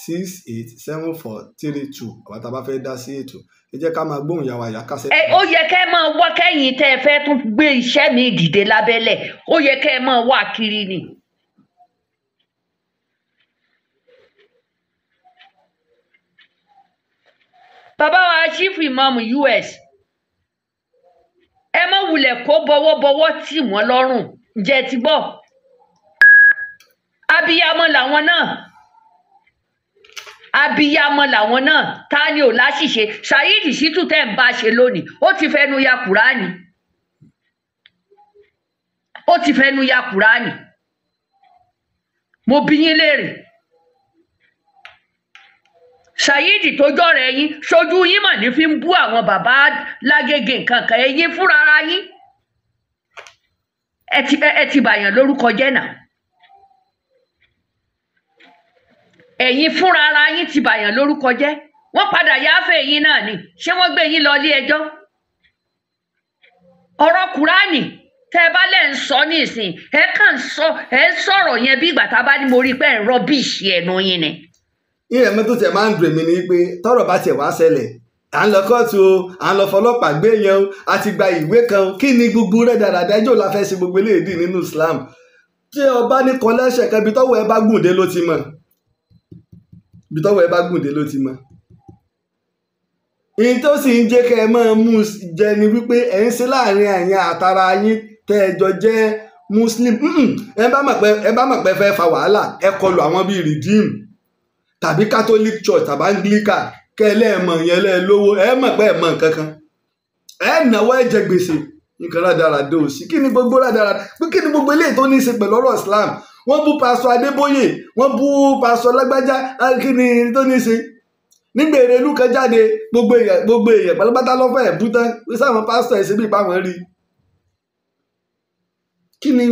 six eight seven four three two àwọn tá a bá fẹ́ dá sí ètò ẹ jẹ́ ká máa gbóhùn yàwá yà kásẹ̀. ẹ ó yẹ kẹ́ ẹ máa wá kẹ́yìn tẹ́ ẹ fẹ́ tún gbé iṣẹ́ mi dìde lábẹ́lẹ̀ ó yẹ kẹ́ ẹ máa wá kiri ni. bàbá wa chief imam us ẹ má wulẹ̀ kó bọwọ́bọwọ́ tì wọ́n lọ́rùn ǹjẹ́ ti gbọ́ abiyamọ làwọn náà abiyamọ làwọn náà ta ni ò láṣìṣe Saheed Shittu tẹ́ ń bá ṣe lónìí ó ti fẹnu ya Kùránì ó ti fẹnu ya Kùránì mo bi yín léèrè Saheed tó jọrọ ẹ̀yin ṣojú yín mà ní fi ń bú àwọn bàbá lágége nǹkan kan ẹ̀yin fúnra ara yín ẹ ti bàyàn lórúkọ jẹ́ náà. ẹ̀yin fúnra ara yín ti bàyàn lórúkọ jẹ́ wọ́n padà yááfẹ́ ẹ̀yin náà ni ṣé wọ́n gbé yín lọ ilé ẹjọ́ ọ̀rọ̀ kùránì tẹ́ ẹ bá lẹ̀ ń sọ ní ẹ kàn sọ ẹ sọ̀rọ̀ yẹn bí ìgbà tá a bá ní mo rí pé ẹ̀ rọ́bìṣì ẹ̀nu yín ni. ìrẹ̀mí tó tiẹ̀ máa ń dùn mí ni pé tọ́rọ̀ bá tiẹ̀ wá ṣẹlẹ̀ à ń lọ kóòtù o à ń lọ fọlọ́pàá gbé yẹn o a ti gba ìwé kan kí ni gbogbo rẹ̀ dáradára ẹjọ́ la fẹ́ ṣe gbogbo eléyìí nínú Islam tí ọba ní kọlẹ́ṣẹ̀ kan tọ́wọ́ ẹ bá gùn dé ló ti mọ̀ ibi tọ́wọ́ ẹ bá gùn dé ló ti mọ. ìyìn tó sì ń jẹ́ kẹ́ ẹ máa mú jẹ ni wípé ẹ̀ ń ṣe láàrin àyàn àtara yín tẹ́ ẹ jọ jẹ́ muslim ẹ bá mọ̀ pé ẹ bá mọ̀ pé fẹ́ fa wàhálà ẹ kọlu àwọn bíi redeem tàbí catholic church tàbí anglican kẹ́ ẹ lẹ́ẹ̀mọ̀ yẹn lẹ́ẹ̀ lówó ẹ mọ̀ pé ẹ mọ̀ nǹkan kan ẹ náwó ẹ jẹ gbèsè nǹkan rádaràdà òsì kí ni gbogbo rádaràdà kí ni gbogbo eléyìí tó ní í ṣe pẹ̀lú ọ̀rọ̀ islam wọ́n bú pásọ adébóyè wọ́n bú pásọ lágbájá kí ni tó ní í ṣe nígbà èrè ìlú kan jáde gbogbo èèyàn gbogbo èèyàn pátápátá ló fẹ́ bú tán pé sáwọn pásítọ̀ ẹ̀ síbi ìpamọ́ rí kí ni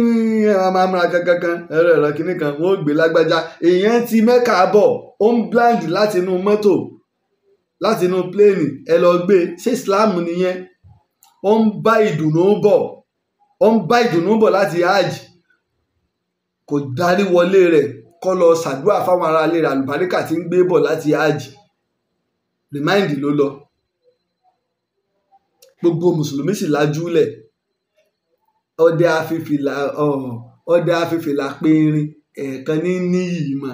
àmà àmà kankan ẹ̀rọ ẹ̀rọ kìíní kan wọ́n gbé lágbájá èèyàn ti mẹ́ka bọ̀ ó ń blind láti inú mọ́tò láti inú pléènì ẹ lọ gbé ṣé Islam nìyẹn ó ń bá ìdùnnú bọ̀ ó ń bá ìdùnnú bọ̀ láti hajj kò darí wọlé rẹ̀ kó lọ ṣàdúrà fáwọn ará ilé rẹ̀ àlùbáríkà tí ń gbé bọ̀ láti hajj rìmáìndì ló lọ gbogbo mùsùlùmí sì lajú lẹ̀ ọdẹ afífìlà ọdẹ afífìlà pinrin ẹ̀ẹ̀kan ní níyì mà.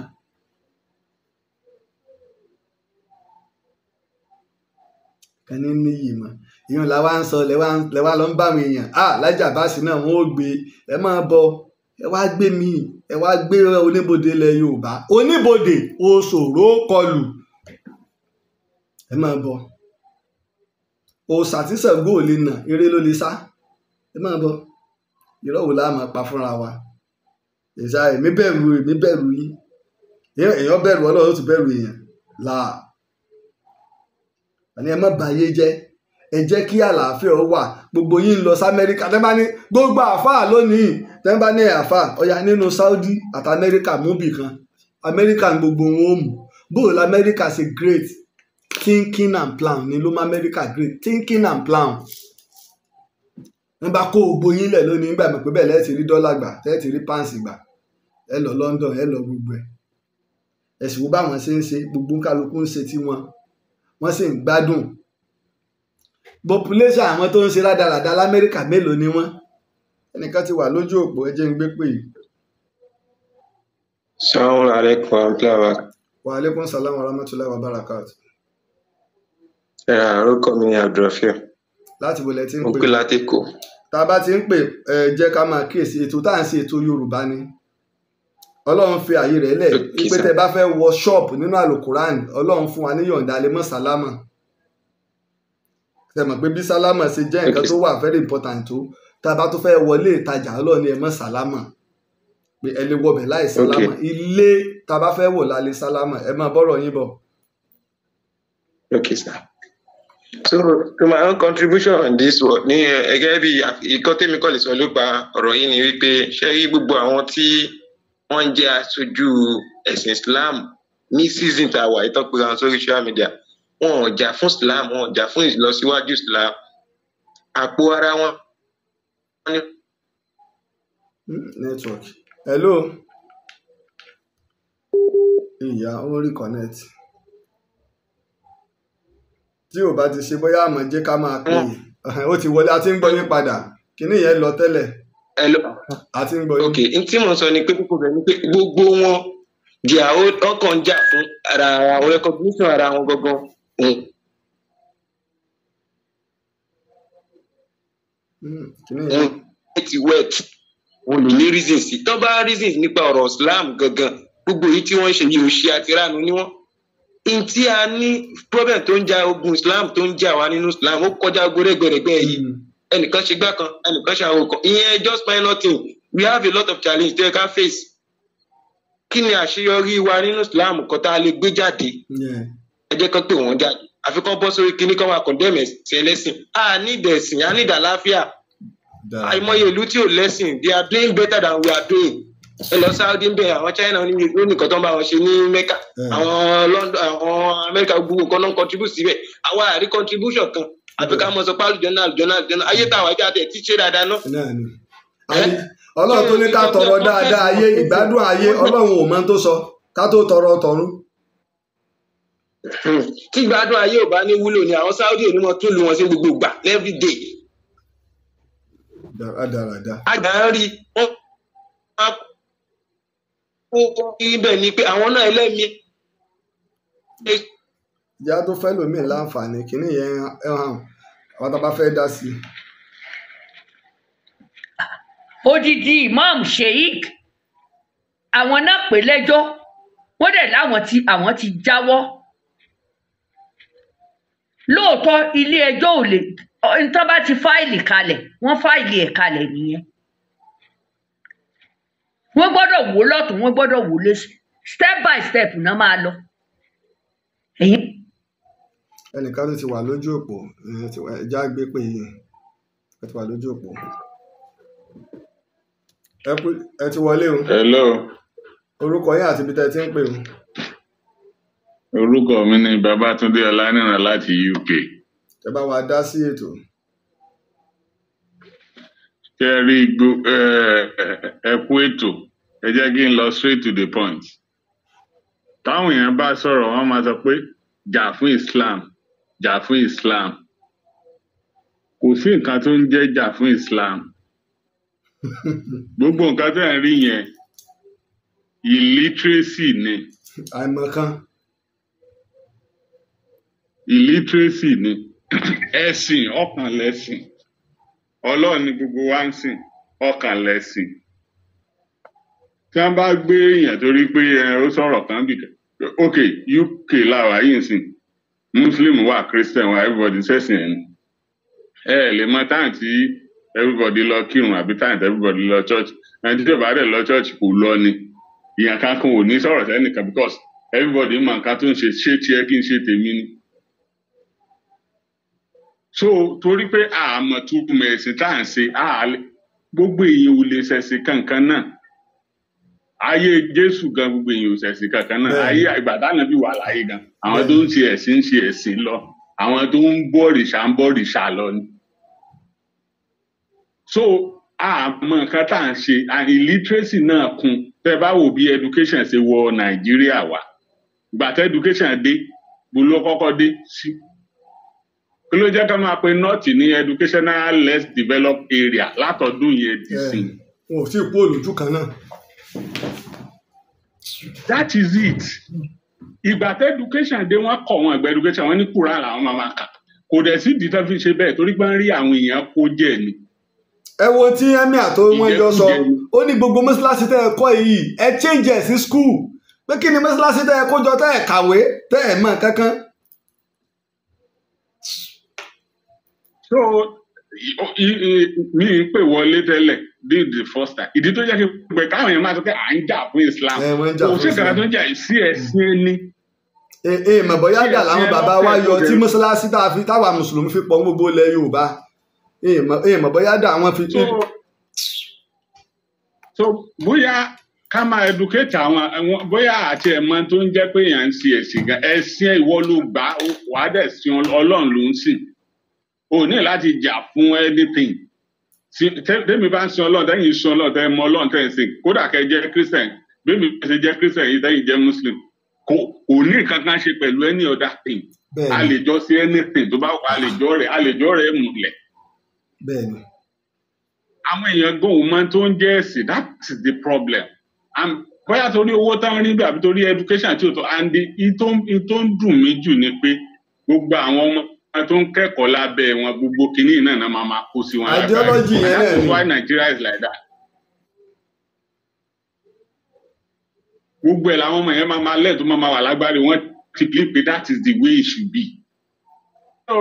kan ní níyì mọ ìyẹn làwa ń sọ lẹwa lọ ń bá àwọn èèyàn ah lájà báàsì náà wọn ò gbé ẹ máa bọ ẹ wá gbé mi ẹ wá gbé oníbodè ilẹ̀ yorùbá oníbodè oṣòro kọlù ẹ máa bọ̀ òòṣà tí Ṣàngó ò lè nà eré ló lè sá ẹ máa bọ̀ irọ́ wo la máa pa fúnra wa ìṣá èmi bẹ̀rù èmi bẹ̀rù yín èèyàn bẹ̀rù ọlọ́run ó ti bẹ̀rù èèyàn là àní ẹ má bàyé jẹ́ ẹ jẹ́ kí àlàáfíà ó wà gbogbo yín lọ sí amẹ́ríkà tẹ́ bá ní gbogbo àfáà lónìí tẹ́ bá ní àfáà ọ̀yà nínú saudi àti amẹ́ríkà mú bì kan amẹ́ríkà ní gbogbo wọn ò mú bóòlù amẹ́ríkà ṣe great thinking and plan ni ló mú amẹ́ríkà great thinking and plan nígbà kó gbogbo yín lẹ̀ lónìí nígbà mọ̀ pé bẹ́ẹ̀ lẹ́ẹ̀ ti rí dọ́là gbà lẹ́ẹ̀ ti rí páǹsì gbà ẹ lọ london ẹ lọ gbogbo ẹ̀ ẹ̀sìn wo báwọn ṣe ń ṣe gbogbo kálukú ń ṣe tiwọn wọ́n sì ń gbádùn population àwọn tó ń ṣe rádaràda lamẹ́ríkà mélòó ni wọ́n ẹnìkan ti wà lójú òpó ẹ ń gbé pè yìí. Assalamu alaikum warahmatullahi wabarakatuh. Wa alaikum salam warahmatullahi wabarakatuh. Ẹ àròkọ mi ni Abdulrafia. Láti wo lẹ ti ń pè. Mo pè láti kò. Tá a bá ti ń pè ẹ jẹ́ ká máa kíyèsí ètò tá à ń ṣe ètò Yorùbá ni. Ọlọ́run fi àyè rẹ̀ lẹ̀ pé tẹ́ bá fẹ́ wọ ṣọ́ọ̀bù nínú àlùkùránì Ọlọ́run fún wa ní yọ̀ǹda lè mọ́ sálámà ṣe mọ̀ pé bí sálámà ṣe jẹ́ nǹkan tó wà very important tó tá a bá tó fẹ́ wọlé ìtajà ọlọ́ọ̀ni ẹ̀ mọ́ sálámà pé ẹ lè wọbẹ̀ láì sálámà ilé tá a bá fẹ́ wò sálámà ẹ máa bọ́rọ̀ yín bọ̀. okay sir so my own contribution on this one Ni ẹgẹ́ bí ìkọ́ tèmi kọ́ lè sọ ló gba ọ̀rọ̀ yìí ni wípé ṣé rí gbogbo àwọn tí wọ́n ń aṣojú ẹ̀sìn Islam ní season tá a wà ìtọ́pẹ́ àwọn social media wọn ò jà fún islam wọn ò jà fún ìlọsíwájú islam àpò ara wọn. network hello ìyá ó rí connect tí ò bá ti ṣe bóyá àmọ́ jẹ́ ká máa pè é ó ti wọlé a ń gbọ́ yín padà kíní yẹn lọ tẹ́lẹ̀. hello a ti ń gbọ́ yín. ok n tí mo sọ ni pé kókó rẹ ni pé gbogbo wọn jẹ ọkàn jà fún ara wọn recognition ara wọn gangan wọ́n eh. hmm, eh, ti wet wọ́n lè ní reasons tí tọ́ bá reasons nípa ọ̀rọ̀ Islam gangan gbogbo èyí tí wọ́n ṣe yìí ò ṣe àtiránú ni wọ́n n tí a ní problem tó ń ja ogun Islam tó ń jà wá nínú Islam ó kọjá gbẹrẹgbẹrẹgbẹ yìí hmm. ẹnìkan ṣe gbá kan ẹnìkan ṣe àwọn kan ìyẹn just nothing. we have a lot of challenge tó yẹ ká face kí ni àṣeyọrí wa nínú Islam kan a lè gbé jáde. Yeah ẹ jẹ́ kán pé wọ́n jáde àfi kán bọ́ sórí kíní kán máa condemn ẹ̀sìn ẹlẹ́sìn a need ẹ̀sìn a need àlàáfíà àìmọye ìlú tí ò lẹ́sìn they are doing better than we are doing ẹ lọ Saudi ń bẹ àwọn China ló nìkan tó ń bá wọn ṣe ní Mecca eh. àwọn London àwọn America gbogbo kan náà ń contribute síbẹ̀ àwa àrí contribution kan àfi ká mọ sọ pé àlùjọ́nà àlùjọ́nà àlùjọ́nà ayé táwọn ajá tẹ̀ tí ṣe dáadáa náà eh? ọlọ́run tó ní ká tọrọ dáadáa ayé ìgbádùn ayé ọlọ́run ò mọ tó sọ ká tó tọrọ tọrún tí gbádùn ayé ò bá ní wúlò ni àwọn Saudi onímọ̀ tún lu wọn sí gbogbo gbà every day. agbára rí wọn máa kó ibẹ̀ ni pé àwọn náà ẹlẹ́mìí. ìyá tó fẹ́ lómi láǹfààní kínní yẹn hàn àwọn tó bá fẹ́ dá sí i. odidi imam sheik àwọn náà pè lẹ́jọ́ wọ́n dẹ̀ láwọn ti àwọn ti jáwọ́ lóòótọ́ iléẹjọ́ ò lè nǹkan bá ti fáìlì kalẹ̀ wọ́n fáìlì ẹ̀ kalẹ̀ nìyẹn wọ́n gbọ́dọ̀ wò lọ́tún wọ́n gbọ́dọ̀ wò lósì step by step náà máa lọ. ẹnìkan ló ti wà lójú òpó ẹja gbé pé ẹ ti wà lójú òpó ẹ ti wọlé o orúkọ yín àti ibi tẹ́ ẹ ti ń pè o orúkọ mi ni babatunde ọlánìràn láti uk. ẹ bá wa dá sí ètò. kẹ ẹ rí igbó ẹ kú ètò ẹ jẹ́ kí n lọ straight to the point. táwọn èèyàn bá sọ̀rọ̀ wọ́n máa sọ pé jà fún islam jà fún islam kò sí nǹkan tó ń jẹ́ jà fún islam gbogbo nǹkan tó ń rí yẹn illiteracy ni. àìmọ̀kan. illiteracy ni ẹ̀sìn ọkàn lẹ̀sìn ọlọ́run ni gbogbo wa ń sìn ọkàn lẹ̀sìn tí wọ́n bá gbé èèyàn torí pé ó sọ̀rọ̀ kan bìkan ok UK làwà yìí ń sìn Muslim wà Christian wà everybody sẹ́sìn ẹ̀ ni ẹ lè mọ táwọn tí everybody lọ kírun àbí táwọn tí everybody lọ church ẹni tí ìjọba rẹ̀ lọ church kò lọ ni ìyàn kankan ò ní sọ̀rọ̀ kan because everybody mọ nǹkan tó ń ṣe ṣé tiẹ̀ kí n ṣe tèmi ni so torí pé àmọ̀ tó mọ̀ ẹ̀sìn tá à ń ṣe gbogbo èèyàn ò lè ṣẹ̀sìn kankan náà ayé jésù gan gbogbo èèyàn ò ṣẹ̀sìn kankan náà ayé ìgbàdànà bí wà láyé gan àwọn tó ń ṣe ẹ̀sìn ń ṣe ẹ̀sìn lọ àwọn tó ń bọ̀rìṣà ń bọ̀rìṣà lọ ni so àmọ́ nǹkan tá à ń ṣe and illiteracy náà kún tẹ bá wò bí education ṣe wọ nàìjíríà wá gbàtẹ́ education dé bó ló dé sí. Si ló jẹ́ ká máa pe north ní educational less developed area látọdún yẹn dì eh, sí. wọn ò tí ì olójú kan náà. that is it ìgbà tẹ education dé wọn kọ wọn ẹgbẹ education wọn ní kúrà làwọn máa máa kà kò dẹ̀ sí ìdí tó fi ṣe bẹ́ẹ̀ torí pé ń rí àwọn èèyàn kó jẹ ni. ẹ wo tí emir tó wọn jọ sọ ó ní gbogbo mọ́ṣáláṣí tẹ́ ẹ kọ́ yìí ẹ change ẹ̀ sí school pé kí ni mọ́ṣáláṣí tẹ́ ẹ kó jọ tẹ́ ẹ kàwé tẹ́ ẹ mọ̀ kankan so mi ń pè wọlé tẹ́lẹ̀ dé the first time ìdí tó jẹ́ kí pé káwọn èèyàn máa sọ pé à ń jà fún Islam kò sí ìkàrà tó ń jà sí ẹ̀sìn ẹni. ee mọ̀ bóyá àgà làwọn bàbá wa yọ tí mọ́ṣáláṣí táwa mùsùlùmí fi pọ̀ gbogbo ilẹ̀ Yorùbá ee mọ̀ bóyá àgà àwọn fi. so bóyá ká máa educate àwọn bóyá àti ẹ̀mọ tó ń jẹ́ pé èèyàn ń ṣe ẹ̀sìn gan ẹ̀sìn ìwọ ló gbà wàá dẹ̀ sin Ọlọ́run ló ń sìn o ní láti jà fún anything tẹ́mi bá ń sin ọlọ́run tẹ́yìn sin ọlọ́run tẹ́yìn mọ ọlọ́run tẹ́yìn sìn kódà kẹ́ jẹ́ christian bẹ́ẹ̀ni ṣe jẹ́ christian yìí tẹ́yìn jẹ́ muslim kò kò ní kankan ṣe pẹ̀lú any other thing a lè jọ sí anything tó bá wà a lè jọ rẹ̀ a lè jọ rẹ̀ múlẹ̀. àwọn èèyàn gbóhùn máa tó ń jẹ́ ẹ̀sìn that is the problem and bóyá torí owó táwọn rí bẹ́ẹ̀ àbí torí education àti òtò and the, ìtò ń dùn mí jù ni pé gbogbo àwọn ọmọ tó ń kẹ́kọ̀ọ́ lábẹ́ wọn gbogbo kínní náà náà máa kó sí wọn lábẹ́ ideology yẹn why Nigeria is like that. gbogbo ẹ̀ làwọn ọmọ yẹn máa máa lẹ́ẹ̀tọ́ máa máa wà lágbárí wọn ti believe pé that is the way it should be. so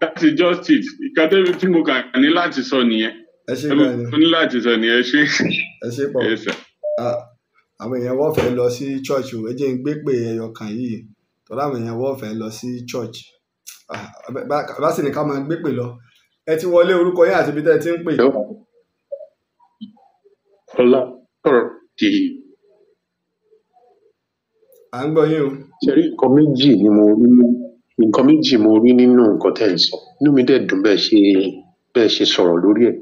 that is just it ìkan tó tí mo kàn ní láti sọ nìyẹn. ẹ ṣe gbọ́dọ̀ ẹ ní láti sọ nìyẹn ẹ ṣe. ẹ ṣe pọ̀ àwọn èèyàn wọ́n fẹ́ lọ sí church o ẹ jẹ́ n gbé pé ẹyọ kan yìí tọ́lá àwọn èèyàn wọ́n fẹ́ lọ sí church. Ah, bá sì ní ká máa gbé pè lọ ẹ ti wọlé orúkọ yín àti ibi tẹ́ ẹ ti ń pè. ọlá ọ̀rọ̀ ti. à ń gbọ́ yín o. ṣe rí nǹkan méjì ni mo rí nǹkan méjì mo rí nínú nǹkan tẹ́ ẹ̀ ń sọ inú mi dẹ̀ dùn bẹ́ẹ̀ ṣe bẹ́ẹ̀ ṣe sọ̀rọ̀ lórí ẹ̀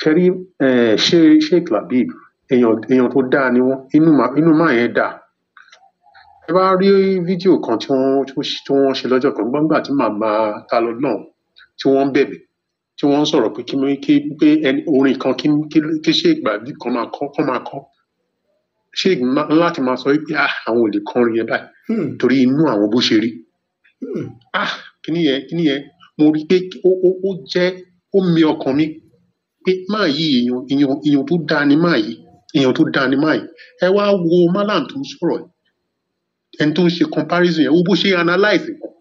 ṣe ṣe ṣe Sheikh èèyàn tó dáa ni wọ́n inú máa yẹn dáa Tẹ bá rí fídíò kan tí wọ́n tí wọ́n ṣe lọ́jọ́ kan nígbà tí màmá Talọ́lọ́hún tí wọ́n ń bẹ̀bẹ̀ tí wọ́n ń sọ̀rọ̀ pé kí kí pé orin kan kí kí ṣéèk Bàdí kan máa kọ́ kọ́ máa kọ́ ṣéèk láti máa sọ pé ah, àwọn ò lè kọrin yẹn báyìí hmm. torí inú àwọn bó ṣe rí hmm. ah, kí ni yẹn kí ni yẹn mo rí pé ó jẹ́ ó mi ọkàn mi pé máa yí èèyàn èèyàn tó dáa ni máa yí èèyàn tó dáa ni máa yí ẹ wá wo Mallam tó ń ẹni tó ń ṣe comparison yẹn wo bó ṣe analyze nǹkan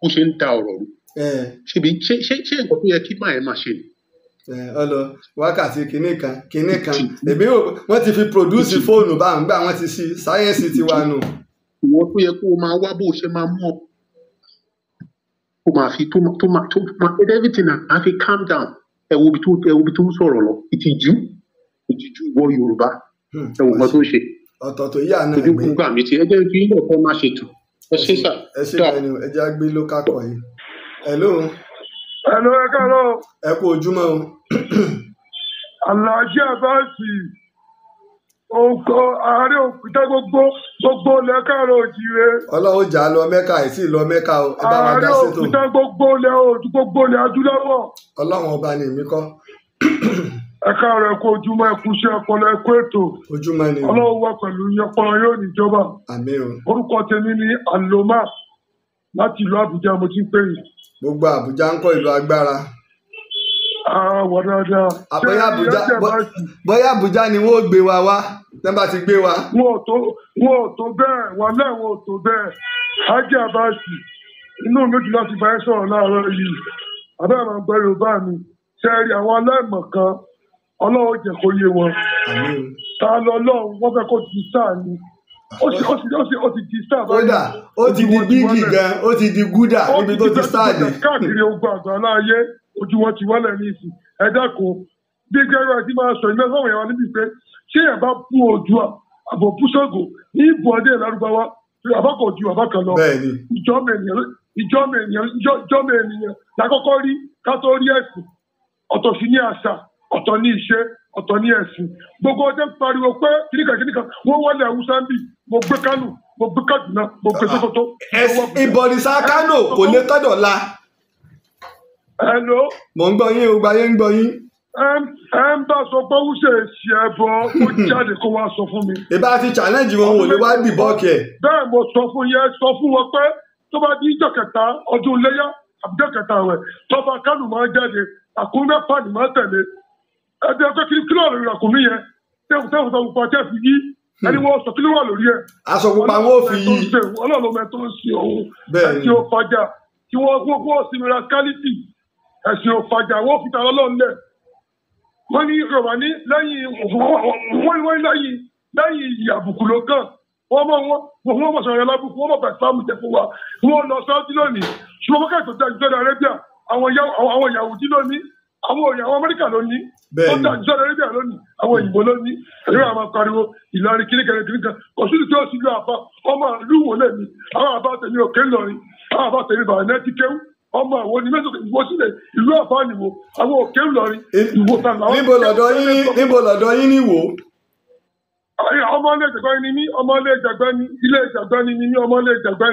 bó ṣe ń da ọ̀rọ̀ rú ṣebí ṣé ṣé ṣé nǹkan tó yẹ kí máa yẹn máa ṣe ni. ọlọ wákàtí kinní kan kinní kan èmi ò wọn ti fi produce fóònù bá ń gbà wọn ti ṣí sáyẹnsì ti wà nù. ìwọ tó yẹ kó o máa wá bó o ṣe máa mú ọ tó máa fi tó máa tó máa get everything and have a calm down ẹ wo ibi tó ẹ wo ibi tó ń sọ̀rọ̀ lọ ìtìjú ìtìjú ìwọ Yorùbá hmm. ẹ wo nǹkan tó ń ṣe ọ̀tọ̀ tó yà náà gbé. ojú gbà mí ti ẹ jẹ́ kí ilé ẹ̀kọ́ máa ṣètò ẹ ṣe sà. ẹ ṣe bẹ́ẹ̀ni ẹ jẹ́ gbé local call yìí. hello. hello ẹ káàárọ̀. ẹ kú ojúmọ́ o. aláàjì àbáàsì òǹkọ àárẹ̀ òkúta gbogbo gbogbo lẹ káàárọ̀ òjìire. ọlọ́run jà lọ mẹ́ka ẹ̀ lọ mẹ́ka o ẹ bá wa dá sí tó. àárẹ̀ òkúta gbogbo lẹ òdú gbogbo lẹ adúláwọ̀. ọlọ́run ọba ni èmi kọ́. ẹkáàrọ ẹkú ojúmọ́ ẹkú iṣẹ́ ọpọlọ ẹkú ètò Ọlọ́run wà pẹ̀lú yín ọpọlọ yóò níjọba orúkọ tèmi ni aloma láti ìlú Àbújá mo ti ń pè yín. gbogbo Àbújá ń ìlú agbára. àwọ̀ dáadáa. àbọ̀yá Àbújá ni wọ́n gbé wa wá tẹ́ bá ti gbé wa. wọn ò tó wọn ò tó bẹ́ẹ̀ wọn náà wọn ò tó bẹ́ẹ̀ àbáṣì inú mi láti bá ẹ sọ̀rọ̀ láàárọ̀ yìí àbẹ́ àwọn ọlọ́run jẹ́ kó yé wọn ta lọ lọ́run wọ́n fẹ́ kó di sáà ni ó sì ó sì ó sì ó sì di sáà báyìí. kódà ó ti di bíìgì gan ó ti di gúdà níbi tó ti sáà ni. káàkiri ogun àgbà láàyè ojú wọn ti wálẹ̀ ní ìsìn ẹ dákun bí gẹ́rọ ẹ ti máa sọ ìgbẹ́ fáwọn èèyàn níbi pé ṣé ẹ bá bú ojú àbò búṣọ́gò ní ìbò ọdẹ lárúbáwá àbákọ̀ ojú àbákan lọ ìjọ́mọ ènìyàn ìjọ́mọ ènìyàn lákọ́kọ́ rí ká tó rí ẹ̀sìn ọ̀tọ̀ sí ní àṣà ọ̀tọ̀ ní iṣẹ́ ọ̀tọ̀ ní ẹ̀sìn gbogbo ọjọ́ pariwo pé kìnìkan kìnìkan wọ́n wọlé ẹ̀wúsá ń bì mo gbé kánò mo gbé kaduna mo gbé sokoto. Ah, ìbọ̀rìṣà kánò kò lè tọ́dọ̀ la. hello. mo ń gbọ́ yín o gbayé ń gbọ́ yín. ẹ ń bá sọ pé wúṣẹ èsì ẹbọ ó jáde kó wá sọ fún mi. ìbá ti challenge wọn wò lè wá dìbọ́ kẹ. bẹ́ẹ̀ mo sọ fún yẹn sọ fún wọn pé tó bá di ìjọ kẹta ọdún léyà àbújá kẹta rẹ tọba kánò máa jáde àkúndé pàdé máa tẹ̀lé ẹdí ẹgbẹ kí kí lóò lórí ọkùnrin yẹn tẹkùn tẹkùn sọ pupa tẹ fi yí hmm. ẹni wọn sọ kí lóò lórí ẹ. aṣọ pupa wọn ò fi yí ọlọ́run mẹ tó ń sin òun ẹ̀sìn òfajà kí wọ́n wọ́n wọ́n sin rascality ẹ̀sìn òfajà wọ́n fi ta ọlọ́run lẹ̀ wọ́n ní yorùbá ní lẹ́yìn wọ́n wọ́n lẹ́yìn lẹ́yìn ìyàbùkù ló kàn wọ́n mọ̀ wọ́n wọ́n mọ̀ sọ̀rọ̀ lábùkù wọ́n mọ̀ bẹ̀ sáàmù tẹ̀ fún wa wọ́n lọ sọ́ọ́dí lónìí ṣùgbọ́n mọ́kàtí tó dájú tó dára àwọn ìyàwó dí lónìí àwọn òyìn àwọn amẹ́ríkà ló ní ọjà ìjọba arabia ló ní àwọn òyìnbó ló ní àdúrà àwọn akariwo ìlọrin kìnìkẹrẹ kìnìkan kò sí ìjọ sí ìlú àbá ọmọ ìlú wò lẹ́mi àwọn àbá tèmi òkè ńlọrin àwọn àbá tèmi bàrẹ̀ nẹ́ẹ̀tì kéwù ọmọ àwọn ní mẹ́tò ìwọ sílẹ̀ ìlú àbá nìwò àwọn òkè ńlọrin ìwò tàn láwọn. níbo lọ́dọ̀ yín ní wò ọmọ ilé ìjàgbá ni mí ọmọ ilé ìjàgbá ni ilé ìjàgbá ni mí ọmọ ilé ìjàgbá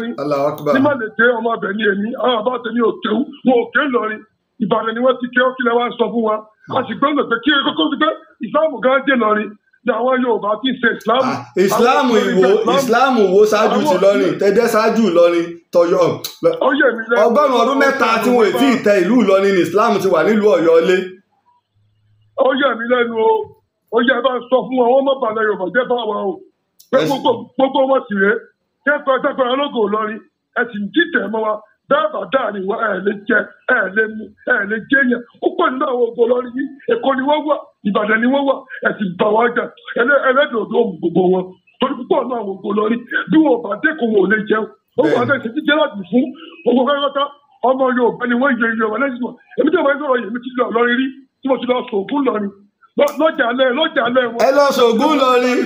Akbar. ní má lè jẹ́ ọmọ abẹ ní èmi àwọn àbá tèmi ò ìbàdàn ni wọ́n ti kẹ́ ọ́ kí lẹ wá sọ fún wa a sì gbọ́dọ̀ pé kí ẹ kókó ti pé ìsìláàmù gan dé lọrin ni àwọn yorùbá ti ṣe ìsìláàmù. Ah, ìsìláàmù ìwò ìsìláàmù wo ṣáájú ti lọrin tẹ́jẹ́ ṣáájú ìlọrin tọyọ um, ọgọ́rùn-ún ọdún mẹ́ta tí wọ́n ti tẹ ìlú ìlọrin ni ìsìláàmù ti wà nílùú ọ̀yọ́ lé. ó yẹ mi lẹ́nu o ó yẹ bá sọ fún wọn wọn mọ bàlẹ yorùbá jẹ bá wa o pé gbogbo wọn sì rè é kẹ́kọ̀ọ́ ẹ̀sẹ̀kọ̀ọ́ ológo dábàá dáàrin wa ẹ lè jẹ ẹ lè mu ẹ lè jẹyàn ó pọ̀ nínú àwọn ògbó lọ́rí yìí Èkó ni wọ́n wà Ìbàdàn ni wọ́n wà ẹ̀sìn bà wá jà ẹlẹ́dọ̀dọ̀ gbogbo wọn torí púpọ̀ nínú àwọn ògbó lọ́rí bí wọn bá dẹ́kun wọn ò lè jẹun ó wà á dẹ́sẹ̀ jíjẹ́ láti fún owó kẹ́kọ́tà ọmọ Yorùbá ni wọ́n yẹ Yorùbá lẹ́sìn wọn èmi tí mo bá ń sọ̀rọ̀ yẹn mi ti lọ lọ́rin rí tí mo ti lọ sòkún lọ́rin lọ́jàlẹ̀ lọ́jàlẹ̀ wọn. ẹ lọ sògùn lọrin.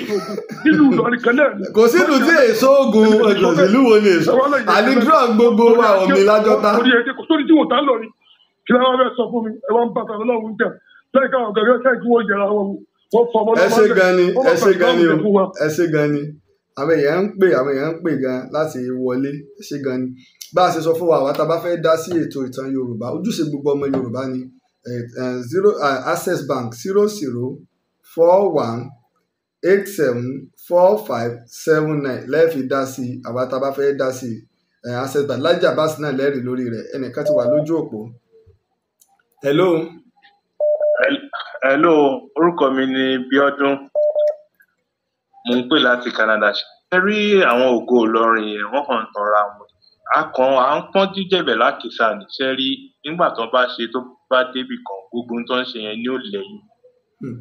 nínú lọrin kan náà. kò sínú tí èso oògùn ẹgbẹ̀rún ìlú wo ni èso àní drug gbogbo wa omi lájọta. orí ẹ̀jẹ̀ kò sóri tí wò tá lọrin kí ló wá fẹ́ sọ fún mi ẹ wá ń bàtà lọ́wọ́ ń jà lẹ́yìn káwọn ọ̀gá rẹ̀ kí wọ́n yẹra wọn wọ́n fọ ọmọ lọ́wọ́ ẹ ṣé gan ni ẹ ṣé gan ni àwọn èèyàn ń pè àwọn èèyàn ń pè gan láti wọlé ẹ ṣé gan ni bá a ṣe sọ fún wa àwa tá a bá fẹ́ dá sí ètò ìtàn Yorùbá ojúṣe gbogbo ọmọ Yorùbá ni uh, zero uh, access bank zero zero four one eight seven four five seven nine lẹ́ẹ̀fi dá sí i àwa tá a bá fẹ́ dá sí i uh, access bank lájà bá sí náà lẹ́rìí lórí rẹ̀ ẹnìkan ti wà lójú òpó. hello. hello orúkọ mi ni Bíọ́dún mo ń pè láti Canada ṣe rí àwọn ògo Ìlọrin yẹn wọ́n kàn ń tanra wọn a kàn à ń pọ́n jíjẹ̀bẹ̀ lákìsà níṣẹ́ rí nígbà tó bá ṣe tó bá débì kan gbogbo tó ń ṣe yẹn ni ó lẹ́yìn hmm.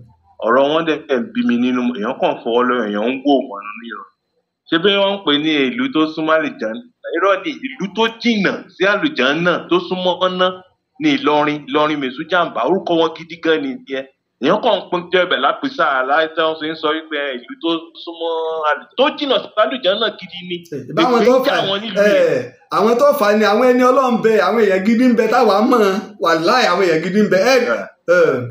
ọ̀rọ̀ wọn dẹ̀ ń bí mi nínú èèyàn kàn fọwọ́ lọ èèyàn ń wò wọn níran ṣé bí wọ́n ń pè ní ìlú tó súnmọ́ àlùjáná irọ́ ni ìlú tó jìnnà sí àlùjáná tó súnmọ́ ọ̀nà ní Ìlọrin Ìlọrin mẹ̀sùn jàǹbá orúkọ wọn gidi gan ni ìyẹn èèyàn kàn ń pín jẹ́ ibẹ̀ lápèsè aláìsàn ọ̀sẹ̀ ń sọ wípé ìlú tó súnmọ́ tó jìnnà sálùjọ́ náà gidi ni èpè ń jà wọ́n nílùú yẹn. àwọn tó fà á ni àwọn ẹni ọlọ́run bẹ àwọn èèyàn gidi ń bẹ táwa mọ̀ wàláì àwọn èèyàn gidi ń bẹ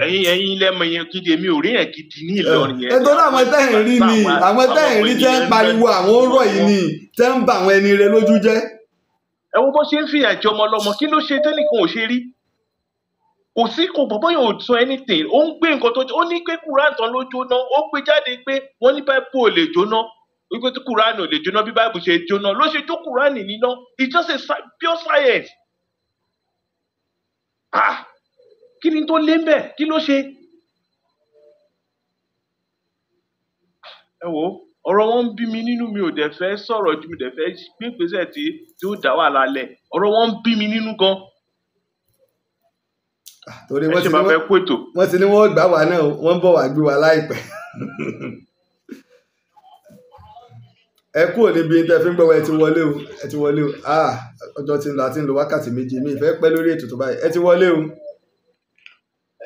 ẹyin ẹyin ilé ọmọ yẹn gidi èmi ò rí yẹn gidi ní Ìlọrin yẹn. ẹtọ́ náà àwọn tẹ́yìn rí ni àwọn tẹ́yìn rí tẹ́ ń pariwo àwọn ọ̀rọ̀ yìí ni tẹ́ ń ba àwọn ẹni rẹ lójú jẹ́. ẹ wo bó ṣe ń fìyà jọmọ lọmọ kí ló ṣe tẹ́nìkan ò ṣe rí kò sí kò bọ́bọ́ yóò sọ anything ó ń gbé nǹkan tó ó ní pé Quran tán ló jóná ó gbé jáde pé wọ́n ní Bible ò lè jóná wípé tí Quran ò lè jóná bí Bible ṣe jóná ló ṣe jó Quran níná it's just a pure science. ah kí ni tó lé ń bẹ̀ kí ló ṣe. ẹ wo ọ̀rọ̀ wọn ń bí mi nínú mi ò dẹ̀ fẹ́ sọ̀rọ̀ ju mi dẹ̀ fẹ́ gbé ìgbésẹ̀ tí tí ó dá wà lálẹ́ ọ̀rọ̀ wọn ń bí mi nínú gan-an torí wọ́n ti ní wọ́n ti ní wọ́n gbà wá náà wọ́n bọ̀ wá gbé wa láìpẹ́ ẹ kúrò níbi tẹ fi ń gbọ́wọ́ ẹ ti wọlé o ẹ ti wọlé o ah ọjọ́ ti ń lọ àti ń lo wákàtí méje mi ìfẹ́ pẹ́ lórí ètò tó báyìí ẹ ti wọlé o.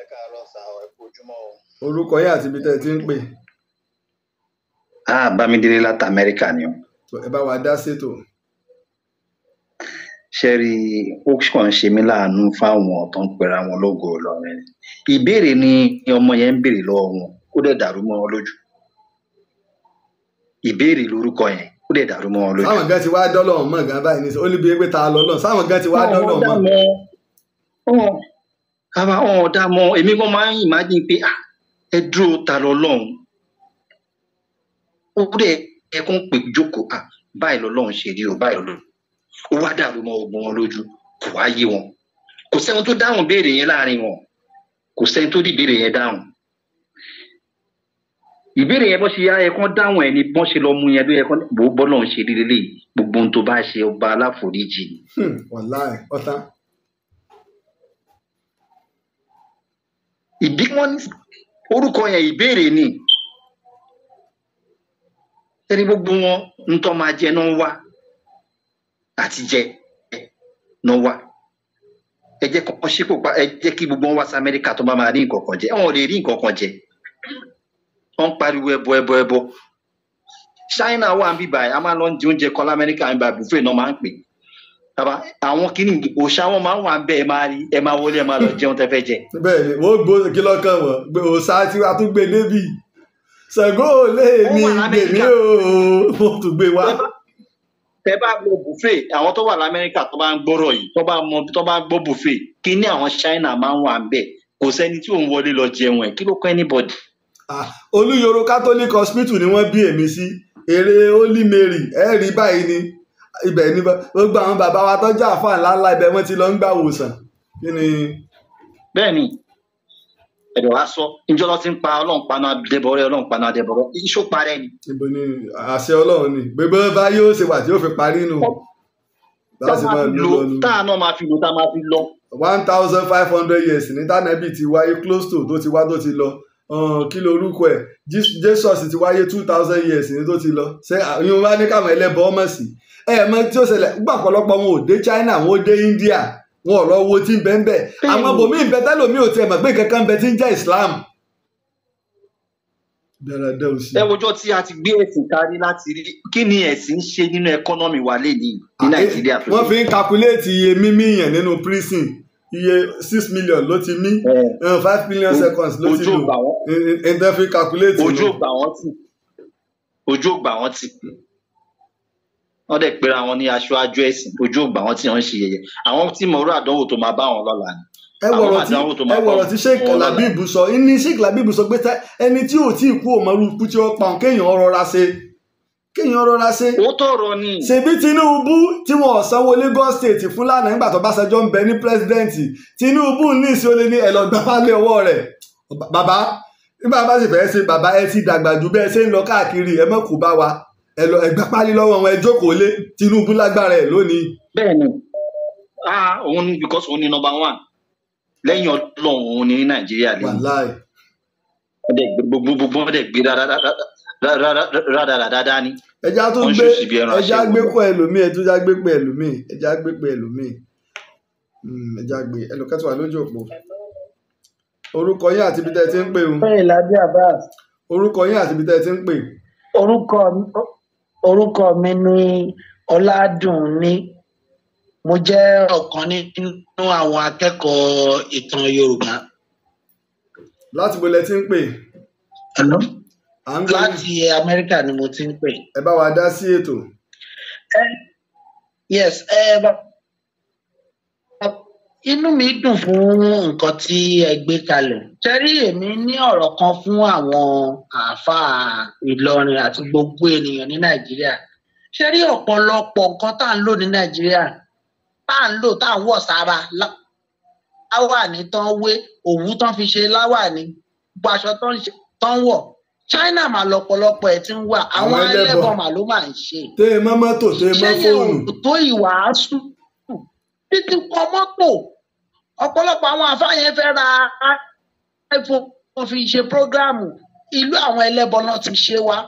ẹ káàárọ̀ sà ọ ẹ kú ojúmọ́ o. orúkọ yín àti ibi tẹ ẹ ti ń pè. a ah, bámidélé láti amẹ́ríkà ni o. ẹ bá wa dá sétò ṣẹ́rí ó kàn ń ṣe mí láàánú fáwọn tó ń pera wọn lógo Ìlọrin ìbéèrè ni ọmọ yẹn ń béèrè lọ́wọ́ wọn ó dẹ̀ dàrú mọ́ wọn lójú ìbéèrè lórúkọ yẹn ó dẹ̀ dàrú mọ́ wọn lójú. sáwọn gan ti wá dọ́lọ̀ mọ̀ gan báyìí ní sọ ó níbi pé ta lọ náà sáwọn gan ti wá dọ́lọ̀ mọ̀. àwọn ọ̀dà mọ èmi kan máa ń ìmájì pé ẹ dúró ta lọ lọ́hùn ó dẹ̀ ẹkún pè jókòó báyìí lọ́lọ́hùn ṣe rí o báyìí lọ́lọ́hùn ó wá dàrú mọ́ ogun wọn lójú kò wá yé wọn kò sẹ́ni tó dáhùn béèrè yẹn láàrin wọn kò sẹ́ni tó di béèrè yẹn dáhùn ìbéèrè yẹn bó ṣe yá ẹ̀kọ́ dáhùn ẹ̀ ni bọ́n ṣe lọ mú yẹn ló yẹ kó bó bọ́lọ̀ ń ṣe líle lè gbogbo ohun tó bá ṣe ọba aláforíjì. Hmm, wàláì ọ̀tá. ìdí wọn orúkọ yẹn ìbéèrè ni ẹni gbogbo wọn ń tọ́ máa jẹ náà wá àtijẹ náà wà ẹ jẹ́ kọ́ ṣípò pa ẹ jẹ́ kí gbogbo wọn wá sí amẹ́ríkà tó bá máa rí nǹkan kan jẹ wọn ò lè rí nǹkan kan jẹ wọn ń pariwo ẹbọ ẹbọ ẹbọ china wà ń bíbà a máa lọ ń di oúnjẹ kan lamẹ́ríkà ń bá buffet náà máa ń pè bàbá àwọn kìíní òòṣà wọn máa ń wà ń bẹ ẹ máa rí ẹ máa wọlé ẹ máa lọ jẹun tẹ́ fẹ́ jẹ. bẹ́ẹ̀ni wọn gbó kí lọkàn wọn òòṣà tí wàá tún gbé débì Ṣàngó lè ní gbèmí o wọn tún gbé wa tẹ bá lọ buffet àwọn tó wà lamẹ́ríkà tó bá ń gbọ́rọ̀ yìí tó bá mọ tó bá gbọ́ buffet kí ni àwọn China máa ń wà ń bẹ̀ kò sẹ́ni tí òun wọlé lọ jẹun ẹ̀ kí ló kọ́ anybody. olúyoro catholic hospital ni wọ́n bí èmi sí eré holy mary ẹ rí báyìí ni ibẹ̀ ni gbogbo àwọn bàbá wa tọ́jú àfàǹlá ńlá ibẹ̀ wọ́n ti lọ ń gbà wòsàn kí ni. bẹ́ẹ̀ni ẹ̀rọ wa sọ níjọ́ lọ́ọ́ ti ń pa ọlọ́run paná adébọ̀rẹ́ ọlọ́run paná adébọ̀rẹ́ iṣó parẹ́ ni. ibo ni àṣẹ ọlọ́run ni gbogbo bá yóò ṣe wà tí yóò fi parí nù. táà náà máa fi lò táà máa fi lọ. one thousand five hundred years ní tànàbí ti wáyé close to tó ti wá tó ti lọ kí ló orúkọ ẹ jesus ti wáyé two thousand years ní tó ti lọ ṣé àyùn wá ní káwọn ẹlẹ́bọ ọmọ sí ẹ ẹ mọ tí ó ṣẹlẹ̀ gbàpọ̀lọpọ̀ wọn ò dé China wọn ò dé India wọn ò lọ wo tí ń bẹ ń bẹ àwọn abòmí ń bẹ tẹlómi ò tiẹ̀ mọ̀ pé nǹkan ń bẹ tí ń jẹ́ Islam. ẹ wojọ́ tí a ti gbé ẹ̀sìn kárí láti rí kí ni ẹ̀sìn ń ṣe nínú ẹkọ́nọ́mì wa lénìí ní ah, eh, Nàìjíríà. wọ́n fi ń kakuléètì iye mímí yàn nínú prison iye six million ló ti mí eh. Eh, five million seconds ló ti lò ẹ̀ ẹ̀ ń tẹ́ fi kakuléètì. ojú ò gbà wọ́n tì ojú ò gbà wọ́n tì wọ́n dẹ̀ pera wọn ní aṣọ ajú ẹ̀sìn ojú ògbà wọn tí wọ́n ń ṣe yẹ̀yẹ́ àwọn tí mo rú àdánwò tó máa bá wọn lọ́la ni. ẹ wọ̀rọ̀ tí ẹ wọ̀rọ̀ tí sheik labibu sọ ní sheik labibu sọ pé ẹni tí ò tí ì kú òmọ́rú kú tí ó pa òun kéèyàn rọra ṣe kéèyàn rọra ṣe. ó tọrọ ni. ṣèbí tinubu tí wọn ò sanwó lagos state fún lánàá nígbà tó bá ṣẹjọ ń bẹ ní pírẹsidẹǹtì tinubu ní ìṣòlè ní ẹlọgbà wálé ọwọ́ rẹ̀ bàbá bí bàbá sì fẹ́ ṣe bàbá ẹ ti dàgbà ju bẹ́ẹ̀ ṣe ń lọ káàkiri ẹ mọ̀ kó bá wa ẹ lọ ẹgbà pálí lọ́wọ́ wọn ẹ jókòó lé Tinubu lágbára ẹ lónìí. bẹ́ẹ̀ni ah òun because òun ni number one lẹ́yìn Ọlọ́run òun ni ní Nàìjíríà lẹ́yìn. wàláì. wọ́n dẹ̀ gbogbo wọ́n dẹ̀ gbé rádaràdá ni. ẹja tó gbé ẹja gbé kọ ẹlòmíì ẹtú ẹja gbé pẹ ẹlòmíì ẹja gbé pẹ ẹlòmíì hmm, ẹja gbé ẹlòkẹtù wà lójú òpó orúkọ yín àti ibi tẹ́ ẹ ti ń pè o. bẹ́ẹ̀ ládé Abbas. orúkọ yín àti ibi tẹ́ ẹ ti ń pè. orúkọ mi orúkọ mi ni ọládùnní mo jẹ́ ọ̀kan nínú àwọn akẹ́kọ̀ọ́ ìtàn yorùbá. láti bo lẹ ti ń pè. láti amẹ́ríkà ni mo ti ń pè. ẹ bá wa dá sí ètò. Eh, yes ẹ eh, bá inú mi dùn fún nǹkan tí ẹ gbé kalẹ̀ ṣẹ́rí èmi ní ọ̀rọ̀ kan fún àwọn àáfàá Ìlọrin àti gbogbo ènìyàn ní Nàìjíríà ṣẹ́rí ọ̀pọ̀lọpọ̀ nǹkan tá à ń lò ní Nàìjíríà tá à ń lò tá à ń wọ̀ sára láwàní tán wé òwú tán fi ṣe láwàní gbaṣọ tán wọ̀ China mà lọ́pọ̀lọpọ̀ ẹ̀ ti ń wà àwọn ẹlẹ́bọn mà ló máa ń ṣe. tẹ ẹ mọ́ mọ́tò tẹ ẹ mọ́ fóònù. ṣé yẹn ò tó ìwàásù títí kọ mọ́tò ọ̀pọ̀lọpọ̀ àwọn àfáà yẹn fẹ́ ra iphone wọ́n fi ṣe prógráàmù ìlú àwọn ẹlẹ́bọ náà ti ṣe wá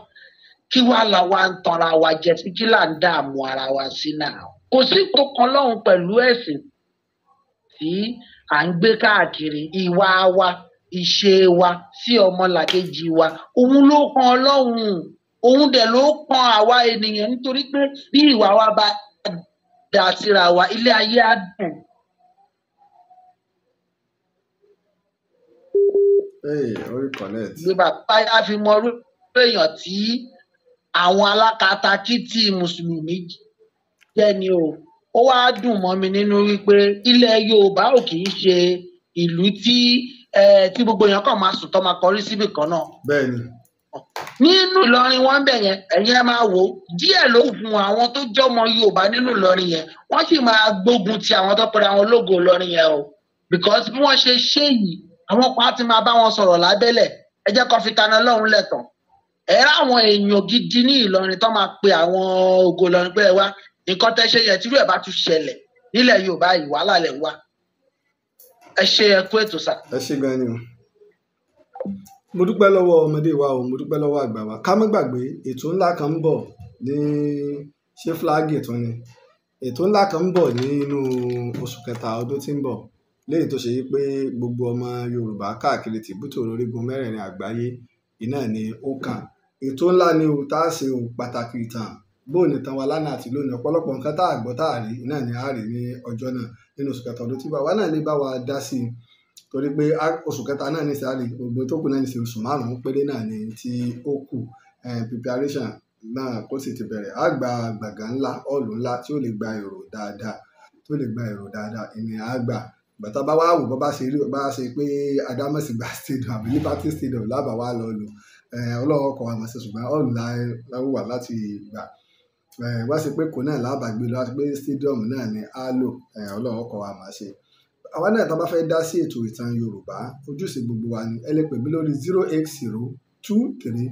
kí wá là wá ń tanra wa jẹ fìjìlá ń dààmú ara wa sí náà kò sí kankan lọ́hùn pẹ̀lú ẹ̀sìn tí à ń gbé káàkiri ìwà wa ìṣe wa sí ọmọlàkejì wa òun ló kan ọlọ́run òun dẹ̀ ló kan àwa ènìyàn nítorí pé bí ìwà wa bá dà síra wa ilé ayé á dùn ní bàbá yá fi mọ orú èèyàn tí àwọn alákatakí tí mùsùlùmí jẹ́ ni o ó wá dùn mọ́ mi nínú wípé ilẹ̀ Yorùbá ò kì í ṣe ìlú tí tí gbogbo èèyàn kàn máa sùn tó máa kọrí síbì kan náà. bẹ́ẹ̀ni. nínú Ìlọrin wọn bẹ yẹn ẹ̀yin ẹ máa wò díẹ̀ ló gun àwọn tó jọmọ Yorùbá nínú Ìlọrin yẹn wọ́n sì máa gbógun ti àwọn tó pera àwọn ológo Ìlọrin yẹn o because bí wọ́n ṣe ṣe yìí àwọn pa ti máa bá wọn sọ̀rọ̀ lábẹ́lẹ̀ ẹ jẹ́ kó fi tana lọ́hùn lẹ́tàn ẹ ráwọn èèyàn gidi ní Ìlọrin tó máa pe àwọn ògo Ìlọrin pé ẹ wá nǹkan tẹ́ ṣe yẹn tírú ẹ̀ bá tún ṣẹlẹ̀ nílẹ̀ Yorùbá yìí wàhálà lẹ̀ wá ẹ ṣe ẹ kú ètò sà. ẹ ṣe gan ni o mo dúpẹ́ lọ́wọ́ ọmọdé wa o mo dúpẹ́ lọ́wọ́ àgbà wa ká má gbàgbé ètò ńlá kan ń bọ̀ ní ṣé fúlágì tún ni ètò ńlá kan ń bọ̀ nínú oṣù kẹta ọdún tí ń bọ̀ léyìí tó ṣe yí pé gbogbo ọmọ yorùbá káàkiri tìbútò orígun mẹ́rẹ̀ẹ̀rin àgbáyé iná ni ó kàn ètò ńlá ni o tá a ṣe o pàtàkì ìtàn bóun ní tan wa lánàá àti lónìí ọ̀pọ̀lọpọ̀ nǹkan tá a gbọ́ tá a rí iná ni a rí ní ọjọ́ náà nínú oṣù kẹta ọdún tí bàbá náà lè bá wa dá sí i torí pé oṣù kẹta náà ní sáré gbogbo tó kù náà ní sí oṣù márùn ni tí ó kù preparation bàtà bá wà wò bá ṣe rí bá ṣe pé stadium àbí liberty stadium lábàá lọ lò eh, ọlọ́wọ́ kan àmọ́ ṣe ṣùgbọ́n ọ̀hún láwọ́ wà láti gbà eh, wá sí pé kò náà lábàgbé lọ́wọ́ pé stadium náà ni a lò eh, ọlọ́wọ́ kan àmọ́ ṣe àwa náà tá a bá fẹ́ dá sí ètò ìtàn yorùbá ojúṣe gbogbo wa ni ẹ lè lórí zero eight zero two three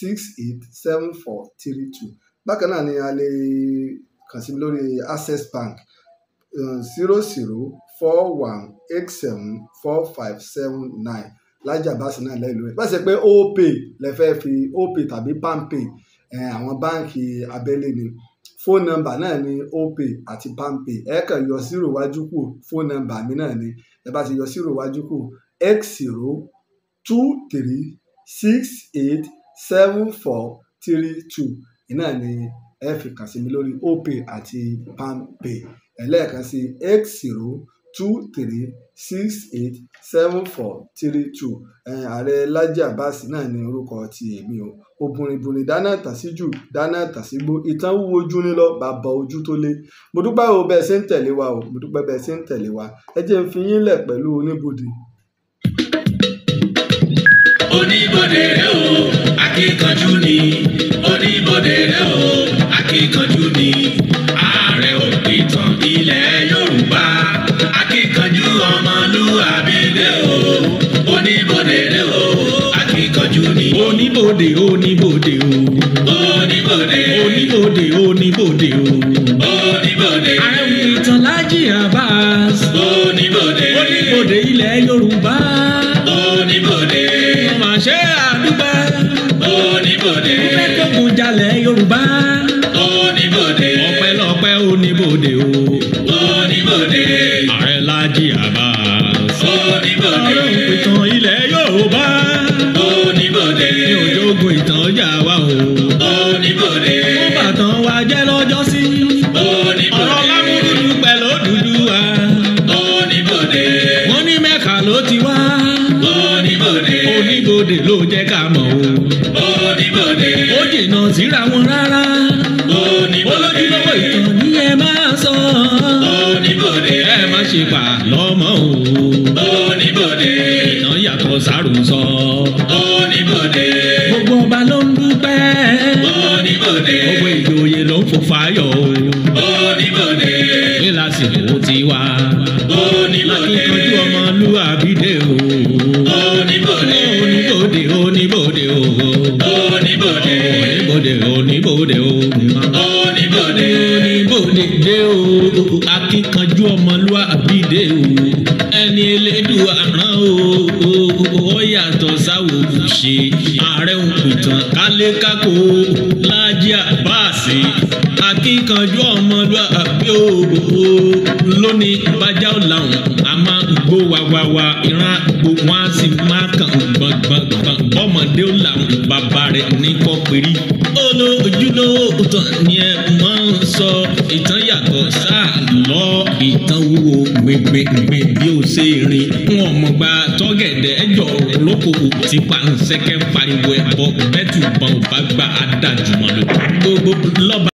six eight seven four three two bákan náà ni a lè kàn sí mi lórí access bank zero zero four one eight seven four five seven nine lájà báṣẹ náà lẹ́yìn lórí báṣẹ pé opay lẹ́fẹ́ fi opay tàbí palmpay àwọn báǹkì abẹ́lé ni fóònù nọ́mbà náà ni opay àti palmpay ẹ kàn yọ zero wájú kù fóònù nọ́mbà mi náà ni ẹ bá ti yọ zero wájú kù x zero two three six eight seven four three two iná ni ẹ fi kàn sí mi lórí opay àti palmpay ẹlẹ́ẹ̀kan sí x zero two three six eight seven four three two ààrẹ Laji Abbas náà ní orúkọ ti èmi o òbùrìbùrì dáná tàṣíjù dáná tàṣígbó ìtàn wúwo ojú ní lọ bàbá ojú tó lé mo dúpẹ́ o bẹ́ẹ̀ ṣe ń tẹ̀lé wa o mo dúpẹ́ ṣe ń tẹ̀lé wa ẹ jẹ́ n fi yín lẹ̀ pẹ̀lú oníbodè. oníbodè rẹ o akíkanjú ni oníbodè rẹ o akíkanjú ni ààrẹ òpìtàn ilẹ̀ oníbòde oníbòde o. oníbòde oníbòde oníbòde o. oníbòde ààrẹ ìtàn Lájí Abbas. oníbòde oníbòde ilẹ̀ Yorùbá. oníbòde ọmọ àṣẹ àdúgbò. oníbòde ọmọkùnrin jalè Yorùbá. oníbòde ọpẹ́lọpẹ́ oníbòde o. oníbòde ààrẹ Lájí Abbas. oníbòde ọlọ́run pìtàn ilẹ̀ Yorùbá ìbàdàn ọjà wa o. oníbòde. fún bàtàn wa jẹ́ lọ́jọ́ sí. oníbòde. ọ̀rọ̀ lámúdúdú pẹ̀lú dúdú wa. oníbòde. wọ́n ní mẹ́ka ló ti wá. oníbòde. oníbòde ló jẹ́ ká mọ̀ o. oníbòde. ó jìnnà síra wọn rárá. oníbòde. olójúlówó ìtàn ni ẹ máa sọ. oníbòde. ẹ má ṣe pa lọ́mọ o. oníbòde. ìtàn yàtọ̀ sárùn sọ. oníbòde. oníbòde. gbogbo ìjòyè ló ń fò fáyọ̀ o. oníbòde. ní lásìkò tiwa. oníbòde. akíkanjú ọmọlúwàbí dé o. oníbòde. oníbòde oníbòde o. oníbòde. oníbòde oníbòde o. oníbòde. oníbòde dé o. akíkanjú ọmọlúwàbí dé o. ẹni elédùn àrán o. ó yàtọ̀ sáwọ́ òṣè ààrẹ òkùtàn kálékákò ṣe akíkanjú ọmọlúàbí òògùn lónìí bájá làwọn a máa gbó wawawa ìran gbó wọn a sì máa kàn gbọ̀ngbọ̀ngbọ̀n bọ́mọdé làwọn bàbá rẹ̀ ní kọ́pẹ́rì. olójúlówó ìtàn ni ẹ máa ń sọ ìtàn yàtọ̀ sáà lọ ìtàn wúwo gbẹgbẹgbẹ bí ó ṣe rìn fún ọmọọba tọ́gẹ̀dẹ̀ ẹjọ́ olókòwò ti pa ń sẹ́kẹ́ pariwo ẹ̀bọ bẹ́tù bọ́n ò bá gbà á dàjùmọ̀ lọ. gbogbo lọ́ba.